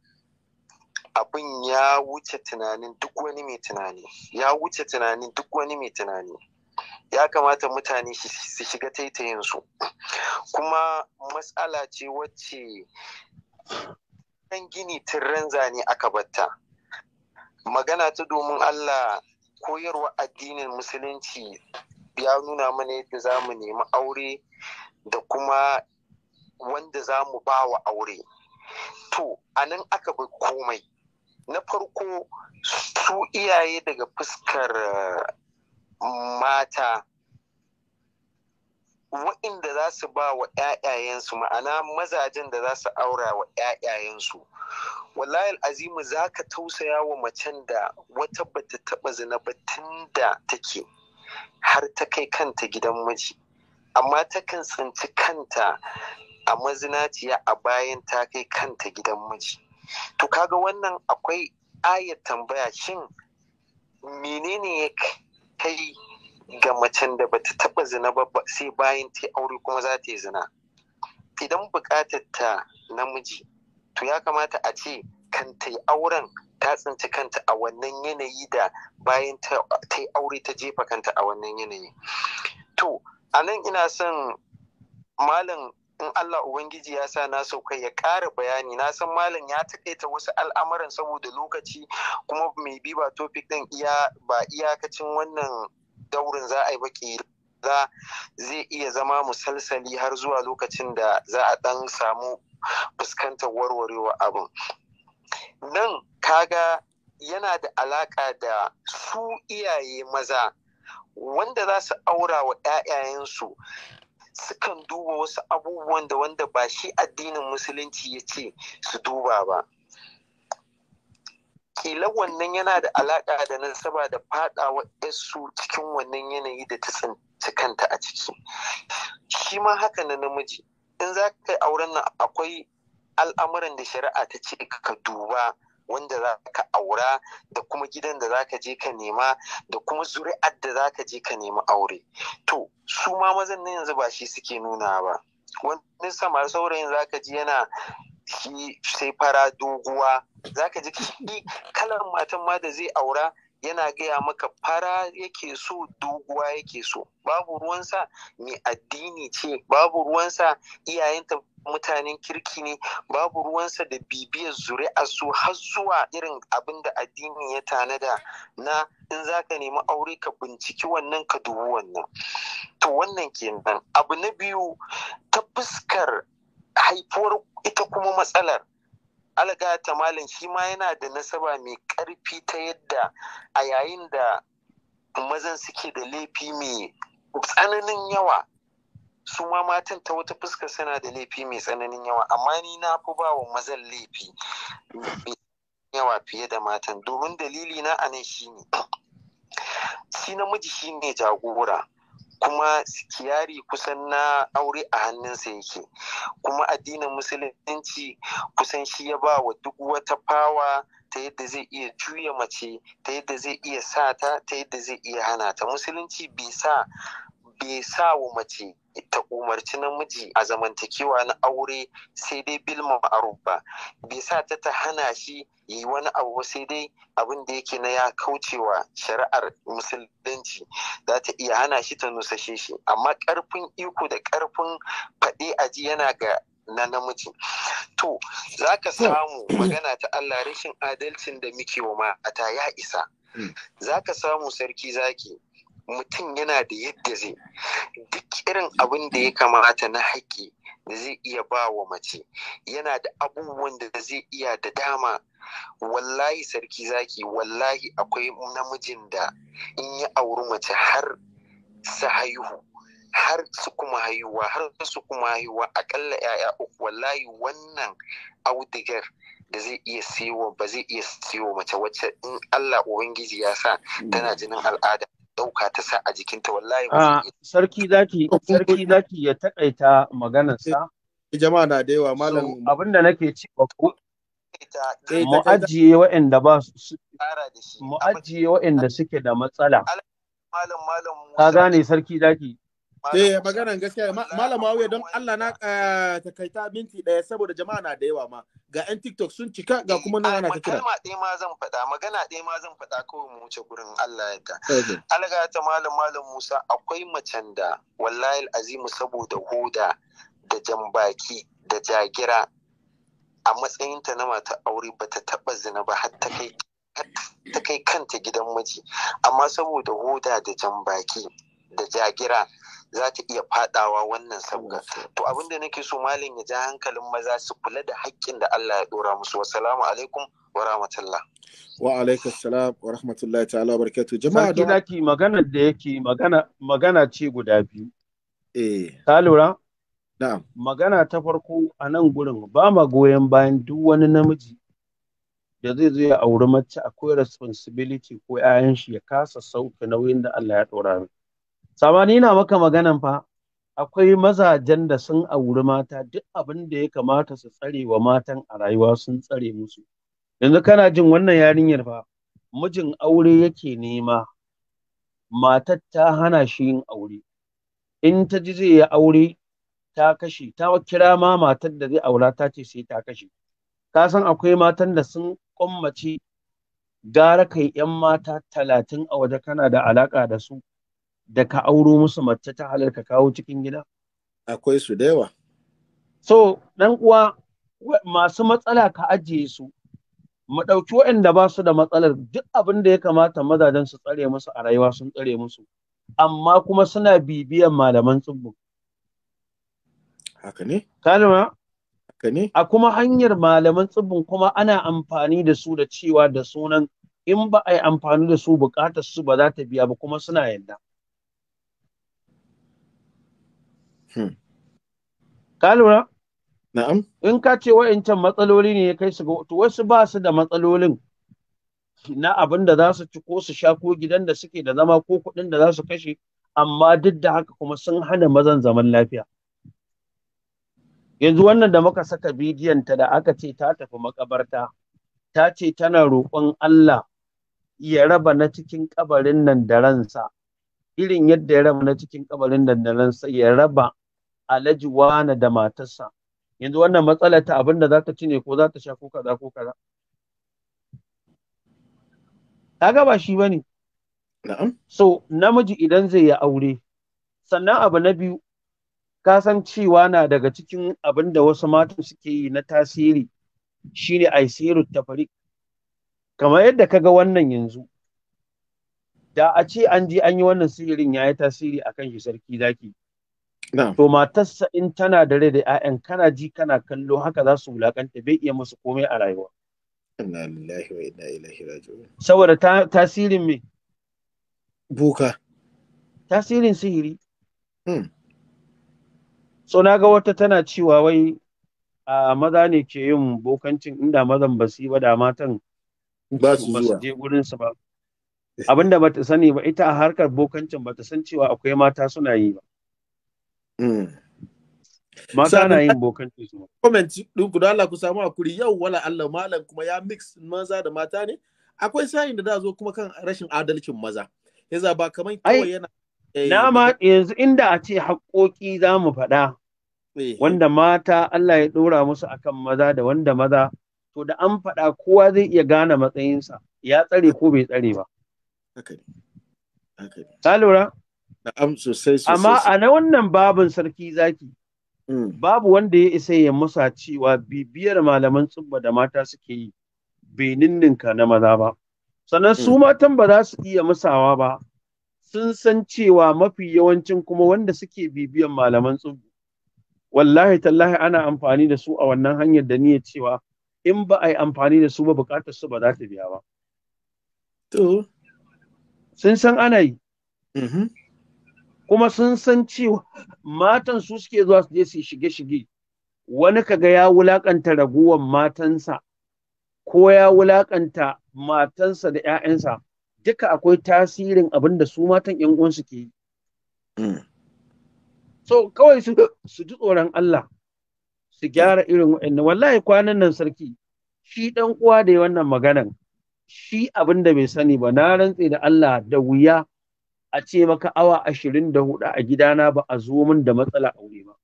abin ya wuce tunanin duk wani mai tunani ya wuce tunanin duk wani mai tunani ya kamata mutane su shiga taitayinsu kuma matsala ce wacce kan gini ran zane aka batta magana ta domin allah koyarwa addinin musulunci ya nuna mana yadda za mu nemi aure da kuma wanda za mu ba wa aure to a nan aka bi komai na farko su iyaye daga fuskar eh, mata wa'inda za su ba wa 'ya'yayensu ma'ana mazajen da za su aura wa 'ya'yayensu wallahi azimu za ka tausaya wa macen da wata bata taba zina ba tun da take har ta kai kanta gidan miji amma takan tsinci kanta a mazinaciya a bayan ta kai kanta gidan miji to kaga wannan akwai ayar tambaya shin menene ya kai ga macen da bata taba zina ba sai bayan ta aure kuma za ta yi zina idan bukatar ta namiji to ya kamata a ce kan ta yi auren ta tsinci kanta a wannan yanayi da bayan ta yi aure ta jefa kanta a wannan yanayi to a nan ina son malam in Allah Ubangiji ya sa na kai ya ƙara bayani na san malam ya taƙaita wasu al'amuran saboda lokaci kuma mai biba ba topic ɗin iya ba iyakacin wannan daurin za a yi baki za zai iya zama musalsali har zuwa lokacin da za a ɗan samu fuskantar warwarewa abin nan kaga yana da alaƙa da su iyaye maza wanda za su aura wa 'ya'yayensu sukan duba wasu abubuwan da wanda ba shi addinin musulunci ya ce su duba ba kila wannan yana da alaƙa da nasaba da faɗawa su cikin wannan yanayi da ta tsinci kanta a ciki shi ma haka na namiji in za ka yi auren nan akwai al'amuran da shari'a ta ce ka duba wanda za ka aura da kuma gidan da za ka je ka nema da kuma zuri'ar da za ka je ka nema aure to su ma mazan na yanzu ba shi suke nuna ba wani samar saurayin za ka ji yana shi sai fara doguwa za ka ji kalan matan ma da zai aura yana gaya maka fara yake so doguwa yake so babu ruwansa mai addini ce babu ruwansa iyayenta mutanen kirki ne babu ruwansa da bibiyar zuri'a su har zuwa irin abin da addini ya tanada na in za ka nemi aure ka binciki wannan ka dubu wannan to wannan kenan abu na biyu ta fuskar haifuwar ita kuma matsalar alaga ta malam shi ma yana da nasaba mai karfi ta yadda a yayin da mazan suke da laifi mai tsananin yawa su ma matan ta wata fuska suna da laifi mai tsananin yawa amma ni na fi ba wa mazan laifi yawa fiye da matan domin dalili na anan shi ne shi namiji shi ne jagora kuma sikiyari kusan na aure a hannunsa yake kuma addinin musulunci kusan shi ya ba wa duk wata fawa ta yadda zai iya juya mace ta yadda zai iya sa ta ta yadda zai iya hana ta musulunci bai sa wa mace ta umarci namiji a zamantakewa na aure sai dai bil ma'aruf ba bai sa ta ta hana shi yi wani abu sai dai abin da yake na ya kaucewa shari'ar musulunci za ta iya hana shi ta nusashe shi amma karfin iko da karfin faɗi aji yana ga na namiji to za ka samu hmm. magana ta Allah rashin adalcin da muke wa mata ya isa hmm. za ka samu sarki zaki mutum yana da yadda zai duk irin abin da ya kamata na haƙƙi da zai iya ba wa mace yana da abubuwan da zai iya da dama wallahi sarki zaki wallahi akwai namijin da in ya auri mace har su haihu har su kuma haihuwa har su kuma haihuwa akalla 'ya'ya uku wallahi wannan audigar da zai iya siyo ba zai iya siyo mace wacce in Allah Ubangiji ya sa tana jinin al'ada ɗauka ta sa a jikinta wallahi ba ah, sarki zaki sarki zaki ya takaita maganar sa jama'a na da yawa malam abinda nake cewa ku eh, mu ajiye waɗanda ba su tsara da shi mu ajiye waɗanda suke da matsala malam malam ka gane sarki zaki Eh maganan gaskiya malam Muawiya don Allah na eh, takaita minti daya saboda jama'a na da yawa ma ga yan TikTok sun cika ga eh, kuma na ana kira. Magana ɗaya ma zan faɗa magana ɗaya ma zan faɗa kawai mu wuce gurin Allah ya ka. Alga ta malam malam Musa akwai macen da wallahi azimu saboda hoda da jambaki da jagira a matsayinta na mata aure ba ta taba zina ba har ta kai ta kai kanta gidan miji amma saboda hoda da jan baki da jagira za ta iya fadawa wannan sabga to abin da nake so malin ya ja hankalin maza su kula da haƙƙin da Allah ya dora musu wassalamu alaikum wa rahmatullah wa alaikum salam wa rahmatullah ta'ala wa barakatuh jama'a da zaki magana da yake magana magana ce guda biyu eh ka lura na'am magana ta farko a nan gurin ba ma goyon bayan duk wani namiji da zai zo ya auri mace akwai responsibility ko 'ya'yan shi ya kasa sauke nauyin da Allah ya ɗora mai. sabani na maka maganan fa akwai mazajen da sun auri mata duk abin da ya kamata su tsare wa matan a rayuwa sun tsare musu yanzu kana jin wannan yarinyar fa mijin aure yake nema matar ta hana shi yin aure in ta ji zai yi aure ta kashe ta kira ma matar da zai aura ta ce sai ta kashe ka san akwai matan da sun kwammace gara kai yan mata talatin a waje kana da alaka da su da ka auro musu mace ta halar ka kawo cikin gida? Akwai su da yawa. So, ɗan uwa masu matsala ka ajiye su, mu ɗauki waɗanda ba su da matsalar duk abin da ya kamata mazajen su tsare musu a rayuwa sun tsare musu, amma kuma suna bibiyan malaman tsibbin. Haka ne? Kalma? Haka ne? A kuma hanyar malaman tsibbin kuma ana amfani da su da cewa da sunan in ba a yi amfani da su bukatar su ba za ta biya ba kuma suna yadda. Hmm. Ka lura? Na'am. In ka ce wa'incan matsaloli ne ya kai su ga wasu ba su da matsalolin na abin da za su ci ko su sha ko gidan da suke da zama ko kuɗin da za su kashe amma duk da haka kuma sun hana mazan zaman lafiya. Yanzu wannan da muka saka bidiyon ta da aka ce ta tafi makabarta ta ce tana roƙon Allah ya raba na cikin kabarin nan da ransa irin yadda ya raba na cikin kabarin nan da ransa ya raba alaji wane da matarsa yanzu wannan matsalar ta abin da za ta ci ne ko za ta sha ko kaza ko kaza Ta gaba shi ba ne. so namiji idan zai yi aure sannan abu na biyu kasan cewa na daga cikin abin da wasu matan suke yi na tasiri shine ta fari? kamar yadda ga wannan yanzu da a ce an ji an yi wannan sihirin ya yi tasiri a kan shi sarki zaki to matarsa in tana da rai da 'ya'yan kana ji kana kallo haka za su wulakanta bai iya musu komai a rayuwa inna lillahi wa inna ilaihi raji'un saboda tasirin me buka tasirin sihiri hmm. so na ga wata tana cewa wai a maza ne ke yin bokancin inda mazan ba su yi ba da matan ba su je gurin su ba abinda bata sani ba ita a harkar bokancin ta san cewa akwai mata suna yi ba Mm. Mata na yin bokan su. Comment ɗinku da Allah ku samu hakuri yau wala Allah malam kuma ya mix maza da mata ne. Akwai sayin da da zo kuma kan rashin adalcin maza. Yaza ba kamar kawai yana. Eh, ma yanzu inda a ce haƙoƙi za mu faɗa. Eh. Wanda mata Allah ya ɗora musu akan maza da wanda maza to da an faɗa kowa zai iya gane matsayinsa ya tsare ko bai tsare ba. Ta lura? Na'am sosai sosai. Amma a na wannan babin sarki zaki. Mm. Babu wanda ya isa ya musa cewa bibiyar malaman tsubba da mata suke yi bai ninninka na maza ba. Sannan su mm. matan ba za su iya musawa ba. Sun san cewa mafi yawancin kuma wanda suke bibiyan malaman tsubba. Wallahi tallahi ana amfani da su a wannan hanyar da niyyar cewa in ba a yi amfani da su ba bukatar su ba za ta biya ba. To. Sun san ana yi. Mm-hmm. kuma sun san cewa matan su suke zuwa su je su shige-shige wani kaga ya wulakanta raguwan matansa ko ya wulakanta matansa da 'ya'yansa duka akwai tasirin abin da su matan 'yan uwansu ke yi hmm. so kawai su ji tsoron Allah su gyara irin wa'annan wallahi kwanan nan sarki shi dan uwa da wannan maganan shi abin da bai sani ba na rantse da Allah da wuya a ce maka awa ashirin da hudu a gidana ba a zo min da matsala aure ba.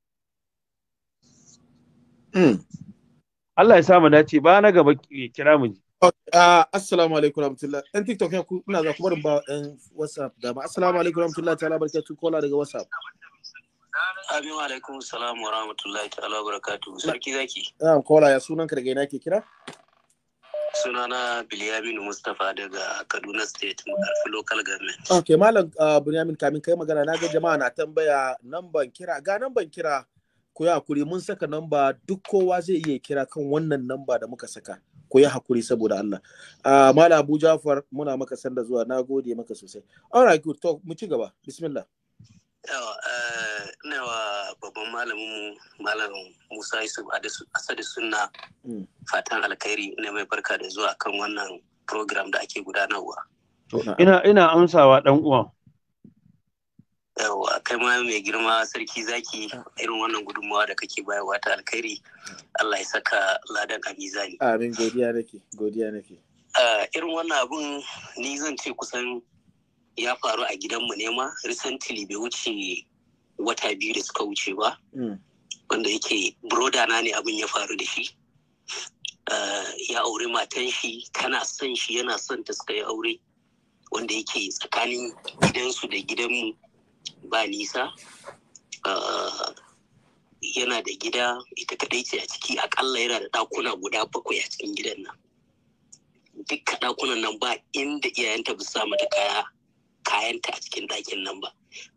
Hmm. Allah ya samu dace ba na gaba ya kira mu ji. Assalamu alaikum rahmatullah. Ɗan TikTok ya kuna za ku barin ba ɗan WhatsApp da ba. Assalamu alaikum rahmatullah ta'ala tun kola daga WhatsApp. Amin alaikum salamu wa rahmatullahi ta'ala barakatuhu. Sarki zaki. Na'am kola ya sunan ka daga ina ke kira? sunana Bilyamin Mustapha daga Kaduna State Makarfi Local Government. Ok, Malam uh, Bilyamin kamin kai magana na ga jama'a na tambaya namban kira ga namban kira ku yi hakuri mun saka namba duk kowa zai iya kira kan wannan namba da muka saka ku yi hakuri saboda Allah. Uh, Malam Abu Jafar muna maka sanda zuwa na gode maka sosai. All right, good talk mu ci gaba. Bismillah. Yawa, eh, ina wa babban malaminmu malamin musa yusuf asadu sunna hmm. fatan alkhairi ina mai barka da zuwa kan wannan program da ake gudanarwa ina ina amsawa dan uwa yawa kai ma mai girma sarki zaki irin wannan gudunmawa da kake bayarwa ta alkhairi allah ya saka ladan a mizani amin godiya nake godiya nake eh, irin wannan abun ni zan ce kusan ya faru a gidanmu ne ma recently bai wuce wata biyu da suka wuce ba mm. wanda yake broda na ne abin ya faru da shi eh, ya aure matan shi tana son shi yana son ta suka yi aure wanda yake tsakanin gidansu da gidanmu ba nisa eh, yana da gida ita kadai ce a ciki akalla yana da ɗakuna guda bakwai a cikin gidan nan duk ɗakunan nan ba inda iyayenta ba su samu mata kaya kayanta a cikin ɗakin nan ba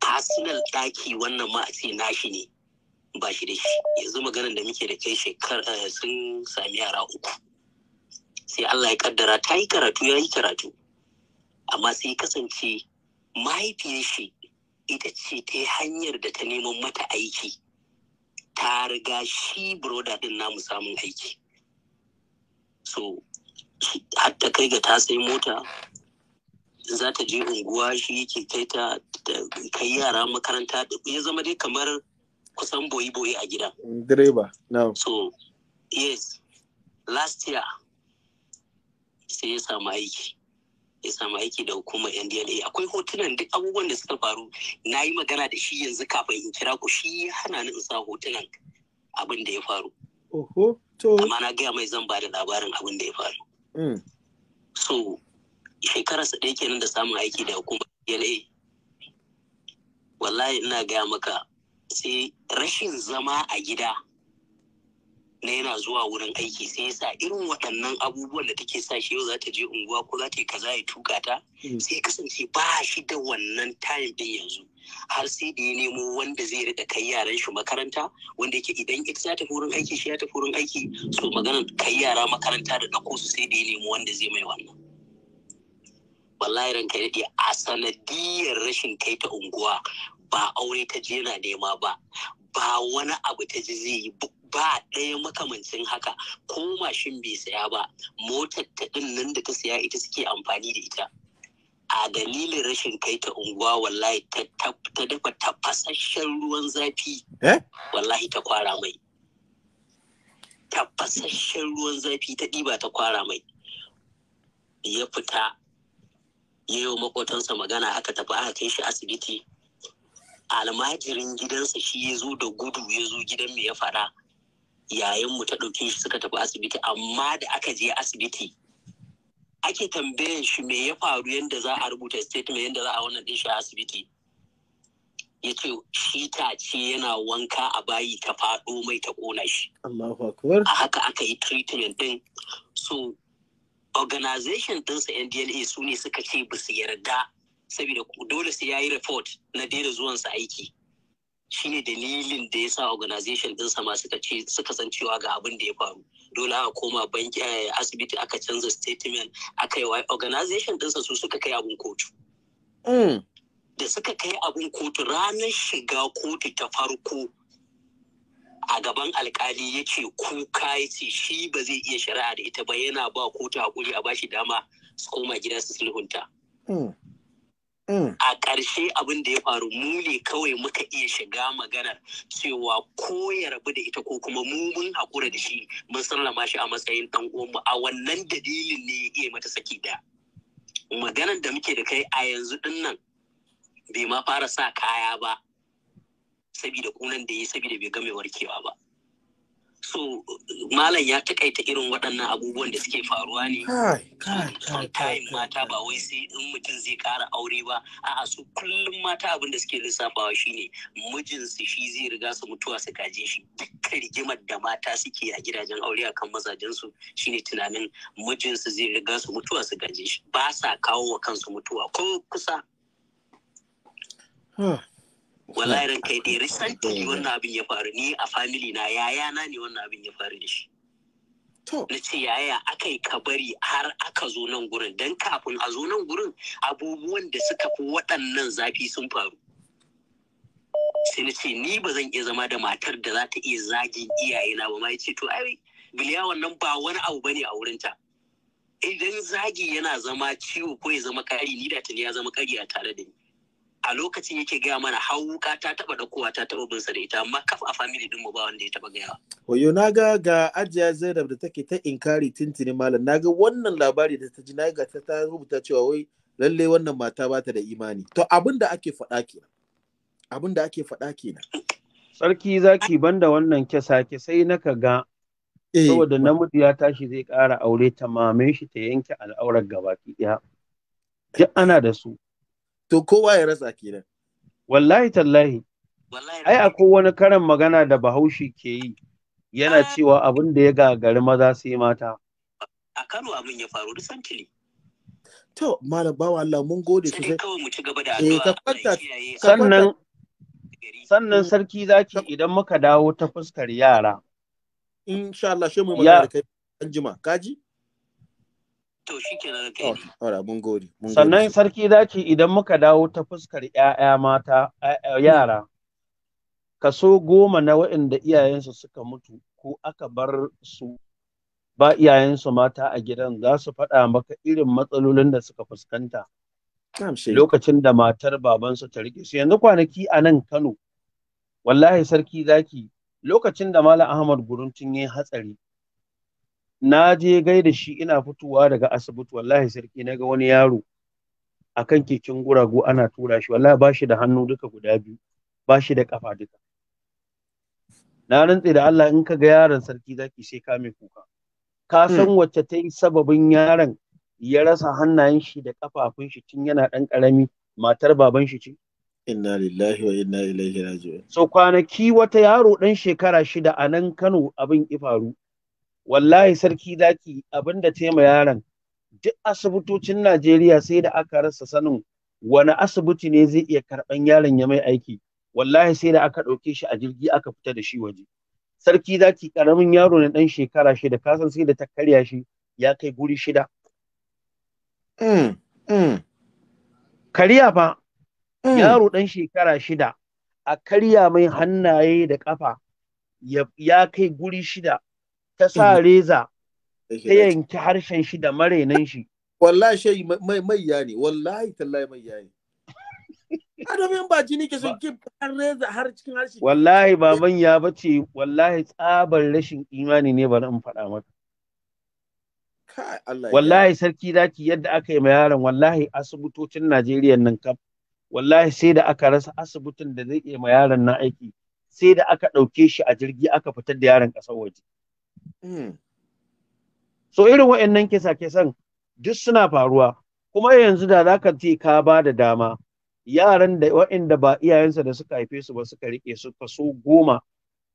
arsenal ɗaki wannan ma a ce nashi ne ba shi da shi yanzu maganar da muke da kai shekarar eh, sun sami yara uku sai Allah ya kaddara ta yi karatu ya yi karatu amma sai kasance mahaifiyar shi ita ce ta hanyar da ta neman mata aiki ta riga shi broda din mu samun aiki so hatta kai ga ta sai mota za ta je unguwa shi yake kai ta kai yara makaranta ya zama dai kamar kusan boyi-boyi a gida. Direba, no. So, yes, last year sai ya samu aiki. Ya samu aiki da hukumar NDLA. Akwai hotunan duk abubuwan da suka faru. Na yi magana da shi yanzu kafin in kira ku shi ya hana ni in sa hotunan abin da ya faru. Oho, to. Amma na gaya mai zan ba da labarin abin da ya faru. Mm. So, shekararsa ɗaya yake nan da samun aiki da hukumar DNA wallahi ina gaya maka sai rashin zama a gida na yana zuwa wurin aiki sai sa irin waɗannan abubuwan da take sa shi yau za ta je unguwa ko za ta yi kaza ya tuka ta mm. sai kasance ba shi da wannan tayin ɗin yanzu har sai da ya nemo wanda zai rika kai yaran shi makaranta wanda yake idan ita za ta wurin aiki shi ya tafi wurin aiki so magana kai yara makaranta da ɗauko su sai da ya nemo wanda zai mai wannan wallahi ranka daɗe a sanadiyar rashin kai ta unguwa ba aure ta je na nema ba ba wani abu ta ji zai yi ba ɗaya makamancin haka ko mashin bai saya ba motar ta ɗin nan da ta saya ita suke amfani da ita a dalilin rashin kai ta unguwa wallahi ta dafa tafasasshen ruwan zafi eh? wallahi ta kwara mai tafasasshen ruwan zafi ta ɗiba ta kwara mai ya fita ya yi wa makotansa magana aka tafi aka kai shi asibiti almajirin gidansa shi ya zo da gudu ya zo gidan mu ya fara yayin mu ta ɗauke shi suka tafi asibiti amma da aka je asibiti ake tambayan shi me ya faru yadda za a rubuta statement yadda za a wannan ɗin shi a asibiti ya ce shi ta ce yana wanka a bayi ta faɗo mai ta ƙona shi. A haka aka yi treatment ɗin. So organization ɗinsa ndla su ne suka ce ba su yarda saboda dole sai ya yi report na daina zuwansa aiki shi ne dalilin da ya sa organization ɗinsa ma suka ce suka san cewa ga abin da ya faru dole aka koma banki eh, asibiti aka canza statement aka yi organization ɗinsa su suka kai abin kotu mm. da suka kai abin kotu ranar shiga kotu ta farko a gaban alkali yake kuka yace shi ba zai iya shari'a da ita ba yana ba kotu hakuri a bashi dama su koma gida su sulhunta mm. Mm. a ƙarshe abin da ya faru mu ne kawai muka iya shiga maganar cewa ko ya rabu da ita ko kuma mu mun haƙura da shi mun sallama shi a matsayin ɗan uwanmu a wannan dalilin ne ya iya mata saki da maganar da muke da kai a yanzu ɗin nan bai ma fara sa kaya ba saboda kunan da ya yi saboda bai game warkewa ba so malam ya takaita irin waɗannan abubuwan da suke faruwa ne Kai, mata ba wai sai in mutum zai ƙara aure ba a'a su kullum mata abin da suke lissafawa shine mijinsu shi zai riga su mutuwa su gaje shi dukkan rigimar da mata suke a gidajen aure a akan mazajensu shine tunanin mijinsu zai riga su mutuwa su gaje shi ba sa kawo wa kansu mutuwa ko kusa wallahi hmm. kai ya dai recently wannan abin ya faru ni a family na yayana ne wannan abin ya faru da shi na ce yaya aka ka bari har aka zo nan gurin don kafin a zo nan gurin abubuwan da suka fi waɗannan zafi sun faru sai na ce ni ba zan iya zama da matar da za ta iya zagin iyayena ba ma ya ce to ai biliya wannan ba wani abu bane a wurin ta. idan zagi yana zama ciwo ko ya zama kari ni da ne ya zama kari a tare da ni a lokacin yake gaya mana hauka ta taba dakowa ta taba binsa da ita amma kafa a family din mu ba wanda ya taba gaya wayo na ga ajiya zainab da take ta inkari tintini malam na ga wannan labari da ta ji ga ta ta rubuta cewa wai lalle wannan mata ba ta da imani to abin da ake faɗa kenan abin da ake faɗa kenan sarki zaki banda wannan kisa ke sai naka ga eh. saboda namiji ya tashi zai ƙara aure ta mame shi ta yanke al'aurar gabaki ɗaya duk ana da su to kowa ya rasa kenan wallahi tallahi ai akwai wani karin magana da bahaushe ke yi yana ah. cewa abin da ya gagari maza sai mata a Kano abin ya faru recently to malam bawa Allah mun gode sosai kawai mu ci gaba da eh, addu'a sannan sannan mm. sarki zaki idan muka dawo ta fuskar yara insha Allah sai mu magana kai anjima kaji Sannan sarki zaki idan muka dawo ta fuskar ‘ya'ya mata, hmm. yara, kaso goma na waɗanda iyayensu suka mutu ko aka bar su ba iyayensu mata a gidan za su faɗa maka irin matsalolin da suka fuskanta. Lokacin da matar babansu ta rike su yanzu kwanaki a nan Kano, wallahi sarki zaki lokacin da Malam Ahmad Guruntun ya yi hatsari, na je gaida shi ina fitowa daga asibiti wallahi sarki na ga wani yaro akan keken guragu ana tura shi wallahi ba shi da hannu duka guda biyu ba shi da kafa duka na rantse da Allah in ka ga yaron sarki zaki sai ka mai kuka ka hmm. san wacce ta yi sababin yaron ya rasa hannayen shi da kafafun shi tun yana dan karami matar baban shi ce inna lillahi wa inna ilaihi raji'un so kwanaki wata yaro dan shekara shida a nan Kano abin ifaru wallahi sarki zaki abinda ma yaron duk asibitocin Najeriya sai da aka rasa sanin wani asibiti ne zai iya karɓan yaron ya mai aiki wallahi sai da aka ɗauke shi a jirgi aka fita da shi waje sarki zaki karamin yaro ne ɗan shekara shida kasan sai da ta karya shi ya kai guri shida mm, mm. fa mm. yaro ɗan shekara shida a karya mai hannaye da ƙafa ya kai guri shida ta sa mhm. reza ta yanki harshen shi da marenan shi wallahi shi mai mai ya ne wallahi tallahi mai ya adamin ba jini ke sun kip har reza har cikin harshe wallahi baban ya bace wallahi tsabar rashin imani ne bari in faɗa maka wallahi sarki zaki yadda aka yi ma yaron wallahi asibitocin Najeriya nan kaf wallahi sai da aka rasa asibitin da zai iya ma yaron na aiki sai da aka ɗauke shi a jirgi aka fitar da yaron ƙasar waje Hmm. so irin wa'annan kisa-kisan duk suna faruwa kuma yanzu da zaka ce ka ba da dama yaran da wa'anda ba iyayensa da suka haife su ba suka riƙe su kaso goma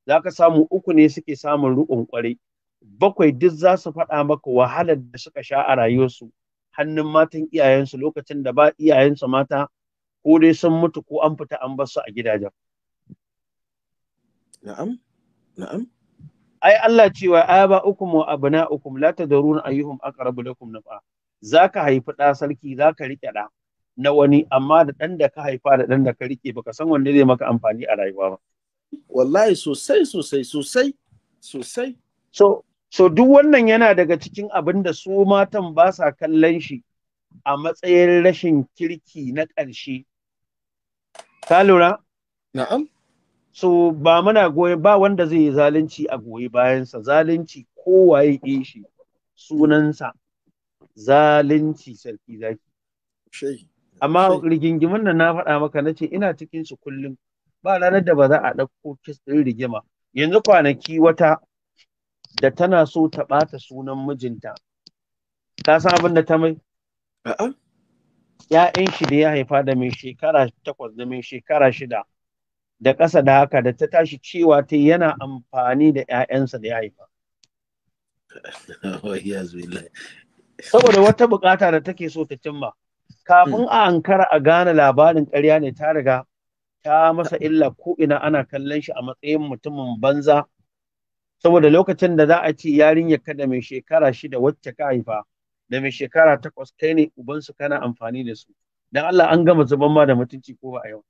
za zaka samu uku ne suke samun rukun kwarai bakwai duk za su faɗa maka wahalar da suka sha a rayuwarsu hannun matan iyayensu lokacin da ba iyayensu mata ko dai sun mutu ko an fita an bar su a gidajen. Na'am, na'am. ai Allah cewa uku mu abuna uku la tadrun ayyuhum aqrabu lakum naf'a zaka haifi da sarki zaka rike da na wani amma da dan da ka haifa da dan da ka rike baka san wanne zai maka amfani a rayuwa ba wallahi sosai sosai sosai sosai so so duk wannan yana daga cikin abin da su matan ba sa kallon shi a matsayin rashin kirki na ƙarshe ka lura na'am so ba muna goyon ba wanda zai yi zalunci a goyi bayansa zalunci kowaye ke shi sunansa zalunci sarki zaki amma rigingimin da na faɗa maka na ce ina cikin su kullum ba ranar da ba za a ɗauko kis ɗin rigima yanzu kwanaki wata da tana so ta ɓata sunan mijinta ka san abin da ta mai ya'yan shi da ya haifa da mai shekara takwas da mai shekara shida da ƙasa da haka da ta tashi cewa ta yana amfani da 'ya'yansa da ya haifa. Saboda wata bukata da take so ta cimma, kafin hmm. a ankara a gane labarin ƙarya ne ta riga ta masa illa ko ina ana kallon shi a matsayin mutumin banza. Saboda lokacin da za a ce yarinyar ka da mai shekara shida wacce ka haifa, da mai shekara takwas kai ne ubansu kana amfani da su. Dan Allah an gama zuban ma da mutunci ko ba a yau.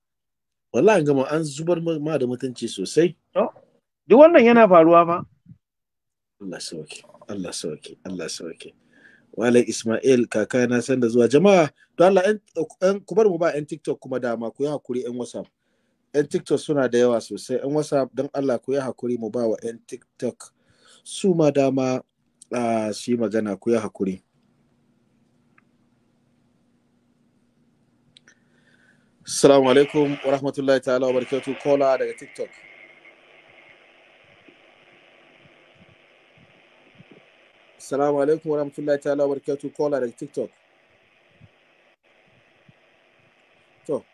wallahi gama an zubar ma da mutunci sosai duk wannan yana faruwa ba. Allah sauke Allah sauke Allah sauke Walai Ismail kaka na san da zuwa jama'a to Allah an ku bar mu ba 'yan TikTok kuma dama ku yi hakuri 'yan WhatsApp 'Yan TikTok suna da yawa sosai 'yan WhatsApp dan Allah ku yi hakuri mu ba wa ɗan TikTok su ma dama a ah, shi magana ku yi hakuri Assalamu alaikum wa rahmatullahi ta'ala wa barakatuh kola daga TikTok. Assalamu alaikum wa rahmatullahi ta'ala wa barakatuh kola daga TikTok. To,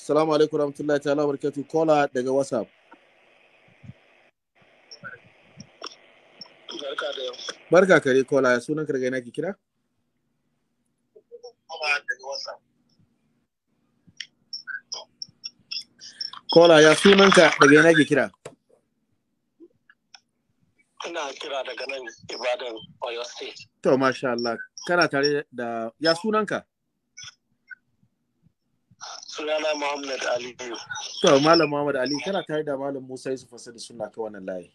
Assalamu alaikum wa rahmatullahi ta'ala wa barakatuh kola daga WhatsApp. Barka kare kola sunan kargai na kikira. kira? Kola daga WhatsApp. Kola ya sunanka daga yana ke kira? Ina kira daga nan Ibadan Oyo State. To, masha Allah, kana tare da ya sunanka? Sunana Muhammad Ali. To, Malam Muhammad Ali, kana tare da Malam Musa Yusuf Fasa da suna ka wannan layi.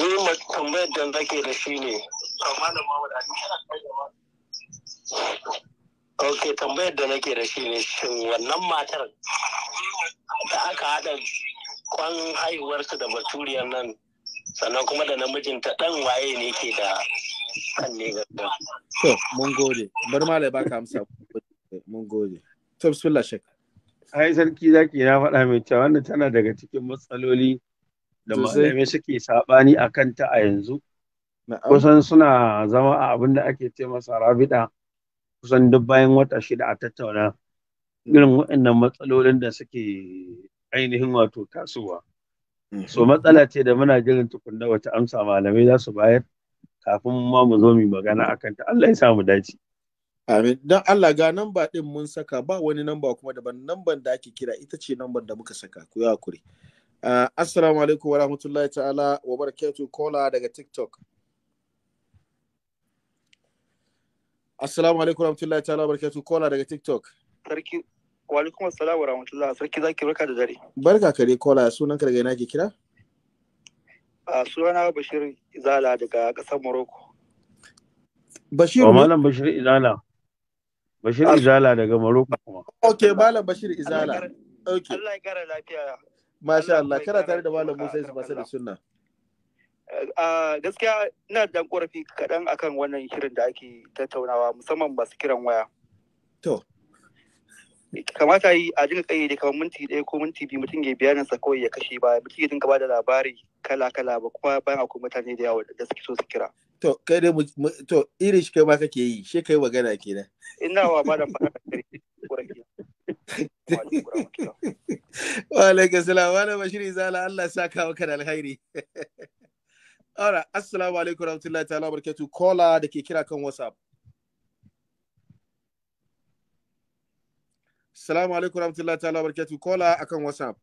Ni tambayar da zake da shi ne, To, Malam Muhammad Ali, kana tare da Malam ok tambayar da nake da shi ne shin wannan matar da aka haɗa kwan haihuwarsu da baturiyar nan sannan kuma da namijin ta ɗan waye ne ke da kan ne ɗan. To, mun gode. Bar ma lai baka amsa. Mun gode. To, bismillah shek. Ai sarki zaki na faɗa mai cewa wannan tana daga cikin matsaloli da malamai suke saɓani a kanta a yanzu. Kusan suna zama a abin da ake ce masa rabida kusan duk bayan wata shida a tattauna irin waɗannan matsalolin da suke ainihin wato tasowa. So mm-hmm. matsala ce da muna jirin tukunna wata amsa malamai za su bayar kafin ma mu zo mu magana akan ta Allah ya sa mu dace. Amin. Don Allah ga namba ɗin mun saka ba wani namba kuma daban namban da ake kira ita ce namban da muka saka ku ya kure. Uh, ah, assalamu alaikum wa rahmatullahi ta'ala wa barakatuh kola daga TikTok. Assalamu alaikum warahmatullahi ta'ala barakatuh kola daga TikTok. Sarki wa alaikum assalam wa rahmatullahi sarki zaki barka da dare. Barka kare kola sunan ka daga ina ke kira? A sunana Bashir Izala daga ƙasar Morocco. Bashir Wa malam Bashir Izala. Bashir Izala daga Morocco kuma. Okay malam Bashir Izala. Okay. Allah ya kara lafiya. Masha Allah kana tare da malam Musa Isa da sunna. gaskiya ina da korafi kaɗan akan wannan shirin da ake tattaunawa musamman masu kiran waya. To. Kamata yi a kai da kamar minti ɗaya ko minti biyu mutum ya biya sa kawai ya kashe ba mutum ya dinka ba da labari kala-kala ba kuma bayan akwai mutane da yawa da suke so su kira. To kai da to irin shi kai ma kake yi shi kai magana kenan. Ina wa ba da faɗa korafi. Wa alaikum salam wa bashiri zala Allah sa kawo kan alkhairi. Ara, assalamu alaikum rahmatullahi ta'ala barakatu kola da ke kira kan WhatsApp. Assalamu alaikum rahmatullahi ta'ala barakatu kola a kan WhatsApp.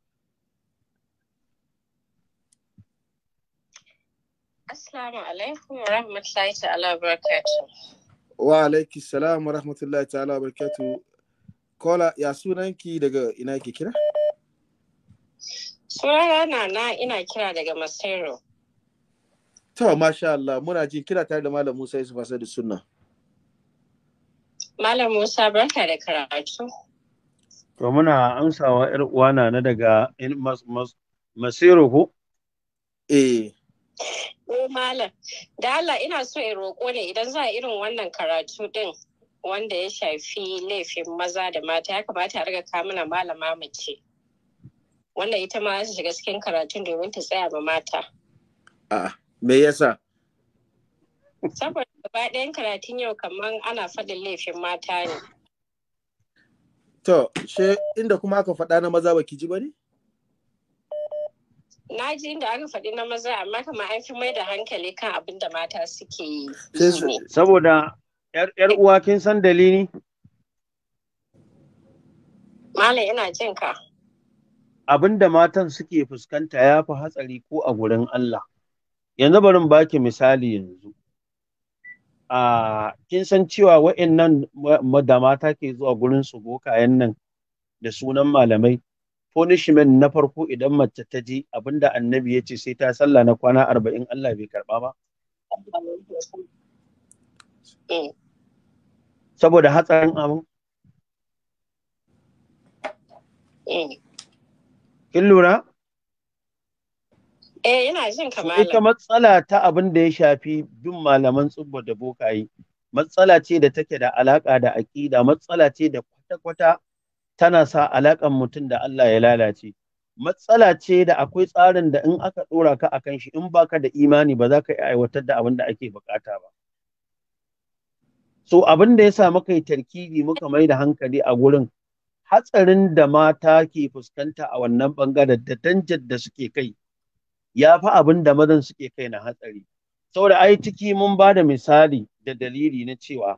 Assalamu alaikum rahmatullahi ta'ala barakatu. Wa alaiki salam wa rahmatullahi ta'ala barakatu. Kola ya sunanki daga ina ke kira? Sunana na ina kira daga Masero. To, masha Allah, muna jin kira tare da Malam Musa Yusuf Asad da Sunna. Malam Musa, barka da karatu. To, muna amsawa ‘yar uwana na daga Masiru ko? Eh. Malam, da Allah ina so in roƙo ne idan za a irin wannan karatu ɗin wanda ya shafi laifin maza da mata ya kamata a riga kamuna malama mace. Wanda ita ma za su shiga cikin karatun domin ta tsaya ma mata. A'a. me yasa saboda gaba ɗayan karatun yau kamar ana faɗin laifin mata ne to she inda kuma aka faɗa na maza baki ji bari? na ji inda aka faɗi na maza amma kama an fi mai da hankali kan abin da mata suke yi saboda yar uwa kin san dalili Malam ina jin ka abin da matan suke fuskanta ya fi hatsari ko a gurin Allah yanzu bari baki misali yanzu a kin san cewa wa'annan da mata ke zuwa gurin su bokayen nan da sunan malamai punishment na farko idan mace ta ji abinda annabi ya ce sai ta sallah na kwana arba'in Allah bai karba ba eh. saboda hatsarin abin eh. kin lura Eh, Ita matsala ta abin da ya shafi bin malaman tsubba da bokaye. Matsala ce da take da alaƙa da aƙida, matsala ce da kwata-kwata tana sa alaƙan mutum da Allah ya lalace. Matsala ce da akwai tsarin da in aka ɗora ka a kan shi in ka da imani ba za ka iya aiwatar da abin da ake buƙata ba. So abin da ya sa muka yi tarkibi muka mai da hankali a gurin hatsarin da mata ke fuskanta a wannan bangaren da danjar da suke kai. ya fi abin da mazan suke kai na hatsari saboda ai ciki mun ba da misali da dalili na cewa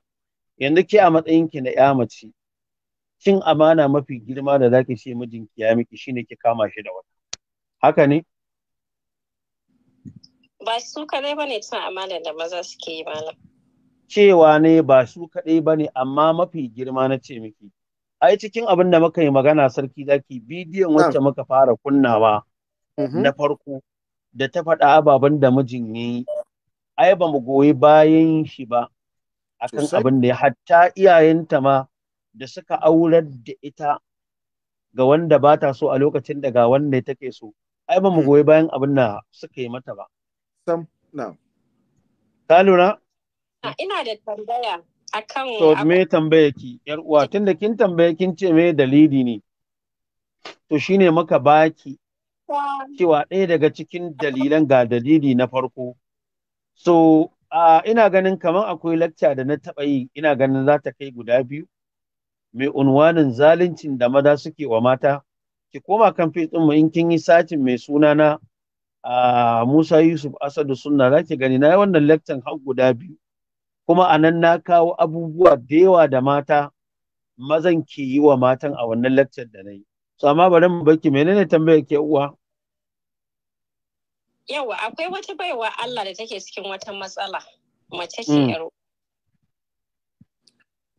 yanzu ke a matsayinki na ya mace cin amana mafi girma da zaki ce mijinki ya miki shine ki kama shi da wata haka ne ba su kadai bane cin amana da maza suke yi malam cewa ne ba su kadai bane amma mafi girma na ce miki ai cikin abin da muka yi magana sarki zaki bidiyon wacce muka fara kunnawa mhm. na farko da ta faɗa ababen da mijin yi ai ba mu goyi bayan shi ba akan abin da ya hatta iyayenta ma da suka aurar da ita ga wanda ba ta so a lokacin da ga wanda take so ai ba mu hmm. goyi bayan abin da suka yi mata ba sam na ta lura ah, ina da tambaya akan to me tambaya ki yar uwa tunda kin tambaye kin ce me dalili ne to shine maka baki cewa ɗaya daga cikin dalilan ga dalili na farko so uh, ina ganin kamar akwai lacca da na taɓa yi ina ganin za ta kai guda biyu mai unwanin zaluncin da maza suke wa mata ki koma kan mu in kin yi sacin mai suna na uh, Musa Yusuf Asadu Sunna za ki gani na yi wannan laccan har guda biyu kuma a nan na kawo abubuwa da yawa da mata mazan ke yi wa matan a wannan lakcan da na yi. So amma bari mu baki menene tambayar ke uwa? yawa akwai wata baiwa Allah da take cikin wata matsala mace ce mm. yaro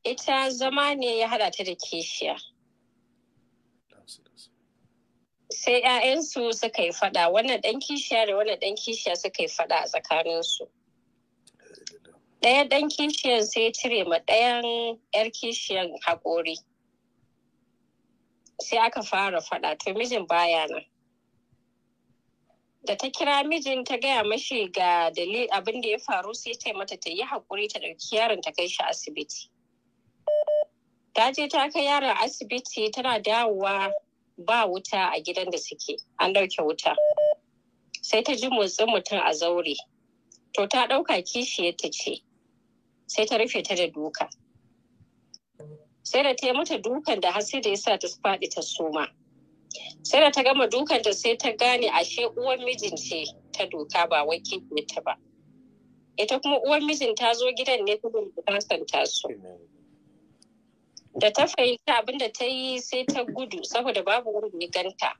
ita zama ne ya hada ta da kishiya sai 'ya'yansu suka yi fada wannan dan kishiya da wannan dan kishiya suka yi fada a tsakaninsu ɗaya dan kishiyan sai cire ma ɗayan 'yar kishiyan haƙori sai aka fara fada to mijin baya nan da ta kira mijin ta gaya mashi ga abin da ya faru sai ta mata ta yi haƙuri ta ɗauki yaron ta kai shi asibiti ta je ta kai yaron asibiti tana dawowa ba wuta a gidan da suke an ɗauke wuta sai ta ji motsin mutum a zaure to ta ɗauka kishiyarta ta ce sai ta rufe ta da duka sai da ta yi mata dukan da har da ya sa ta faɗi ta suma sai da ta gama dukanta sai ta gane ashe uwar mijin ce ta doka ba wakili ta ba ita kuma uwar mijin ta zo gidan ne ta bukatar su da ta fahimta abinda ta yi sai ta gudu saboda babu wurin ganta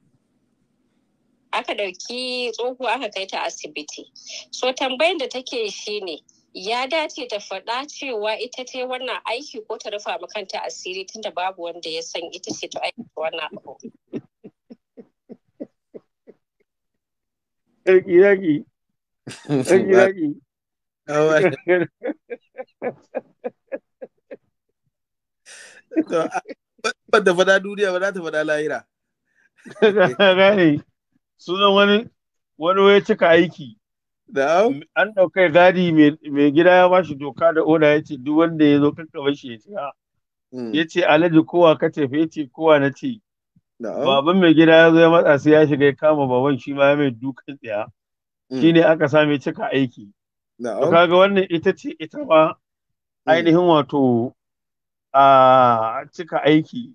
aka ɗauki tsoho aka kai ta asibiti so tambayin da take shi ne ya dace ta faɗa cewa ita ta yi wannan aiki ko ta rufa kanta asiri tunda babu wanda ya san ita ce ta aiki wannan abu Sarki zaki. Sarki zaki. Ban da fada duniya ba za ta fada lahira. Gane, sunan wani wani ya cika aiki. An ɗaukai gadi mai gida ya bashi doka da oda ya ce duk wanda ya zo kakkabar shi ya ce hmm. ya ce alhaji kowa ka tafi ya ce kowa na ce baban mai gida ya zo ya matsa sai ya shiga ya kama baban shi ma ya mai dukan tsaya mm. ne aka same cika aiki to kaga wannan ita ce ita ma mm. ainihin wato a cika aiki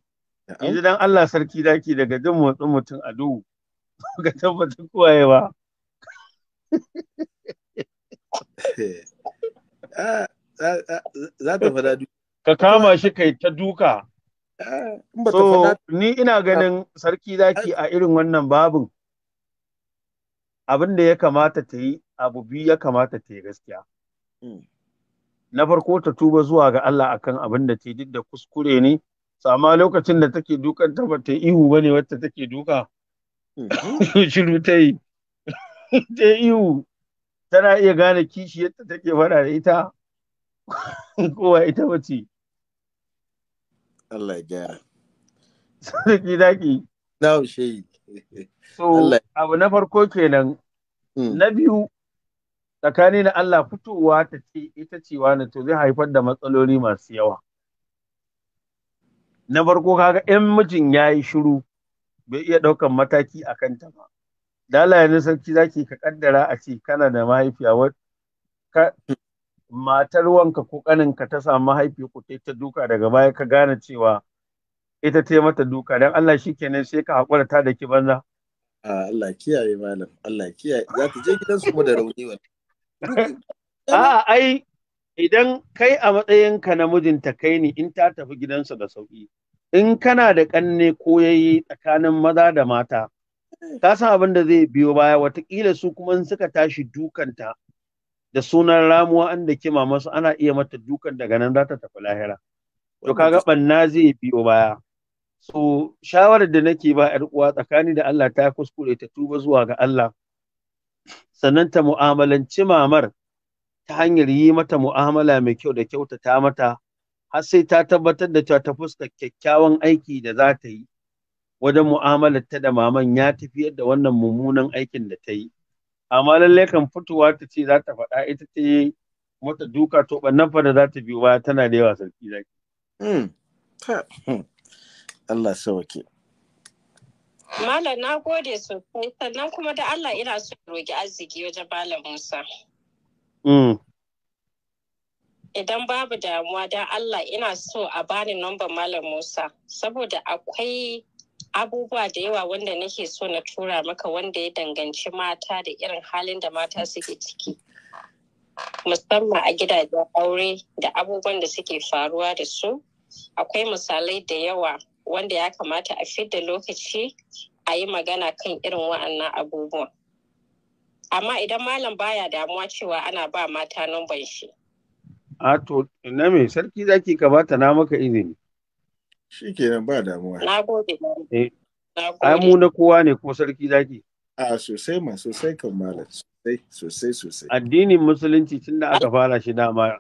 yanzu dan Allah sarki daki daga jin motsin mutum a duhu ga tabbatar kowaye ba ah, za ta fada ka kama shi kai ta duka Ah, so ni ina ganin sarki zaki ah. a irin wannan babin abinda da ya kamata ta yi abu biyu ya kamata ta yi gaskiya hmm. na farko ta tuba zuwa ga Allah akan abin da ta duk da kuskure ne sama lokacin da take dukan ta ba ta yi ihu bane wacce take duka mm-hmm. shiru ta yi ta yi ihu tana iya gane kishiyarta yadda take fara da ita kowa ita bace Allah ya Sarki daki. Na So, abu na farko kenan. Hmm. Na biyu, tsakani na Allah fitowa ta ce ita ce wani to zai haifar da matsaloli masu yawa. Na farko kaga in mijin yayi shiru bai iya ɗaukan mataki a kanta ba. Dala sarki zaki ka kaddara a ce kana da mahaifiya matar wanka ko ƙaninka ta samu haifi ku ta duka daga baya ka gane cewa ita ta yi mata duka dan Allah kenan sai ka hakura ta da ki banza Allah kiyaye malam Allah kiyaye za ta je gidan su da rauni wannan a ai idan kai a matsayinka na mijinta kai ne in ta tafi gidansa da sauki in kana da kanne ko yayi tsakanin maza da mata ka san abin da zai biyo baya watakila su kuma suka tashi dukanta da sunan ramuwa an da kima masu ana iya mata dukan daga nan za ta tafi lahira to kaga banna zai biyo baya so shawarar da nake ba yar uwa tsakani da Allah ta kuskure ta tuba zuwa ga Allah sannan ta mu'amalanci mamar ta hanyar yi mata mu'amala mai kyau da kyautata mata har sai ta tabbatar da cewa ta fuska kyakkyawan aiki da za ta yi wajen mu'amalar ta da maman ya tafi yadda wannan mummunan aikin da ta yi amma lalle kan fitowa ta ce za ta faɗa ita ce mata duka to ɓannan fa da za ta biyo baya tana da yawa sarki zaki. Hmm. Hmm. Allah sauke. Malam na gode su, sannan kuma da Allah ina so roƙi arziki wajen Malam Musa. Hmm. Idan babu damuwa da Allah ina so a bani nomba Malam Musa saboda akwai abubuwa da yawa wanda nake so na tura maka wanda ya danganci mata da irin halin da mata suke ciki musamman a gidajen aure da abubuwan da suke faruwa da su akwai misalai da yawa wanda ya kamata a da lokaci a yi magana kan irin wa'annan abubuwan amma idan malam baya damuwa cewa ana ba mata numban shi a to na me sarki zaki kamata na maka izini Shi kenan ba damuwa. Eh, na gode. Ai mu na kowa ne ko sarki zaki. A sosai ma sosai kan malam sosai sosai sosai. Addinin musulunci tun da aka fara shi dama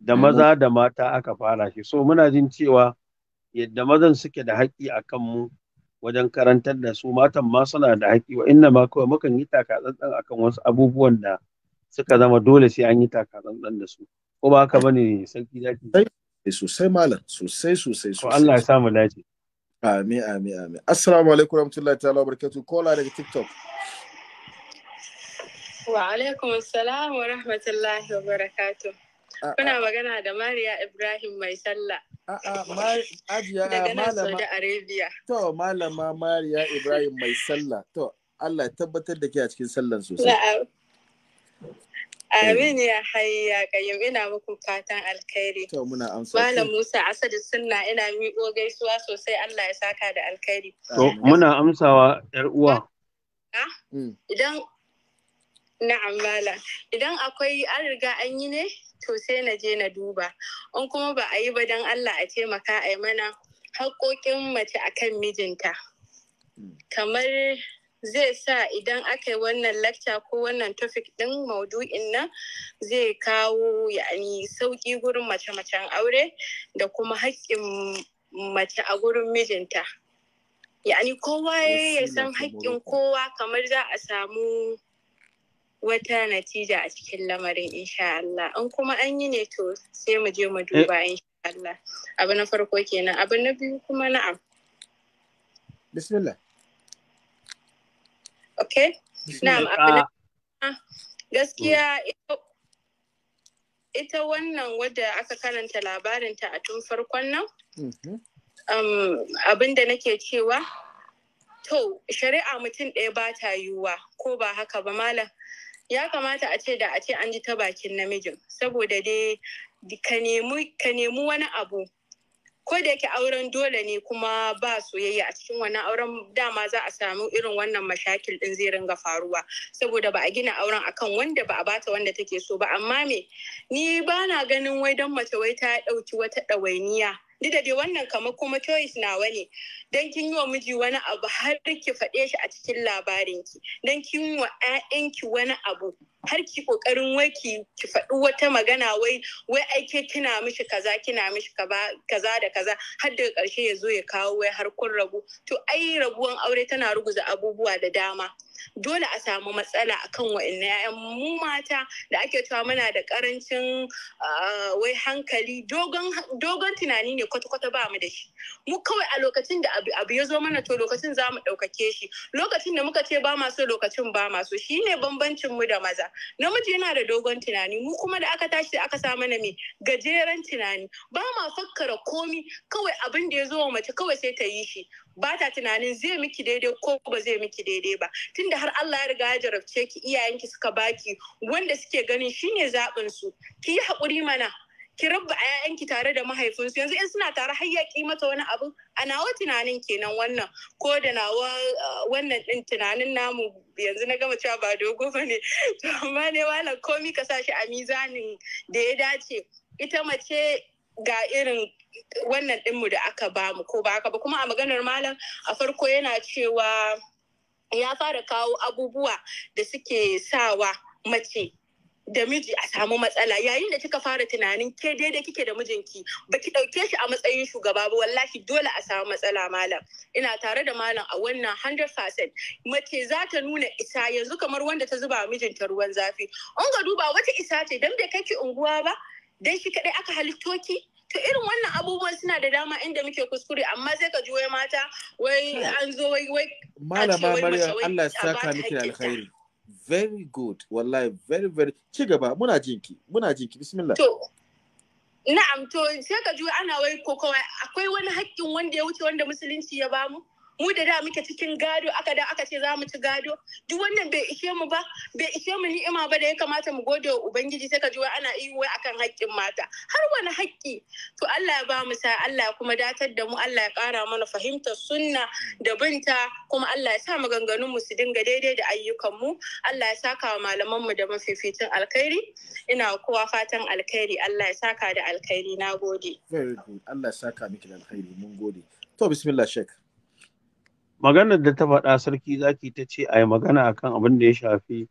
da mm-hmm. maza da mata aka fara shi so muna jin cewa yadda mazan suke da haƙƙi a kan mu wajen karantar da su matan ma suna da haƙƙi wa inna ma kawai mukan yi takatsantsan akan wasu abubuwan da suka zama dole sai an yi takatsantsan da su ko ba haka bane sarki zaki Eh, sosai malam sosai sosai sosai Allah ya samu lafi. amin amin amin assalamu alaikum warahmatullahi ta'ala barakatuh. kola daga tiktok wa alaikum assalam wa rahmatullahi wa barakatuh kuna magana da mariya ibrahim mai sallah ajiya malama to malama mariya ibrahim mai sallah to Allah ya tabbatar da ke a cikin sallan sosai Amin ya hayya kayyum ina muku fatan alkhairi. To muna amsa. Malam Musa asadu Sunna ina miƙo gaisuwa sosai Allah ya saka da alkhairi. To muna amsawa yar uwa. Ah? Mm. Idan na'am malam idan akwai an riga an yi ne to sai na je na duba. In kuma ba a yi ba dan Allah a taimaka a yi mana haƙoƙin mace akan mijinta. Mm. Kamar zai sa idan aka yi wannan lacca ko wannan topic din maudu'in nan zai kawo yani sauƙi gurin mace-macen aure da kuma haƙƙin mace a gurin mijinta yani kowa ya san haƙƙin kowa kamar za a samu wata natija a cikin lamarin insha Allah in kuma an yi ne to sai mu je mu duba eh. insha Allah abu na farko kenan abu na biyu kuma na'am bismillah okay na'am ah. Ah, gaskiya ita wannan wadda aka karanta labarinta a tun farkon nan mhm. um, abin da nake cewa to shari'a mutum ɗaya ba ta yiwuwa ko ba haka ba malam ya kamata a ce da a ce an ji ta bakin namijin saboda dai ka nemi wani abu ko da yake auren dole ne kuma ba soyayya a cikin wannan auren dama za a samu irin wannan mashakil din zai ringa faruwa saboda ba a gina auren akan wanda ba a bata wanda take so ba amma me ni ba na ganin wai don mace wai ta dauki wata dawainiya. duk da dai wannan kamar kuma choice nawa ne don kin yi wa miji wani abu har ki faɗe shi a cikin labarinki don kin yi wa 'ya'yanki wani abu har ki kokarin wai ki faɗi wata magana wai wai aike kina mishi kaza kina mishi kaza da kaza har daga ƙarshe ya zo ya kawo wai har kun rabu to ai rabuwan aure tana ruguza abubuwa da dama dole a samu matsala akan wa'annan 'ya'yan mu mata da ake cewa muna da karancin ah, wai hankali dogon tunani ne kwata-kwata ba mu da shi mu kawai a lokacin da abu ya zo mana to lokacin za mu ɗaukake shi lokacin da muka ce ba masu lokacin ba masu shi ne bambancin mu da maza namiji yana da dogon tunani mu kuma da aka tashi aka sa mana mai gajeren tunani ba ma fakkara komi kawai abin da ya zo wa mace kawai sai ta yi shi ba ta tunanin zai miki daidai ko ba zai miki daidai ba tunda har Allah ya riga ya jarabce ki iyayenki suka baki wanda suke ganin shine zaɓin su ki yi haƙuri mana ki rabba a 'ya'yanki tare da mahaifinsu yanzu in suna tare har ya mata wani abu a nawa tunanin kenan wannan ko da nawa ah, wannan din tunanin namu yanzu na gama cewa ba dogo ba ne amma ne wala komi ka sa shi a mizanin da ya dace ita mace ga irin wannan ɗinmu da aka bamu ko ba ba kuma a maganar malam a farko yana cewa ya fara kawo abubuwa da suke sawa mace da miji a samu matsala yayin da kika fara tunanin ke daidai kike da mijinki baki dauke shi a matsayin shugaba ba wallahi dole a samu matsala malam ina tare da malam a wannan 100% mace za ta nuna isa yanzu kamar wanda ta zuba mijinta ruwan zafi an ga duba wata isa ce dan bai kai ki unguwa ba dan shi kadai aka halitto ki to irin wannan abubuwan suna da dama inda muke kuskure amma sai ka juwe mata wai an zo wai wai malama mariya Allah ya saka miki da alkhairi very good wallahi very very ci gaba muna jinki muna jinki bismillah to na'am to sai ka juwe ana wai ko kawai akwai wani haƙƙin wanda ya wuce wanda musulunci ya bamu mu da da muke cikin gado aka da aka ce za mu ci gado duk wannan bai ishe mu ba bai ishe mu ni'ima ba da ya kamata mu gode wa ubangiji sai ka ji wai ana iwo wai akan haƙƙin mata har wani haƙƙi to Allah ya ba mu sa Allah ya kuma datar da mu Allah ya ƙara mana fahimtar sunna da binta kuma Allah ya sa maganganun mu su dinga daidai da ayyukan mu Allah ya saka wa malaman mu da mafificin alkhairi ina kowa fatan alkhairi Allah ya saka da alkhairi na Allah ya saka miki da alkhairi mun gode. To bismillah shek. maganar da ta faɗa sarki zaki ta ce a yi magana akan abin da ya shafi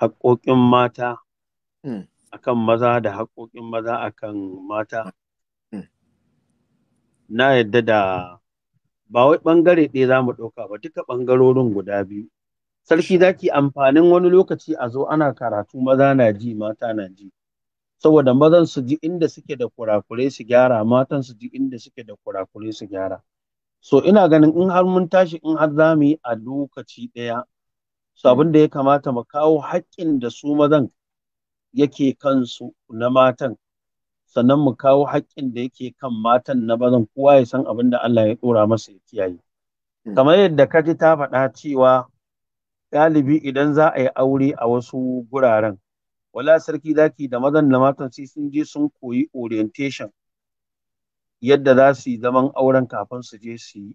haƙoƙin mata hmm. akan maza da haƙoƙin maza akan mata hmm. na yadda da ba wai ɓangare ɗaya za mu ɗauka ba duka ɓangarorin guda biyu sarki zaki amfanin wani lokaci a zo ana karatu maza na ji mata na ji saboda mazan su ji inda suke da kurakurai su gyara matan su ji inda suke da kurakurai su gyara so ina ganin in har mun tashi in har za mu yi a lokaci ɗaya so hmm. abin da ya kamata mu kawo haƙƙin da su mazan yake kansu na matan sannan mu kawo haƙƙin da yake kan matan na bazan kowa ya san abin da Allah ya ɗora masa ya kiyaye hmm. kamar yadda ka ji ta faɗa cewa galibi idan za a yi aure a wasu guraren wala sarki zaki da mazan da matan sai sun je sun koyi orientation yadda za su yi zaman auren kafin su je su yi.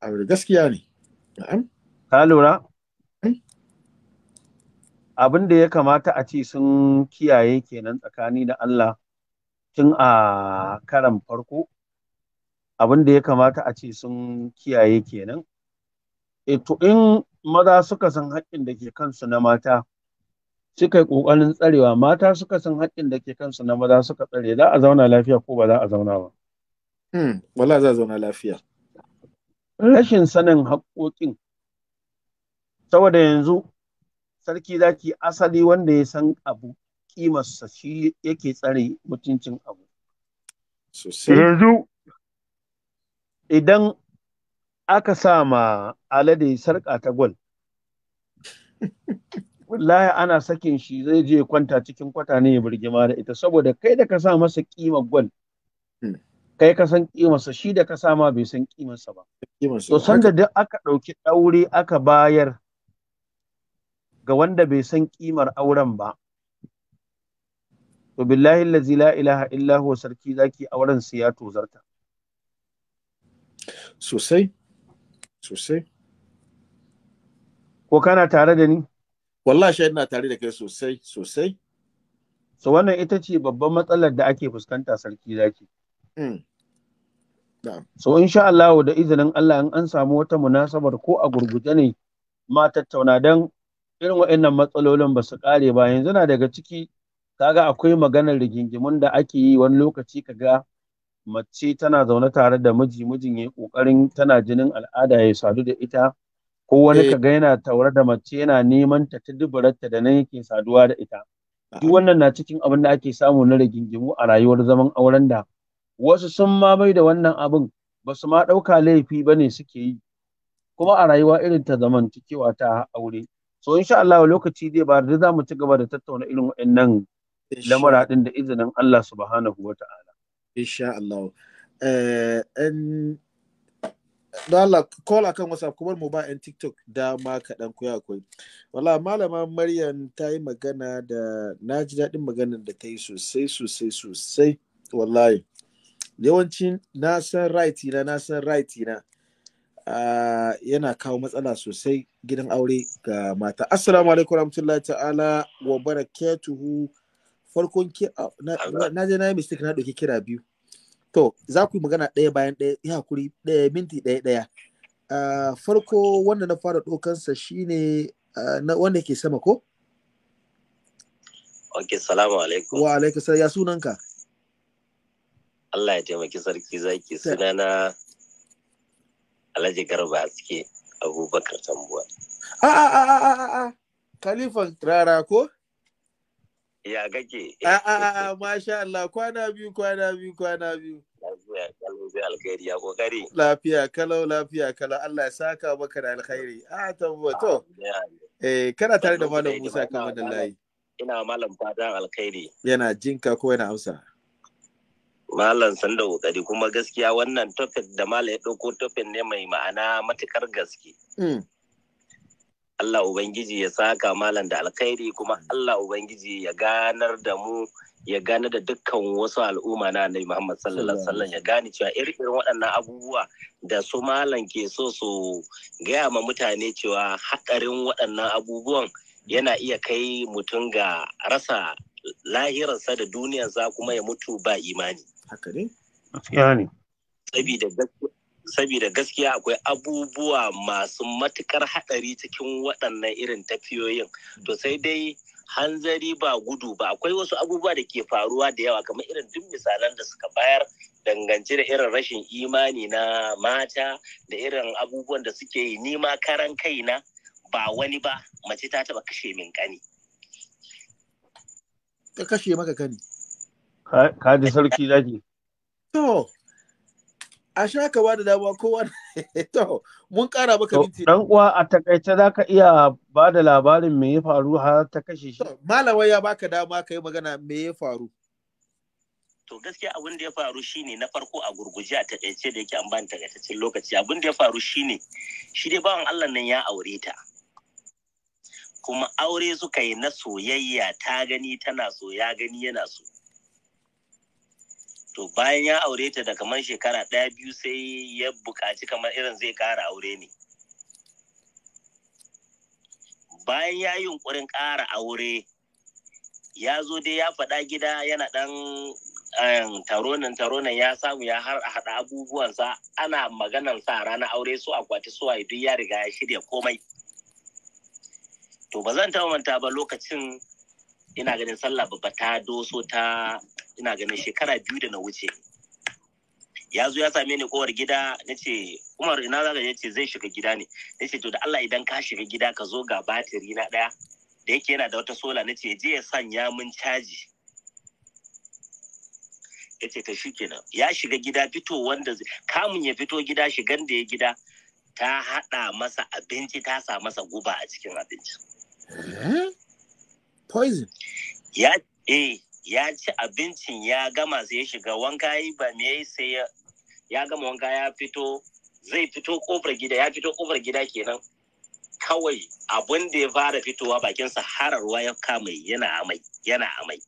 A gaskiya ne. Ka lura? Hmm. Abin da ya kamata a ce sun kiyaye kenan tsakani da Allah tun a karan farko, abin da ya kamata a ce sun kiyaye kenan. E, to in maza suka san haƙƙin da ke kansu na mata, suka yi ƙoƙarin tsarewa, mata suka san haƙƙin da ke kansu na maza suka tsare, za a zauna lafiya ko ba za a zauna ba. Hmm, wala za zauna lafiya. Rashin sanin haƙoƙin. Saboda yanzu sarki zaki asali wanda ya san abu ƙimarsa shi yake tsare mutuncin abu. Yanzu idan aka sa ma alade sarƙa ta gwal. wallahi ana sakin shi zai je kwanta cikin kwata ne ya birgima da ita saboda kai da ka sa masa ƙimar gwal hmm. kai ka san kimarsa shi da ka sama bai san kimarsa ba to sanda duk aka ɗauki ɗaure aka bayar ga wanda bai san kimar auren ba to billahi allazi la ilaha illa huwa sarki zaki auren su ya tozarta sosai sosai ko kana tare da ni wallahi shi ina tare da kai sosai sosai so wannan ita ce babban matsalar da ake fuskanta sarki zaki Mm. So insha Allah da izinin Allah in an samu wata munasabar ko a gurguje ne ma tattauna don irin waɗannan matsalolin ba su ƙare ba yanzu na daga ciki kaga akwai maganar rigingimun da ake yi wani lokaci kaga mace tana zaune tare da miji mijin ya ƙoƙarin tana jinin al'ada ya sadu da ita ko wani eh. kaga yana taure da mace yana neman ta ta dubararta da nan yake saduwa da ita duk wannan na cikin abin da ake samu na rigingimu a rayuwar zaman auren da wasu sun ma mai da wannan abin ba su ma ɗauka laifi ba ne suke yi kuma a rayuwa irin ta cikewa ta aure so insha Allah lokaci zai ba da za mu ci gaba da tattauna irin waɗannan lamura din da izinin Allah subhanahu wa ta'ala insha Allah eh Allah call akan WhatsApp kuma mu ba yan TikTok da ma kaɗan kuya akwai wala malama Maryam ta yi magana da na ji daɗin maganar da ta yi sosai sosai sosai wallahi yawancin na san right na na san right na ah, yana kawo matsala sosai gidan aure ga mata assalamu alaikum rahmatullahi ta'ala wa barakatuhu farkon ki ah, na je na yi mistake na ɗauki kira biyu to za ku yi magana ɗaya bayan ɗaya ya hakuri ɗaya minti ɗaya ɗaya ah, farko wanda na fara ɗokansa shine na wanda ke sama ko? Ok, salamu alaikum. Wa alaikum salam ya sunanka? Allah ya taimaki sarki zaki suna na Alhaji Garba suke Abubakar Tambuwa. A a a a a a Khalifan Rara ko? Ya gake A a a a masha Allah kwana biyu kwana biyu kwana biyu. Lafiya kalau kokari. Lafiya kalau lafiya kalau Allah ya saka maka da alkhairi. A Tambuwa to. Eh kana tare da Malam Musa da Layi. Ina Malam fatan alkhairi. Yana jinka ko yana amsa. Malam san da kokari kuma gaskiya wannan topic da Malam ya ɗauko topic ne mai ma'ana matukar gaske. Hmm. Allah Ubangiji ya saka Malam da alkhairi kuma Allah Ubangiji ya ganar da mu ya gane da dukkan wasu al'umma na Annabi Muhammad sallallahu alaihi wasallam ya gane cewa irin waɗannan abubuwa da su malam ke so su gaya ma mutane cewa haƙarin waɗannan abubuwan yana iya kai mutum ga rasa lahirarsa da duniyarsa kuma ya mutu ba imani. haka dai gaskiya ne saboda gaskiya akwai abubuwa masu matukar haɗari cikin waɗannan irin tafiyoyin to sai dai hanzari ba gudu ba akwai wasu abubuwa da ke faruwa da yawa kamar irin duk misalan da suka bayar dangance da irin rashin imani na mata da irin abubuwan da suke yi nima ma karan kaina ba wani ba mace ta taba kashe min kani Ka kashe maka kani Ka ji sarki zaki. To, a sha ka ba da dama kowa to mun kara maka minti. Dan uwa a takaice za ka iya ba da labarin me ya faru har ta kashe shi. Malamai ya baka dama ka yi magana me ya faru. to gaskiya abin da ya faru shine na farko a gurguje a takaice da yake an bani takaitaccen lokaci abin da ya faru shine shi dai bawan Allah nan ya aure ta kuma aure suka yi na soyayya ta gani tana so ya gani yana so to bayan ya aure ta da kamar shekara ɗaya biyu sai ya buƙaci kamar irin zai ƙara aure ne bayan ya yi yunkurin ƙara aure ya zo dai ya faɗa gida yana ɗan taronin taronin ya samu ya har a haɗa abubuwansa ana maganan sa ranar aure su akwati suwa duk ya riga ya shirya komai to ba zan taɓa manta ba lokacin ina ganin sallah baba ta doso ta ina ganin shekara biyu da na wuce ya zo ya same ni kowar gida na ce umar ina za ya ce zai shiga gida ne na ce to da Allah idan ka shiga gida ka zo ga batiri na ɗaya da yake yana da wata sola na ce je ya sanya mun caji ya ce ta shi kenan ya shiga gida fito wanda kamun ya fito gida shigan da ya gida ta haɗa masa abinci ta sa masa guba a cikin abinci eh? poison ya eh ya ci abincin ya gama sai ya shiga wanka yi ba me sai ya gama wanka ya fito zai fito kofar gida ya fito kofar gida kenan kawai abin da ya fara fitowa bakin ruwa ya kama yana amai yana amai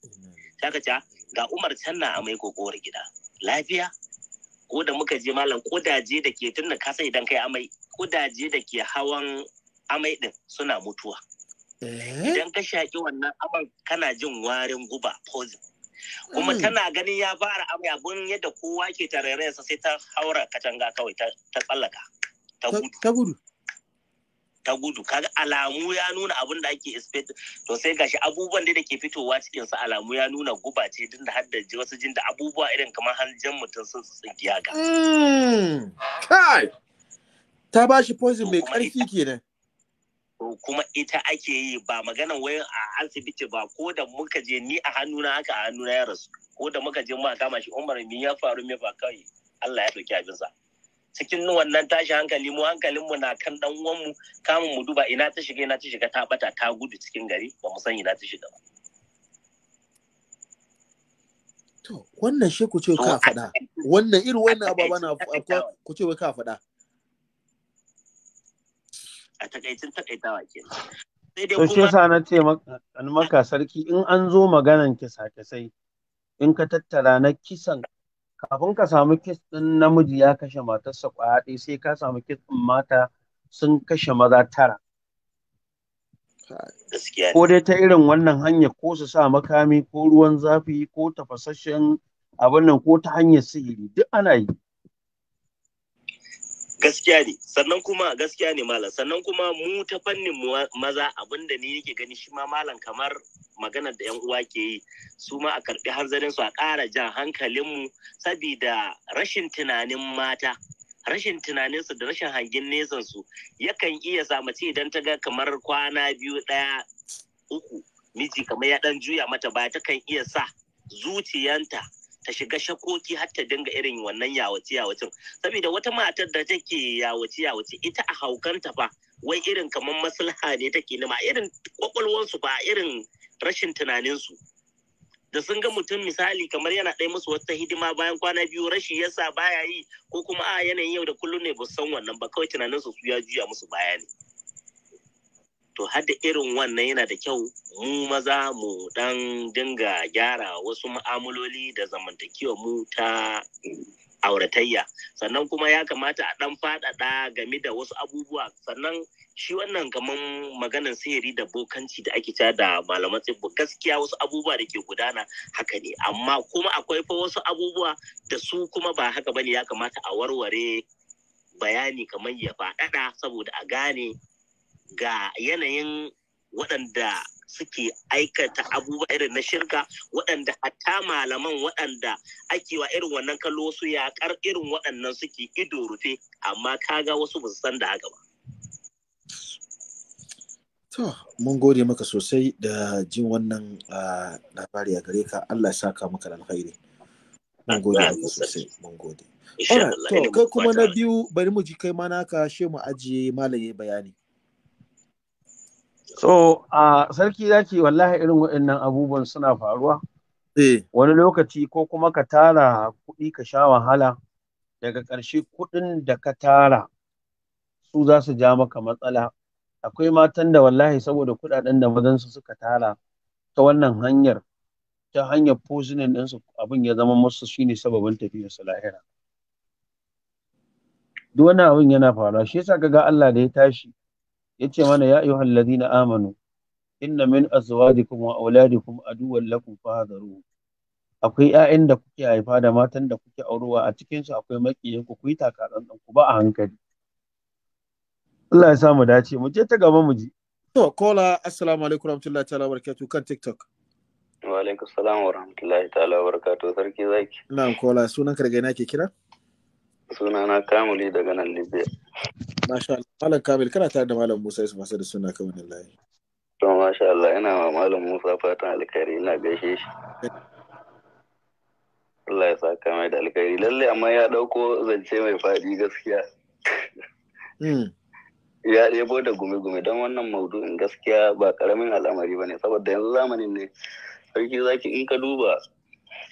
saka ta ah, ga umar can na amai ko kofar gida lafiya ko da muka je malam kudaje da ke ka kasa idan kai amai kudaje da ke hawan amai din suna mutuwa Eh? idan ka shaƙi wannan abin kana jin warin guba poison kuma hmm. tana ganin ya fara amai abun yadda kowa ke tarayyarsa sai ta haura katanga kawai ta tsallaka ta gudu ta gudu kaga alamu ya nuna abin da ake expect to sai gashi abubuwan da ke fitowa cikin su alamu ya nuna guba ce din da haddace wasu jin da abubuwa irin kamar hanjan mutum sun tsinki ga. Hmm. kai ta bashi poison mai ƙarfi kenan kuma ita ake yi ba magana wayan a asibiti ba ko da muka je ni a hannuna haka a hannuna ya rasu ko da muka je muka kama shi umar min ya faru me ba kawai Allah ya doki abinsa cikin wannan tashi hankali mu hankalin mu na kan dan uwan mu kamun mu duba ina ta shiga ina ta shiga ta bata ta gudu cikin gari ba mu san ina ta shiga ba to wannan shi ku ce ka faɗa wannan irin wannan ababa na ku ce ka faɗa a takaicin takaitawa nan. sai dai yasa na ce maka sarki in an zo maganan kisa kisai in ka tattara na kisan kafin ka samu kis ɗin namiji ya kashe matarsa kwaya ɗaya sai ka samu kis din mata sun kashe maza tara ko dai ta irin wannan hanya ko su sa makami ko ruwan zafi ko tafasasshen abin nan ko ta hanyar sihiri duk ana yi gaskiya ne sannan kuma gaskiya ne malam sannan kuma mu ta fannin maza abinda ni yake gani shi ma malam kamar maganar da yan uwa ke yi su ma a karbi hanzarin su a ƙara jan hankalinmu sabida rashin tunanin mata rashin tunanin su da rashin hangin nesan su yakan iya sa mace idan ta ga kamar kwana biyu ɗaya uku miji kamar ya ɗan juya mata ba ta kan iya sa zuciyanta ta shiga shakoki har ta dinga irin wannan yawaci yawacin saboda wata matar da take yawaci yawaci ita a haukanta fa wai irin kamar maslaha ne take nima irin kwakwalwansu ba irin rashin tunaninsu da sun ga mutum misali kamar yana ɗaya musu wata hidima bayan kwana biyu rashi yasa baya yi ko kuma a yanayin yau da kullum ne ba san wannan ba kawai tunaninsu su ya juya musu baya ne. to hada irin wannan yana da kyau mu maza mu dan dinga gyara wasu ma'amuloli da zamantakewa mu ta auratayya sannan kuma ya kamata a dan faɗaɗa game da wasu abubuwa sannan shi wannan kaman maganan sihiri da bokanci da ake da malaman tsibbu gaskiya wasu abubuwa da ke gudana haka ne amma kuma akwai fa wasu abubuwa da su kuma ba haka bane ya kamata a warware bayani kamar ya faɗaɗa saboda a gane ga yanayin waɗanda suke aikata abubuwa irin na shirka waɗanda hatta malaman waɗanda ake wa irin wannan kallo su yaƙar irin waɗannan suke ido rufe amma kaga wasu ba su san da haka ba. To, mun gode maka sosai da jin wannan labari a gare ka Allah ya saka maka alkhairi. Mun gode maka sosai, mun gode. to kai kuma na biyu bari mu ji kai ma naka she mu ajiye malaye bayani. So, a sarki ce wallahi irin waɗannan abubuwan suna faruwa. Eh. Wani lokaci ko kuma ka tara kuɗi ka sha wahala daga ƙarshe kuɗin da ka tara su za su ja maka matsala. Akwai matan da wallahi saboda kuɗaɗen da mazansu suka tara ta wannan hanyar ta hanyar posinin ɗinsu abin ya zama musu ne sababin tafiyar su lahira. Duk wani abin yana faruwa shi yasa ga Allah da ya tashi yace mana ya ayyuhal ladina amanu inna min azwajikum wa auladikum aduwwan lakum fahadharu akwai ƴaƴan da kuke haifa da matan da kuke aurewa a cikin su akwai makiyan ku kuyi takaran dan ku ba a hankali Allah ya sa mu dace mu je ta gaba mu ji to kola assalamu alaikum warahmatullahi ta'ala barakatuh kan tiktok wa alaikum assalam warahmatullahi ta'ala barakatuh sarki zaki na'am kola sunan karga na ke kira sunana kamuli daga nan libya masha Allah malam kamil kana tare da malam musa yusuf masu da suna kawai da layi to masha Allah ina ma malam musa fatan alkhairi ina gaishe shi Allah ya saka mai da alkhairi lalle amma ya dauko zance mai fadi gaskiya hmm. ya ɗebo da gume-gume don wannan maudu'in gaskiya ba karamin al'amari ba ne saboda yanzu zamanin ne sarki zaki in ka duba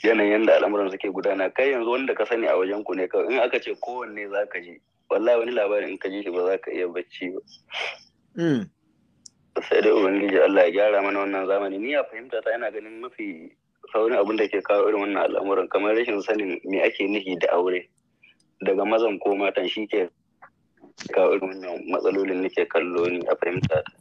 yanayin da al'amuran suke gudana kai yanzu wanda ka sani a wajen ku ne kawai in aka ce kowanne za ka ji wallahi wani labarin in ka ji shi ba za ka iya bacci ba hmm. sai dai ubangiji Allah ya gyara mana wannan zamani ni a fahimta ta yana ganin mafi saurin abin da ke kawo irin wannan al'amuran kamar rashin sanin me ake nufi da aure daga mazan ko matan shi ke kawo irin wannan matsalolin nake kallo ni a fahimta ta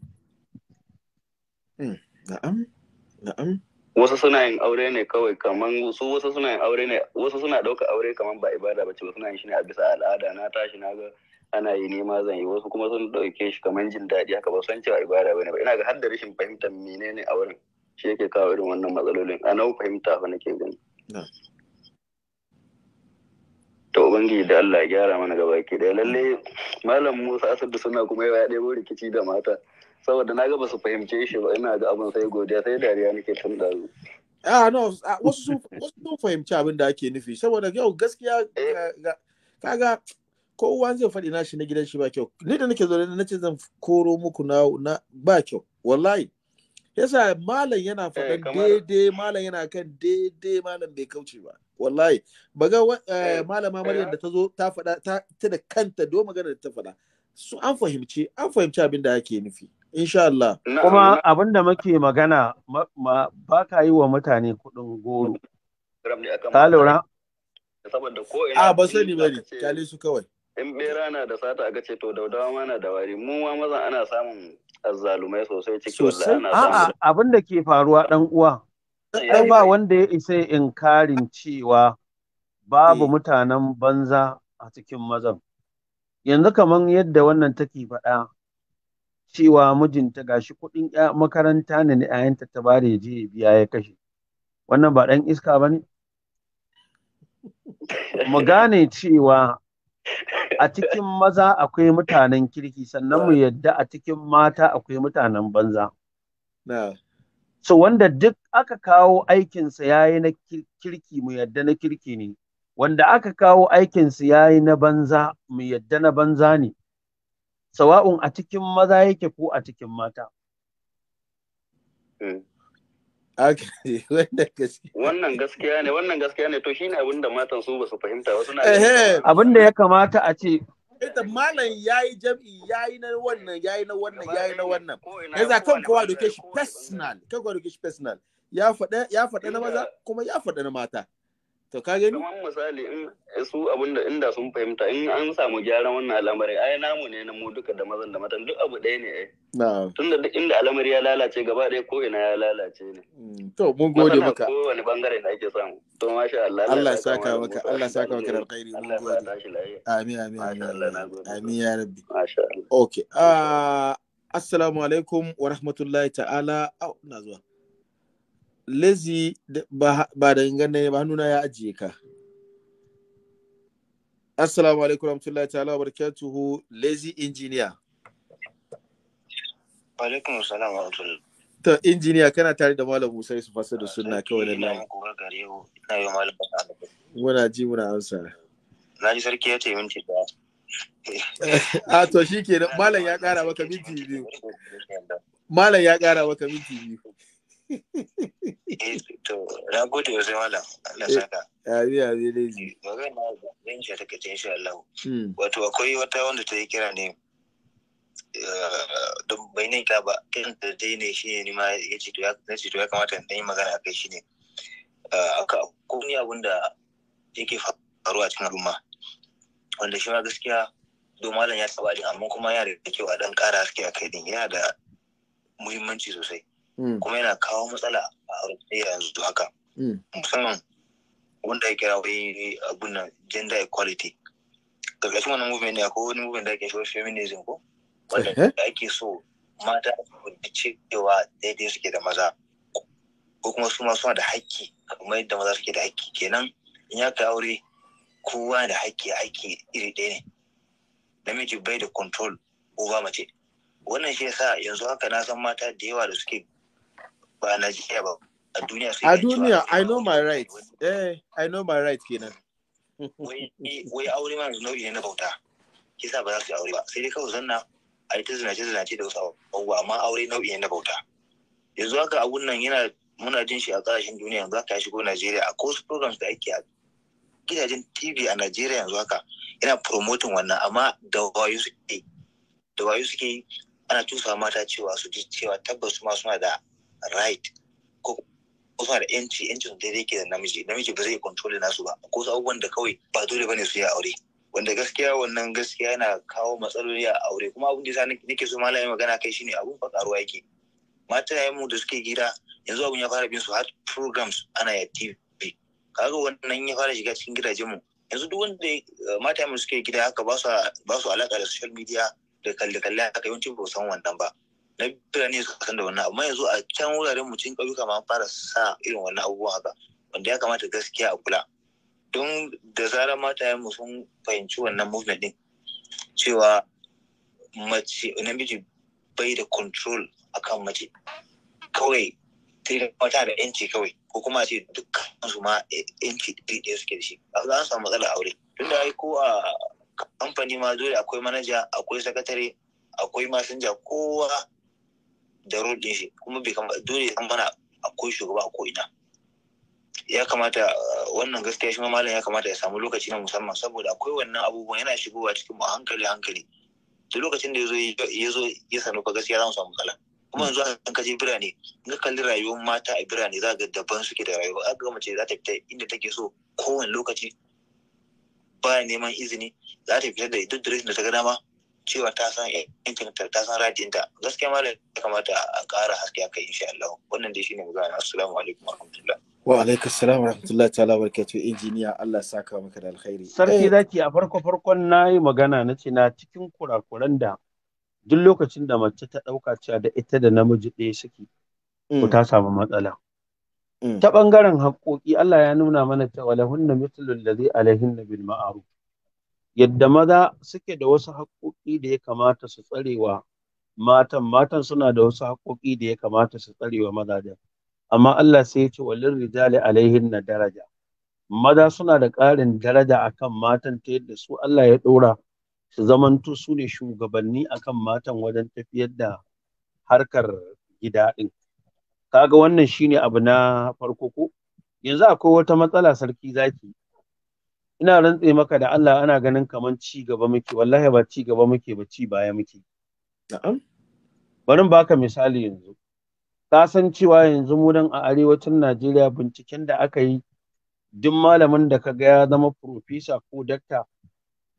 hmm. wasu suna yin aure ne kawai kaman su wasu suna yin aure ne wasu suna ɗauka aure kaman ba ibada ba ce suna yin shi ne a bisa al'ada na tashi na ga ana yi nema zan yi wasu kuma sun ɗauke shi kaman jin daɗi haka ba san cewa ibada ba ne ba ina ga har da rashin fahimtar menene auren shi yake kawo irin wannan matsalolin a nau fahimta fa nake gani. ta ubangiji da Allah ya gyara mana gaba ke da lalle malam Musa Asadu suna kuma yawa ya ɗebo rikici da mata saboda na ga basu fahimce shi ba ina ga abin sai godiya sai dariya nake tun da Ah no, wasu sun wasu fahimci abin da ake nufi saboda yau gaskiya kaga eh. kowa zai faɗi nashi na gidan shi ba kyau ni da nake zaune na ce zan koro muku na ba kyau wallahi yasa malam yana eh, faɗan daidai malam yana kan daidai malam bai kauce ba wallahi baga eh, malama maryam da ta zo ta faɗa ta da kanta do magana da ta faɗa su an fahimci an fahimci abin da ake nufi insha Allah kuma abin da muke magana ba ka yi wa mutane kuɗin goro ka lura a ah, ba sani bane kyale su kawai in bera na da sata aka ce to daudawa ma na da wari mu ma maza ana samun azzalumai sosai ciki wanda ana samun a'a abin da ke faruwa dan uwa Ɗan ba wanda ya isa inkarin cewa babu mm. mutanen banza a cikin mazan yanzu kamar yadda wannan take faɗa cewa mijinta ga shi kuɗin makaranta ne na 'ya'yanta ta bare ya je ya biya ya kashe wannan ba ɗan iska ba ne mu gane cewa a cikin maza akwai mutanen kirki sannan mu yadda a cikin mata akwai mutanen banza so wanda duk aka kawo aikinsa ya yi na kirki mu yadda na kirki ne wanda aka kawo aikinsa ya yi na banza mu yadda na banza ne sawa'un a cikin maza yake ko a cikin mata eh. wannan gaskiya ne wannan gaskiya ne to ne abin da matan su ba su fahimta wasu na abin da ya kamata a ce ita eh, malam yi jam'i ya yi na wannan ya yi na wannan ya yi na wannan yanzu kan kowa doke shi personal kan kowa doke shi personal ya ya faɗa na maza kuma ya faɗa na mata To ka gani? Kamar misali in su abinda inda sun fahimta in an samu gyaran wannan al'amari ai namu ne na mu duka da mazan da matan duk abu ɗaya ne ai. Tun da duk inda al'amari ya lalace gaba ɗaya ko ina ya lalace ne. Mm, to mun gode maka. Ko wani bangare da ake samu. To masha Allah. Allah ya saka maka Allah ya saka maka da alkhairi mun gode. Amin amin amin. Amin ya rabbi. Masha Allah. Okay. Ah, assalamu alaikum wa rahmatullahi ta'ala. Au na zuwa. lezi ba da ingana ba hannuna ya ajiye ka assalamu alaikum rahmatullahi ta'ala wa barakatuhu lazy engineer wa alaikum assalam wa ta injiniya kana tare da malam Musa su fasa da suna kawai na nan muna ji muna amsa na ji sarki ya ce minti da a to shikenan malam ya kara maka minti biyu malam ya kara maka minti biyu Eh, to na gode wa sai malam Allah saka abi abi laji magana zan shi take ta insha Allah hmm. wato akwai wata wanda ta yi kira ne eh, don bai ne ka ba kan da dai ne shi ne ni ma ya ce to ya ce to ya kamata in yi magana akai shi ne eh, aka ko ni abun da yake faruwa cikin al'umma wanda shi ma gaskiya don malam ya taba din amma kuma yana da kyau a dan kara haske akai din yana da muhimmanci sosai Mm. kuma yana kawo matsala a harkar yanzu haka mm. musamman wanda ya kira wani abu na gender equality ƙarƙashin wannan movement ne akwai wani movement da ake shi feminism ko wanda eh, eh. ake so mata da cewa daidai suke da maza ko kuma su ma suna da haƙƙi kamar yadda maza suke da haƙƙi kenan in ya kai aure kowa da haƙƙi aiki iri ɗaya ne namiji bai da control over mace wannan shi yasa yanzu haka na san mata da yawa da suke ba ba a duniya sai a duniya I know my right eh I know my right kenan wai wai aure ma nau'i ne na bauta Kisa ba za su yi aure ba sai dai kawai zanna a yi ta zinace zinace da wasu abubuwa amma aure nau'i ne na bauta yanzu haka abun nan yana muna jin shi a ƙasashen duniya yanzu haka ya shigo Najeriya a ko programs da ake a gidajen TV a Najeriya yanzu haka yana promoting wannan amma da wayo suke da wayo suke ana tusa mata cewa su ji cewa tabbas ma suna da right ko suna da yanci yanci su daidai ke da namiji namiji ba zai kontrole nasu ba ko su abubuwan da kawai ba dole bane su yi aure wanda gaskiya wannan gaskiya yana kawo matsaloli a aure kuma abin da yasa nake so malamin magana kai shine abun fa karuwa yake mata yayin mu da suke gida yanzu abun ya fara bin su har programs ana ya TV kaga wannan ya fara shiga cikin gidajen mu yanzu duk wanda eh, mata mu suke gida haka ba su alaka da social media da kalle-kalle haka yawanci ba san wannan ba na birane su san da wannan amma yanzu a can wuraren mutum cikin ƙauyuka ma fara sa irin wannan abubuwan haka wanda ya kamata gaskiya a kula don da zarar mata mu sun fahimci wannan movement din cewa mace namiji bai da control akan mace kawai mata da yanci kawai ko kuma ce duk su ma yanci ɗaya suke da shi a za samu matsala aure tun da ko a kamfani ma dole akwai manaja akwai sakatare akwai masinja kowa da rol shi kuma bai kama dole an bana akwai shugaba a ko'ina ya kamata wannan gaskiya shi malam ya kamata ya samu lokaci na musamman saboda akwai wannan abubuwan yana shigowa cikin mu hankali hankali da lokacin da ya zo ya sanu ka gaskiya za mu samu matsala kuma yanzu an kaje birane in ka kalli rayuwar mata a birane za ga daban suke da rayuwa za ga mace za ta fita inda take so kowane lokaci ba neman izini za ta fita da duk da da ta ga dama cewa ta san yankinta ta san ta, gaskiya ma ya kamata a ƙara haske aka yi insha Allah wannan dai shine magana assalamu alaikum warahmatullahi wa alaikum assalam warahmatullahi ta'ala barkatu injiniya Allah ya saka maka da alkhairi sarki eh, zaki a farko farkon nayi magana na ce na cikin kurakuran da duk lokacin da mace ta ɗauka cewa da ita da namiji ɗaya suke ko mm. ta samu matsala mm. ta ɓangaren haƙoƙi Allah ya nuna mana cewa lahunna mithlu allazi alaihinna bil ma'ruf yadda maza suke da wasu haƙoƙi da ya kamata su tsarewa matan matan suna da wasu haƙoƙi da ya kamata su tsarewa mazajen amma Allah sai ya ce walin rijali alaihin na daraja maza suna da ƙarin daraja akan matan ta yadda su Allah ya ɗora su zamanto su ne shugabanni akan matan wajen tafiyar da harkar gida ɗin kaga wannan shine abu na farko ko yanzu akwai wata matsala sarki zaki ina rantse maka da Allah ana ganin kaman ci gaba muke wallahi ba ci gaba muke ba ci baya muke na'am bari in baka misali yanzu ka san cewa yanzu mu dan a arewacin Najeriya binciken da aka yi duk malamin da ka ga ya zama profesa ko dakta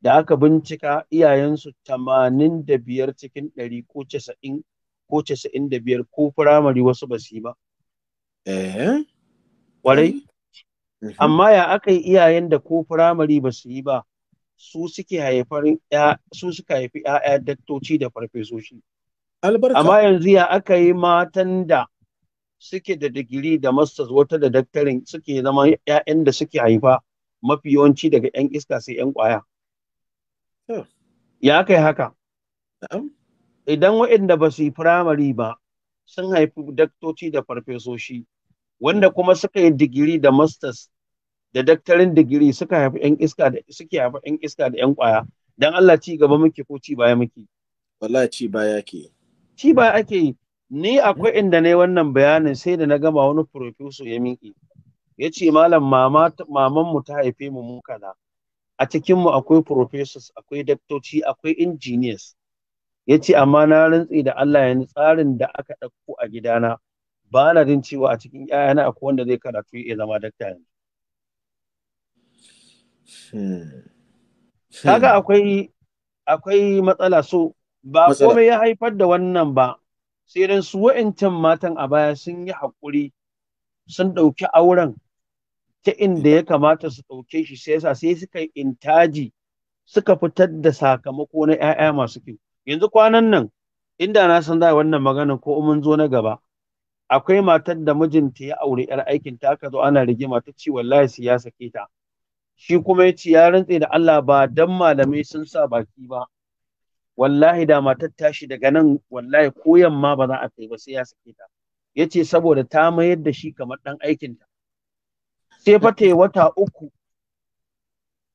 da aka bincika iyayensu tamanin da cikin ɗari ko casa'in ko 95 ko firamare wasu ba su yi ba. Ƙwarai? Eh. Hmm. Mm-hmm. amma ya aka yi iyayen da ko firamare ba su yi ba su suke haifar su suka haifi ‘ya'ya daktoci da farfesoshi amma yanzu ya aka yi matan da suke da digiri da masters wata da daktarin suke zama ‘ya'yan da suke haifa mafi yawanci daga ‘yan iska sai ‘yan ƙwaya ya aka yi haka idan waɗanda ba su yi firamare ba sun haifi daktoci da farfesoshi wanda kuma suka yi digiri da masters da daktarin digiri suka haifi yan iska da suke haifi yan iska da yan kwaya dan Allah ci gaba muke ko ci baya muke wallahi ci baya ke ci baya ake ni akwai inda ne wannan bayanin sai da na gama wani profeso ya miki ya ce malam mama maman mu ta haife mu mu kaza a cikin mu akwai professors akwai daktoci akwai engineers ya ce amma na rantsi da Allah yanzu tsarin da aka ɗauko a gidana ba na jin cewa a cikin ƴaƴana akwai wanda zai karatu ya zama dakta yanzu hmm. Hmm. kaga akwai akwai matsala so ba komai ya haifar da wannan ba sai dan su wa'incan matan a baya sun yi haƙuri sun ɗauki auren ta inda ya kamata su ɗauke shi sai yasa sai suka yi intaji suka fitar da sakamako na 'ya'ya masu kyau yanzu kwanan nan inda na san a wannan magana ko mun zo na gaba akwai matar da mijinta ya aure yar aikin ta aka zo ana rigima ta ce wallahi sai ya sake ta shi kuma ya ce ya rantse da Allah ba dan malamai sun sa baki ba wallahi da matar tashi daga nan wallahi ko yamma ba za a kai ba sai ya sake ta ya ce saboda ta mayar da shi kamar dan aikin ta sai fa ta wata uku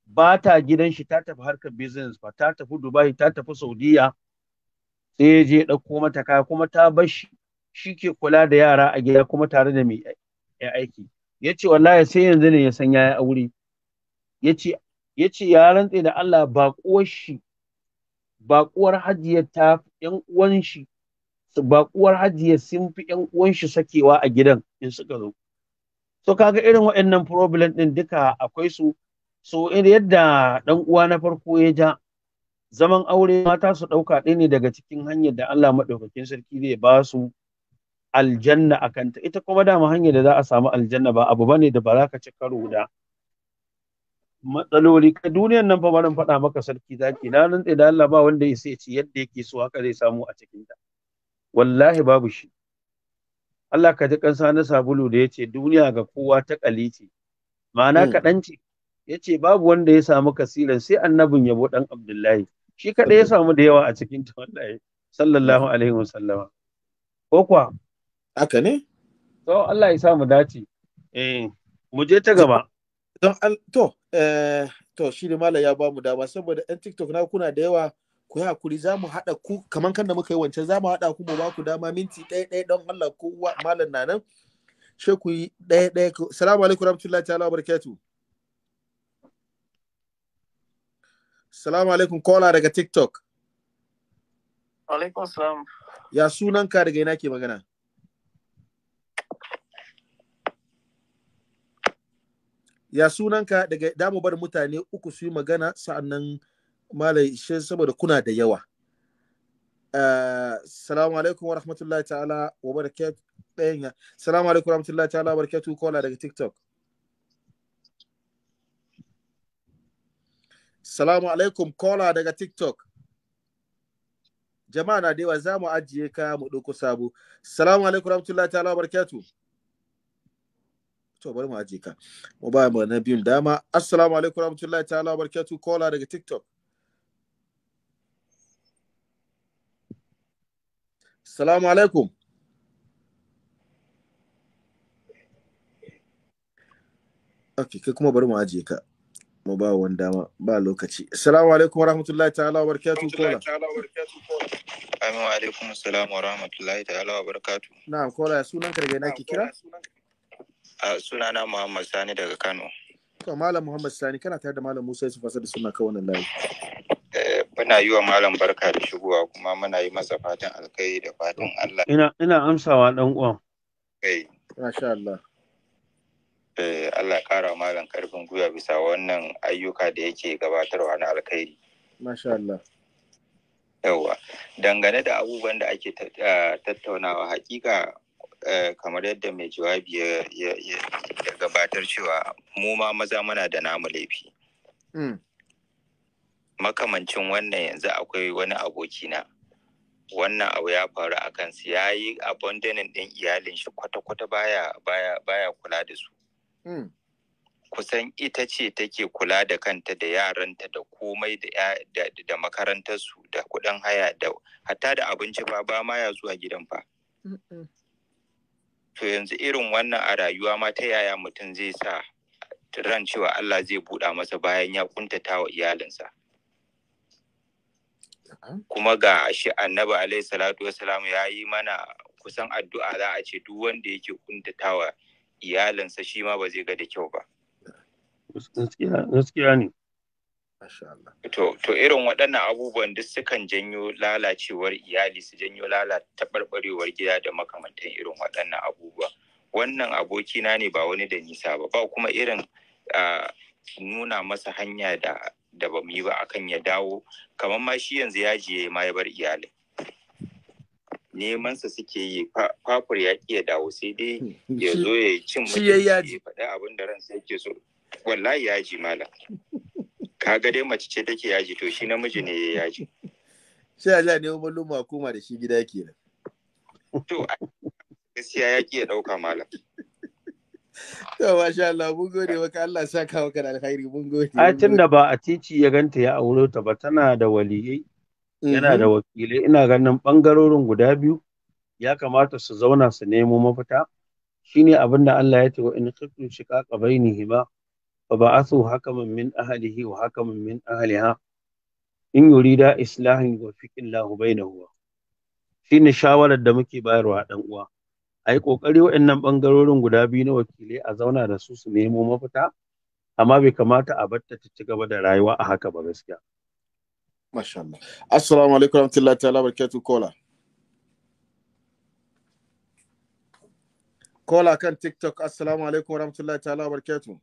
ba ta gidan shi ta tafi harkar business ba ta tafi Dubai ta tafi Saudiya sai ya je ɗauko mata kaya kuma ta bar shi shi ke kula da yara a gida kuma tare da mai aiki ya ce wallahi sai yanzu ne ya san ya yi aure ya ce ya rantse da Allah baƙuwar shi baƙuwar ta ‘yan uwan shi baƙuwar sun fi ‘yan uwan shi sakewa a gidan in suka zo so kaga irin waɗannan problem ɗin duka akwai su so yadda ɗan uwa na farko ya ja zaman aure mata su ɗauka ɗaya ne daga cikin hanyar da Allah maɗaukakin sarki zai ba su aljanna a kanta ita kuma dama hanyar da za a samu aljanna ba abu bane da ba za ka ci karo da matsaloli ka duniyar nan fa barin faɗa maka sarki zaki na rantsa da Allah ba wanda ya sai ci yadda yake so haka zai samu a cikin ta wallahi babu shi Allah ka ji kansa na sabulu da yace duniya ga kowa ta kalice ma'ana dan hmm. ce yace babu wanda ya samu kasiran sai annabin yabo dan Abdullahi shi kaɗai ya samu da yawa a cikin ta wallahi sallallahu alaihi wasallama ko kuwa haka ne to Allah ya sa mu dace eh, mu je ta gaba don to eh to shi ne mala ya ba mu dama saboda ɗan tiktok na kuna da yawa ku yi hakuri za mu haɗa ku kamar kan da muka yi wancan za mu haɗa ku mu ba ku dama minti ɗaya ɗaya don Allah kowa malam na nan sai ku yi ɗaya ɗaya ku salamu alaikum rahmatullahi ta'ala barakatu salamu alaikum kola daga tiktok alaikum salam ya sunanka daga ina ke magana ya sunanka daga damu bar mutane uku su yi magana sa'annan malai shi saboda kuna da yawa eh, salamu alaikum wa rahmatullahi ta'ala wa barakat ɗayan salamu alaikum wa rahmatullahi ta'ala wa barakatu kola daga tiktok salamu alaikum kola daga tiktok jama'a na da yawa za mu ajiye ka mu ɗauko sabo salamu alaikum wa rahmatullahi ta'ala wa barakatu to bari mu aje ka mu ba mu na biyun dama assalamu alaikum warahmatullahi ta'ala barkatu kola daga tiktok assalamu alaikum ok kai kuma bari mu aje ka mu ba wani dama ba lokaci assalamu alaikum warahmatullahi ta'ala barkatu kola Amin wa alaikum assalam wa rahmatullahi ta'ala wa barakatu. Na'am kola sunan karge na ki kira? sunana Muhammad Sani daga Kano. Ka Malam Muhammad Sani kana tare da Malam Musa Yusuf da suna kawo wannan layi. Eh, muna yi wa Malam barka da shigowa kuma muna yi masa fatan alkai da fatan Allah. Ina ina amsawa dan uwan. Kai. Eh. Masha Allah. Eh Allah kara Malam karfin gwiwa bisa wannan ayyuka da yake gabatarwa na alkhairi. Masha Allah. Yawwa dangane da abubuwan da ake eh, tattaunawa hakika Eh, kamar yadda mai jawabi ya gabatar cewa mu ma maza muna da namu laifi hmm. makamancin wannan yanzu akwai wani abokina wannan abu ya faru a kansu ya yi abandonin ɗin iyalin shi kwata-kwata baya baya kula da su hmm. kusan ita ce take kula da kanta da yaranta da komai da makarantarsu da kuɗin haya da hatta da abinci ba ba ma ya zuwa gidan fa to yanzu irin wannan a rayuwa ma ta yaya mutum zai sa ran cewa Allah zai buɗa masa bayan ya kuntata wa iyalinsa kuma ga shi annabi alaihi salatu wasalam ya yi mana kusan addu'a za a ce duk wanda yake kuntata wa iyalinsa shi ma ba zai ga da kyau ba gaskiya ne To, to irin waɗannan abubuwan duk sukan janyo lalacewar iyali su janyo lalata barbarewar gida da makamantan irin waɗannan abubuwa. Wannan abokina ne ba wani da nisa ba, ba kuma irin nuna masa hanya da da ba mu yi ba akan ya dawo kamar ma shi yanzu yaji ya yi ma ya bar iyalin. Nemansa suke yi fafur ya ya dawo sai dai ya zo ya cin mutum ya faɗi abin da ransa yake so. Wallahi yaji malam. ka ga dai mace ce take yaji to shi namiji ne ya yaji sai Allah ne umar lumma koma da shi gida nan to gaskiya ya ki ya dauka malam to masha Allah mun gode maka Allah saka maka da alkhairi mun gode a da ba a titi ya ganta ya auro ta ba tana da waliyai yana da mhm. wakilai ina ganin bangarorin guda biyu ya kamata su zauna su nemo mafita shine abin da Allah ya ce wa in khiftum shiqaqa bainihima fa ba'athu hakaman min ahlihi wa hakaman min ahliha in yurida islahin yuwaffiqillahu bainahuma shine shawarar da muke bayarwa dan uwa ai kokari waɗannan bangarorin guda biyu na wakilai a zauna da su su nemo mafita amma bai kamata a batta ta ci gaba da rayuwa a haka ba gaskiya masha Allah assalamu alaikum warahmatullahi ta'ala barakatuh kola kola kan tiktok assalamu alaikum warahmatullahi ta'ala barakatuh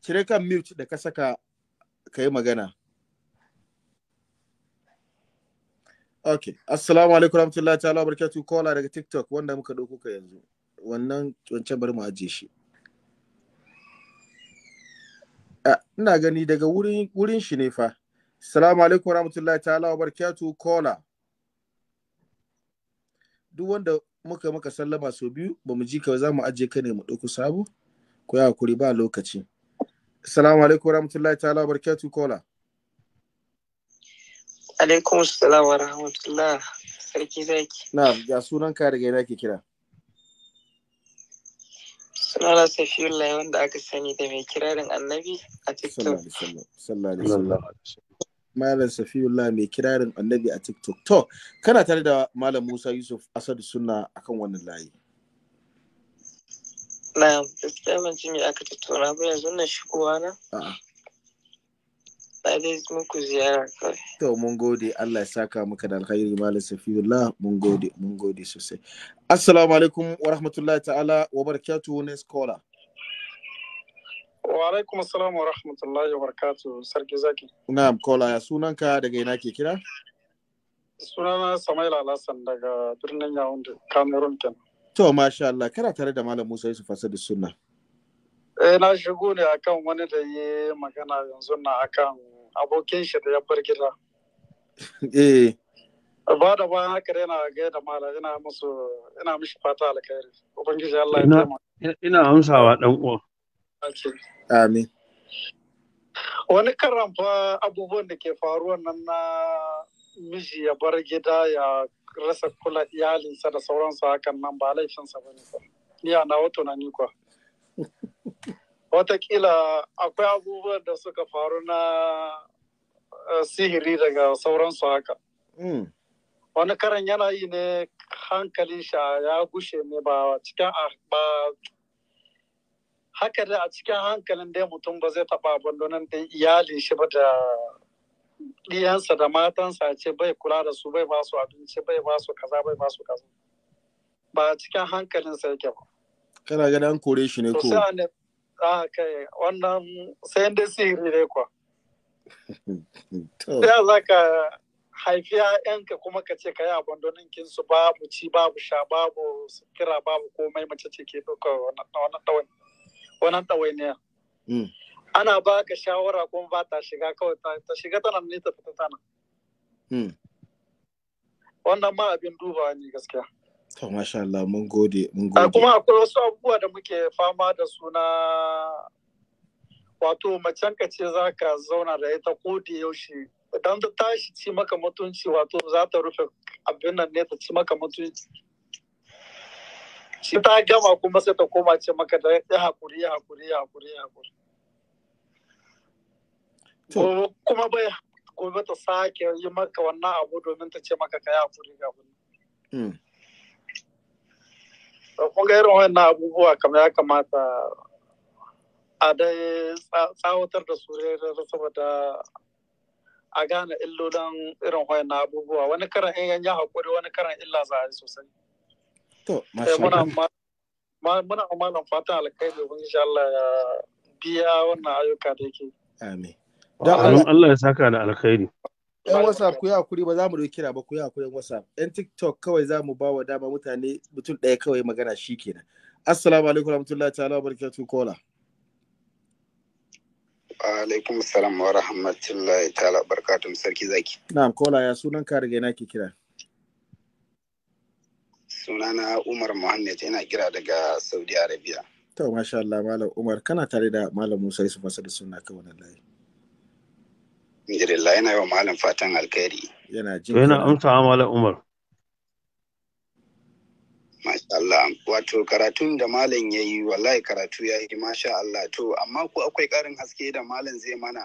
cire kan mute da ka saka ka yi magana ok assalamu alaikum rahmatullahi ta'ala barakatuh kola daga tiktok wanda muka ɗauko ka yanzu wannan wancan bari mu ajiye shi ina gani daga wurin shi ne fa assalamu alaikum rahmatullahi ta'ala barakatuh kola duk wanda muka maka sallama sau biyu ba mu ji ka za mu ajiye ka ne mu ɗauko sabu? ko ya kuri ba lokaci Assalamu alaikum warahmatullahi ta'ala barkatu kola. Alaikum assalam wa rahmatullahi, Sarki zaki. Na, ga sunan ka daga yana ke kira. Sunana Safiyullah wanda aka sani da mai kirarin Annabi a TikTok. Sallallahu alaihi wasallam. Malam Safiyullah mai kirarin Annabi a TikTok. To, kana tare da Malam Musa Yusuf Asadu Sunna akan wannan layi. na gaskiya ban me aka tattauna ba yanzu na shigowa na kawai to mun gode Allah ya saka muka da alkhairi malam safiyullah mun gode mun gode sosai assalamu alaikum wa rahmatullahi ta'ala wa barakatuhu ne skola. Wa alaikum assalam wa rahmatullahi wa barakatuh sarki zaki. Na'am kola ya sunanka daga ina ke kira? Sunana Samaila Alhassan daga birnin Yaounde, Cameroon kenan. To, masha Allah, kana tare da Malam Musa Yusuf Asadu Sunna. Eh, na shigo ne akan wani da ya magana yanzu na akan abokin shi da ya bar gida. Eh. Ba da ba haka dai na gaya da Malam ina musu ina mishi fata alkhairi. Ubangiji Allah ya taimaka. Ina amsawa dan uwa. Amin. Wani karan fa abubuwan da ke faruwa nan na miji ya bar gida ya rasa kula iyalinsa da sauransu hakan nan ba laifinsa ba ne ba ni a nawa tunani kuwa watakila akwai abubuwan da suka faru na eh, sihiri daga sauransu haka hmm. wani karan yana yi ne hankalin sha ya gushe ne ba cikin ba haka da a cikin hankalin dai mutum ba zai taɓa abandonan da iyalin shi ba da ɗiyansa da matansa a ce bai kula da su bai ba su abinci bai ba su kaza bai ba su kaza ba cikin hankalinsa yake ba kana gani an kore shi ne ko a kai wannan sai dai sihiri ne kuwa sai za ka haifi ‘ya'yanka kuma ka ce ka yi abandonin kinsu babu ci babu sha babu kira babu komai mace ce ke ɗauka wannan ya. ana ba ka shawara ko ba ta shiga kawai ta shiga tana ne ta fita tana. Hmm. Wannan ma abin duba ne gaskiya. To masha Allah mun gode mun gode. Kuma akwai wasu abubuwa da muke fama da suna wato macen ka ce za ka zauna da ita ko da yaushe idan ta tashi ci maka mutunci wato za ta rufe abin nan ne ta ci maka mutunci. Ci ta gama kuma sai ta koma ce maka da ya hakuri ya hakuri ya hakuri ya hakuri. kuma bai gobe ta sake yi maka wannan abu domin ta ce maka ka yi hakuri ga abun hmm. kun ga irin wannan abubuwa kamar ya kamata a dai tsawatar da su saboda a gane illolin irin wannan abubuwa wani karan in yanyan hakuri wani karan illa za a yi sosai to eh, muna malam fatan domin insha Allah ya biya wannan ayyuka da yake amin Don Allah ya saka da alkhairi. Yan WhatsApp ku yi hakuri ba za mu doki kira ba ku yi hakuri yan WhatsApp. Yan TikTok kawai za mu ba wa dama mutane mutum ɗaya kawai magana shi kenan. Assalamu alaikum warahmatullahi ta'ala wa barakatuh kola. Wa alaikum salam wa rahmatullahi ta'ala barakatuh sarki zaki. Na'am kola ya sunan ka daga ina ke kira. Sunana Umar Muhammad yana kira daga Saudi Arabia. To masha Allah Malam Umar kana tare da Malam Musa Yusuf da suna kawai layi. Alhamdulillah yana yau malam fatan alkhairi. Yana malam Umar. Masha Allah, wato karatun da malam ya yi wallahi karatu ya yi masha Allah to amma ku akwai karin haske da malam zai mana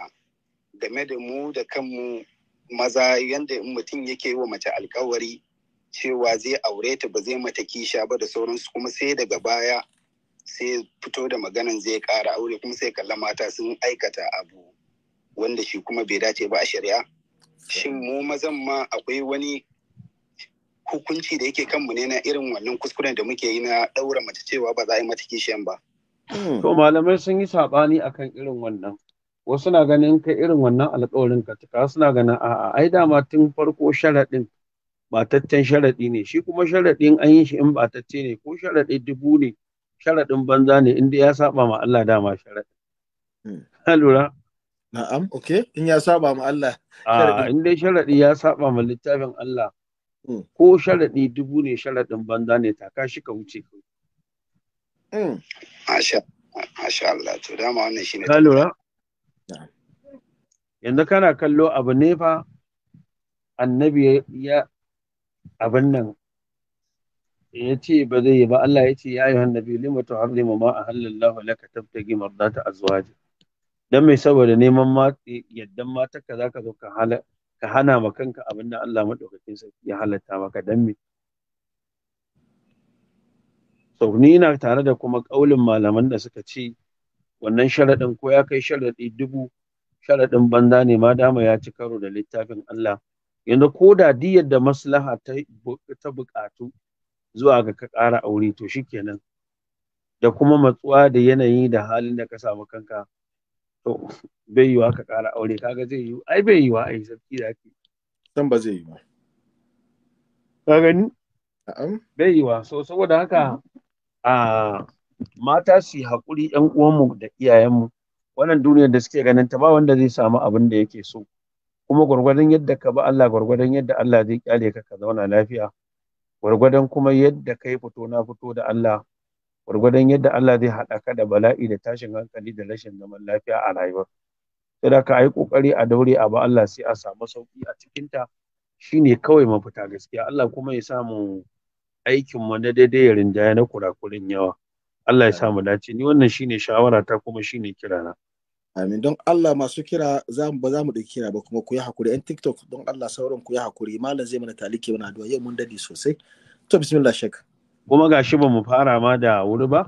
game da mu da kanmu maza yadda mutum yake wa mace alkawari cewa zai aure ta ba zai mata kisha ba da sauransu kuma sai daga baya sai fito da maganan zai kara aure kuma sai kalla mata sun aikata abu wanda shi kuma bai dace ba a shari'a shin mu mazan ma akwai wani hukunci da yake kanmu ne na irin wannan kuskuren da muke yi na ɗaura mace cewa ba za a yi mata kishiyan ba. Hmm. To malamai sun yi saɓani akan irin wannan. Wasu na ganin kai irin wannan alƙawarin ka cika suna ganin a'a ai dama tun farko sharaɗin bataccen sharaɗi ne shi kuma sharaɗin an yi shi in batacce ne ko sharaɗi dubu ne sharaɗin banza ne inda ya saba ma Allah dama sharaɗi. Hmm. Na'am, okay. In ya saba ma Allah. Ah, in dai sharaɗi ya saba ma littafin Allah. Hmm. Ko sharaɗi dubu ne sharaɗin banza ne taka shi ka wuce. Hmm. Masha Allah, to dama wannan shine. Ka lura? Yanzu kana kallo abu ne fa annabi ya abin nan ya ce ba zai yi ba Allah ya ce ya yi hannabi lima tuharrima ma ahallallahu laka tabtagi mardata azwajik dan mai saboda neman ma yaddan matarka zaka zo ka hala ka hana ma kanka abin da Allah madaukakin sarki ya halatta maka dan me so ni ina tare da kuma kaulin malaman da suka ce wannan sharaɗin ko ya kai sharaɗi dubu sharaɗin banza ne ma dama ya ci karo da littafin Allah yanzu ko da diyar da maslaha ta ta buƙatu zuwa ga ka ƙara aure to shikenan da kuma matsuwa da yanayi da halin da ka samu kanka to bai yiwa ka ƙara aure kaga zai yiwu ai bai yiwa ai sarki zaki dan ba zai yi yiwa ka gani bai yiwa so saboda haka a mata su yi haƙuri ƴan uwanmu da iyayenmu wannan duniyar da suke ganin ta ba wanda zai samu abin da yake so kuma gwargwadon yadda ka ba Allah gwargwadon yadda Allah zai kyale ka ka zauna lafiya gwargwadon kuma yadda kai fito na fito da Allah gwargwadon yadda Allah zai haɗa ka da bala'i da tashin hankali da rashin zaman lafiya a rayuwar sai da ka yi ƙoƙari a daure a ba Allah sai a samu sauƙi a cikin ta shine kawai mafita gaskiya Allah kuma ya sa mu aikin mu na daidai rinjaya na kurakurin yawa Allah ya sa mu dace ni wannan shine shawara ta kuma shine kirana Amin don Allah masu kira za mu ba za mu da kira ba kuma ku yi hakuri yan TikTok don Allah sauran ku yi hakuri malam zai mana talike wani addu'a yau mun dade sosai to bismillah shekh. kuma gashi ba mu fara ma da wuri ba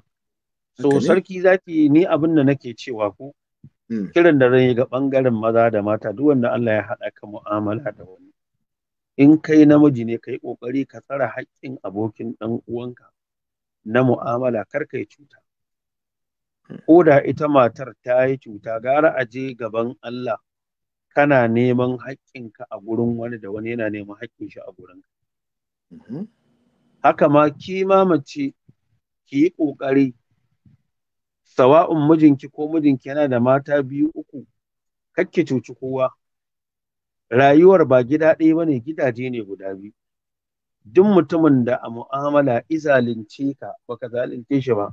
so sarki zaki ni abin da nake cewa ku hmm. kiran da rai ga bangaren maza da mata duk wanda Allah ya haɗa ka mu'amala da wani in kai namiji ne kai kokari ka tsara haƙƙin abokin ɗan uwanka na mu'amala kar kai cuta hmm. ko da ita matar ta yi cuta gara a je gaban Allah kana neman haƙƙinka a gurin wani da wani yana neman haƙƙin shi a gurinka mm-hmm. haka ma ki ma mace ki yi ƙoƙari sawa'un mijinki ko mijinki yana da mata biyu uku ki cuci kowa rayuwar ba gida ɗaya ba ne gidaje ne guda biyu duk mutumin da a mu'amala izalince ka baka zalunce shi ba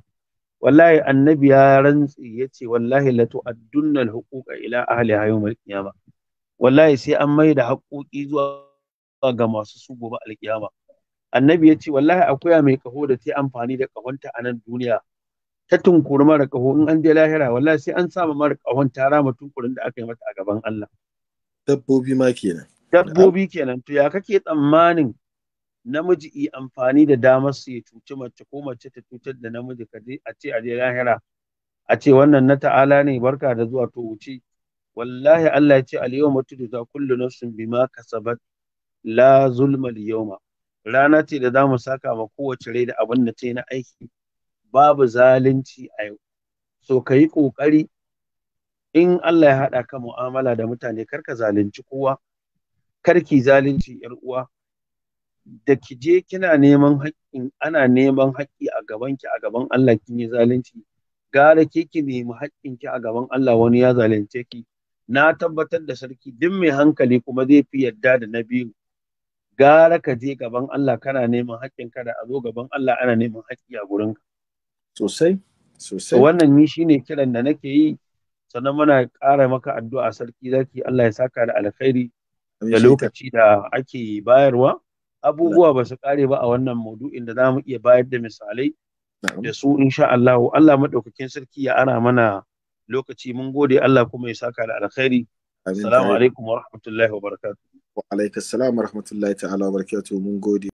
wallahi annabi ya rantsi ya ce wallahi la tu'addunna al-huquqa ila ahli yawm al-qiyama wallahi sai an mai da haƙoƙi zuwa ga masu su gobe al annabi ya ce wallahi akuya mai kaho da ta amfani da kahonta a nan duniya ta tunkuri mara kaho in an je lahira wallahi sai an sama mara kahon ta rama tunkurin da aka yi mata a gaban Allah dabbobi ma kenan dabbobi kenan to ya kake tsammanin namiji yi amfani da damar su ya cuci mace ko mace ta cutar da namiji ka je a ce a je lahira a ce wannan na ta'ala ne barka da zuwa to wuce wallahi Allah ya ce al yawma tudza kullu nafsin bima kasabat la zulmal yawma rana ce da zamu mu saka ma kowace rai da abin da ta na aiki babu zalunci a yau so ka yi ƙoƙari in Allah ya haɗa ka mu'amala da mutane karka zalunci kowa karki zalunci yar uwa da ki je kina neman haƙƙin ana neman haƙƙi a gaban ki a gaban Allah kin yi zalunci gara ke ki nemi haƙƙin ki a gaban Allah wani ya zalunce ki na tabbatar da sarki duk mai hankali kuma zai fi yarda da na biyu gara ka je gaban Allah kana neman haƙƙin ka da a zo gaban Allah ana neman haƙƙi a gurin ka sosai sosai wannan ni shine kiran da nake yi sannan muna ƙara maka addu'a sarki zaki Allah ya saka da alkhairi da lokaci da ake bayarwa abubuwa ba su kare ba a wannan maudu'in da za mu iya bayar da misalai da su insha Allah Allah madaukakin sarki ya ana mana lokaci mun gode Allah kuma ya saka da alkhairi assalamu alaikum wa rahmatullahi wa barakatuh Wa alaikassalam wa rahmatullahi ta'ala wa barakatuhu mun gode.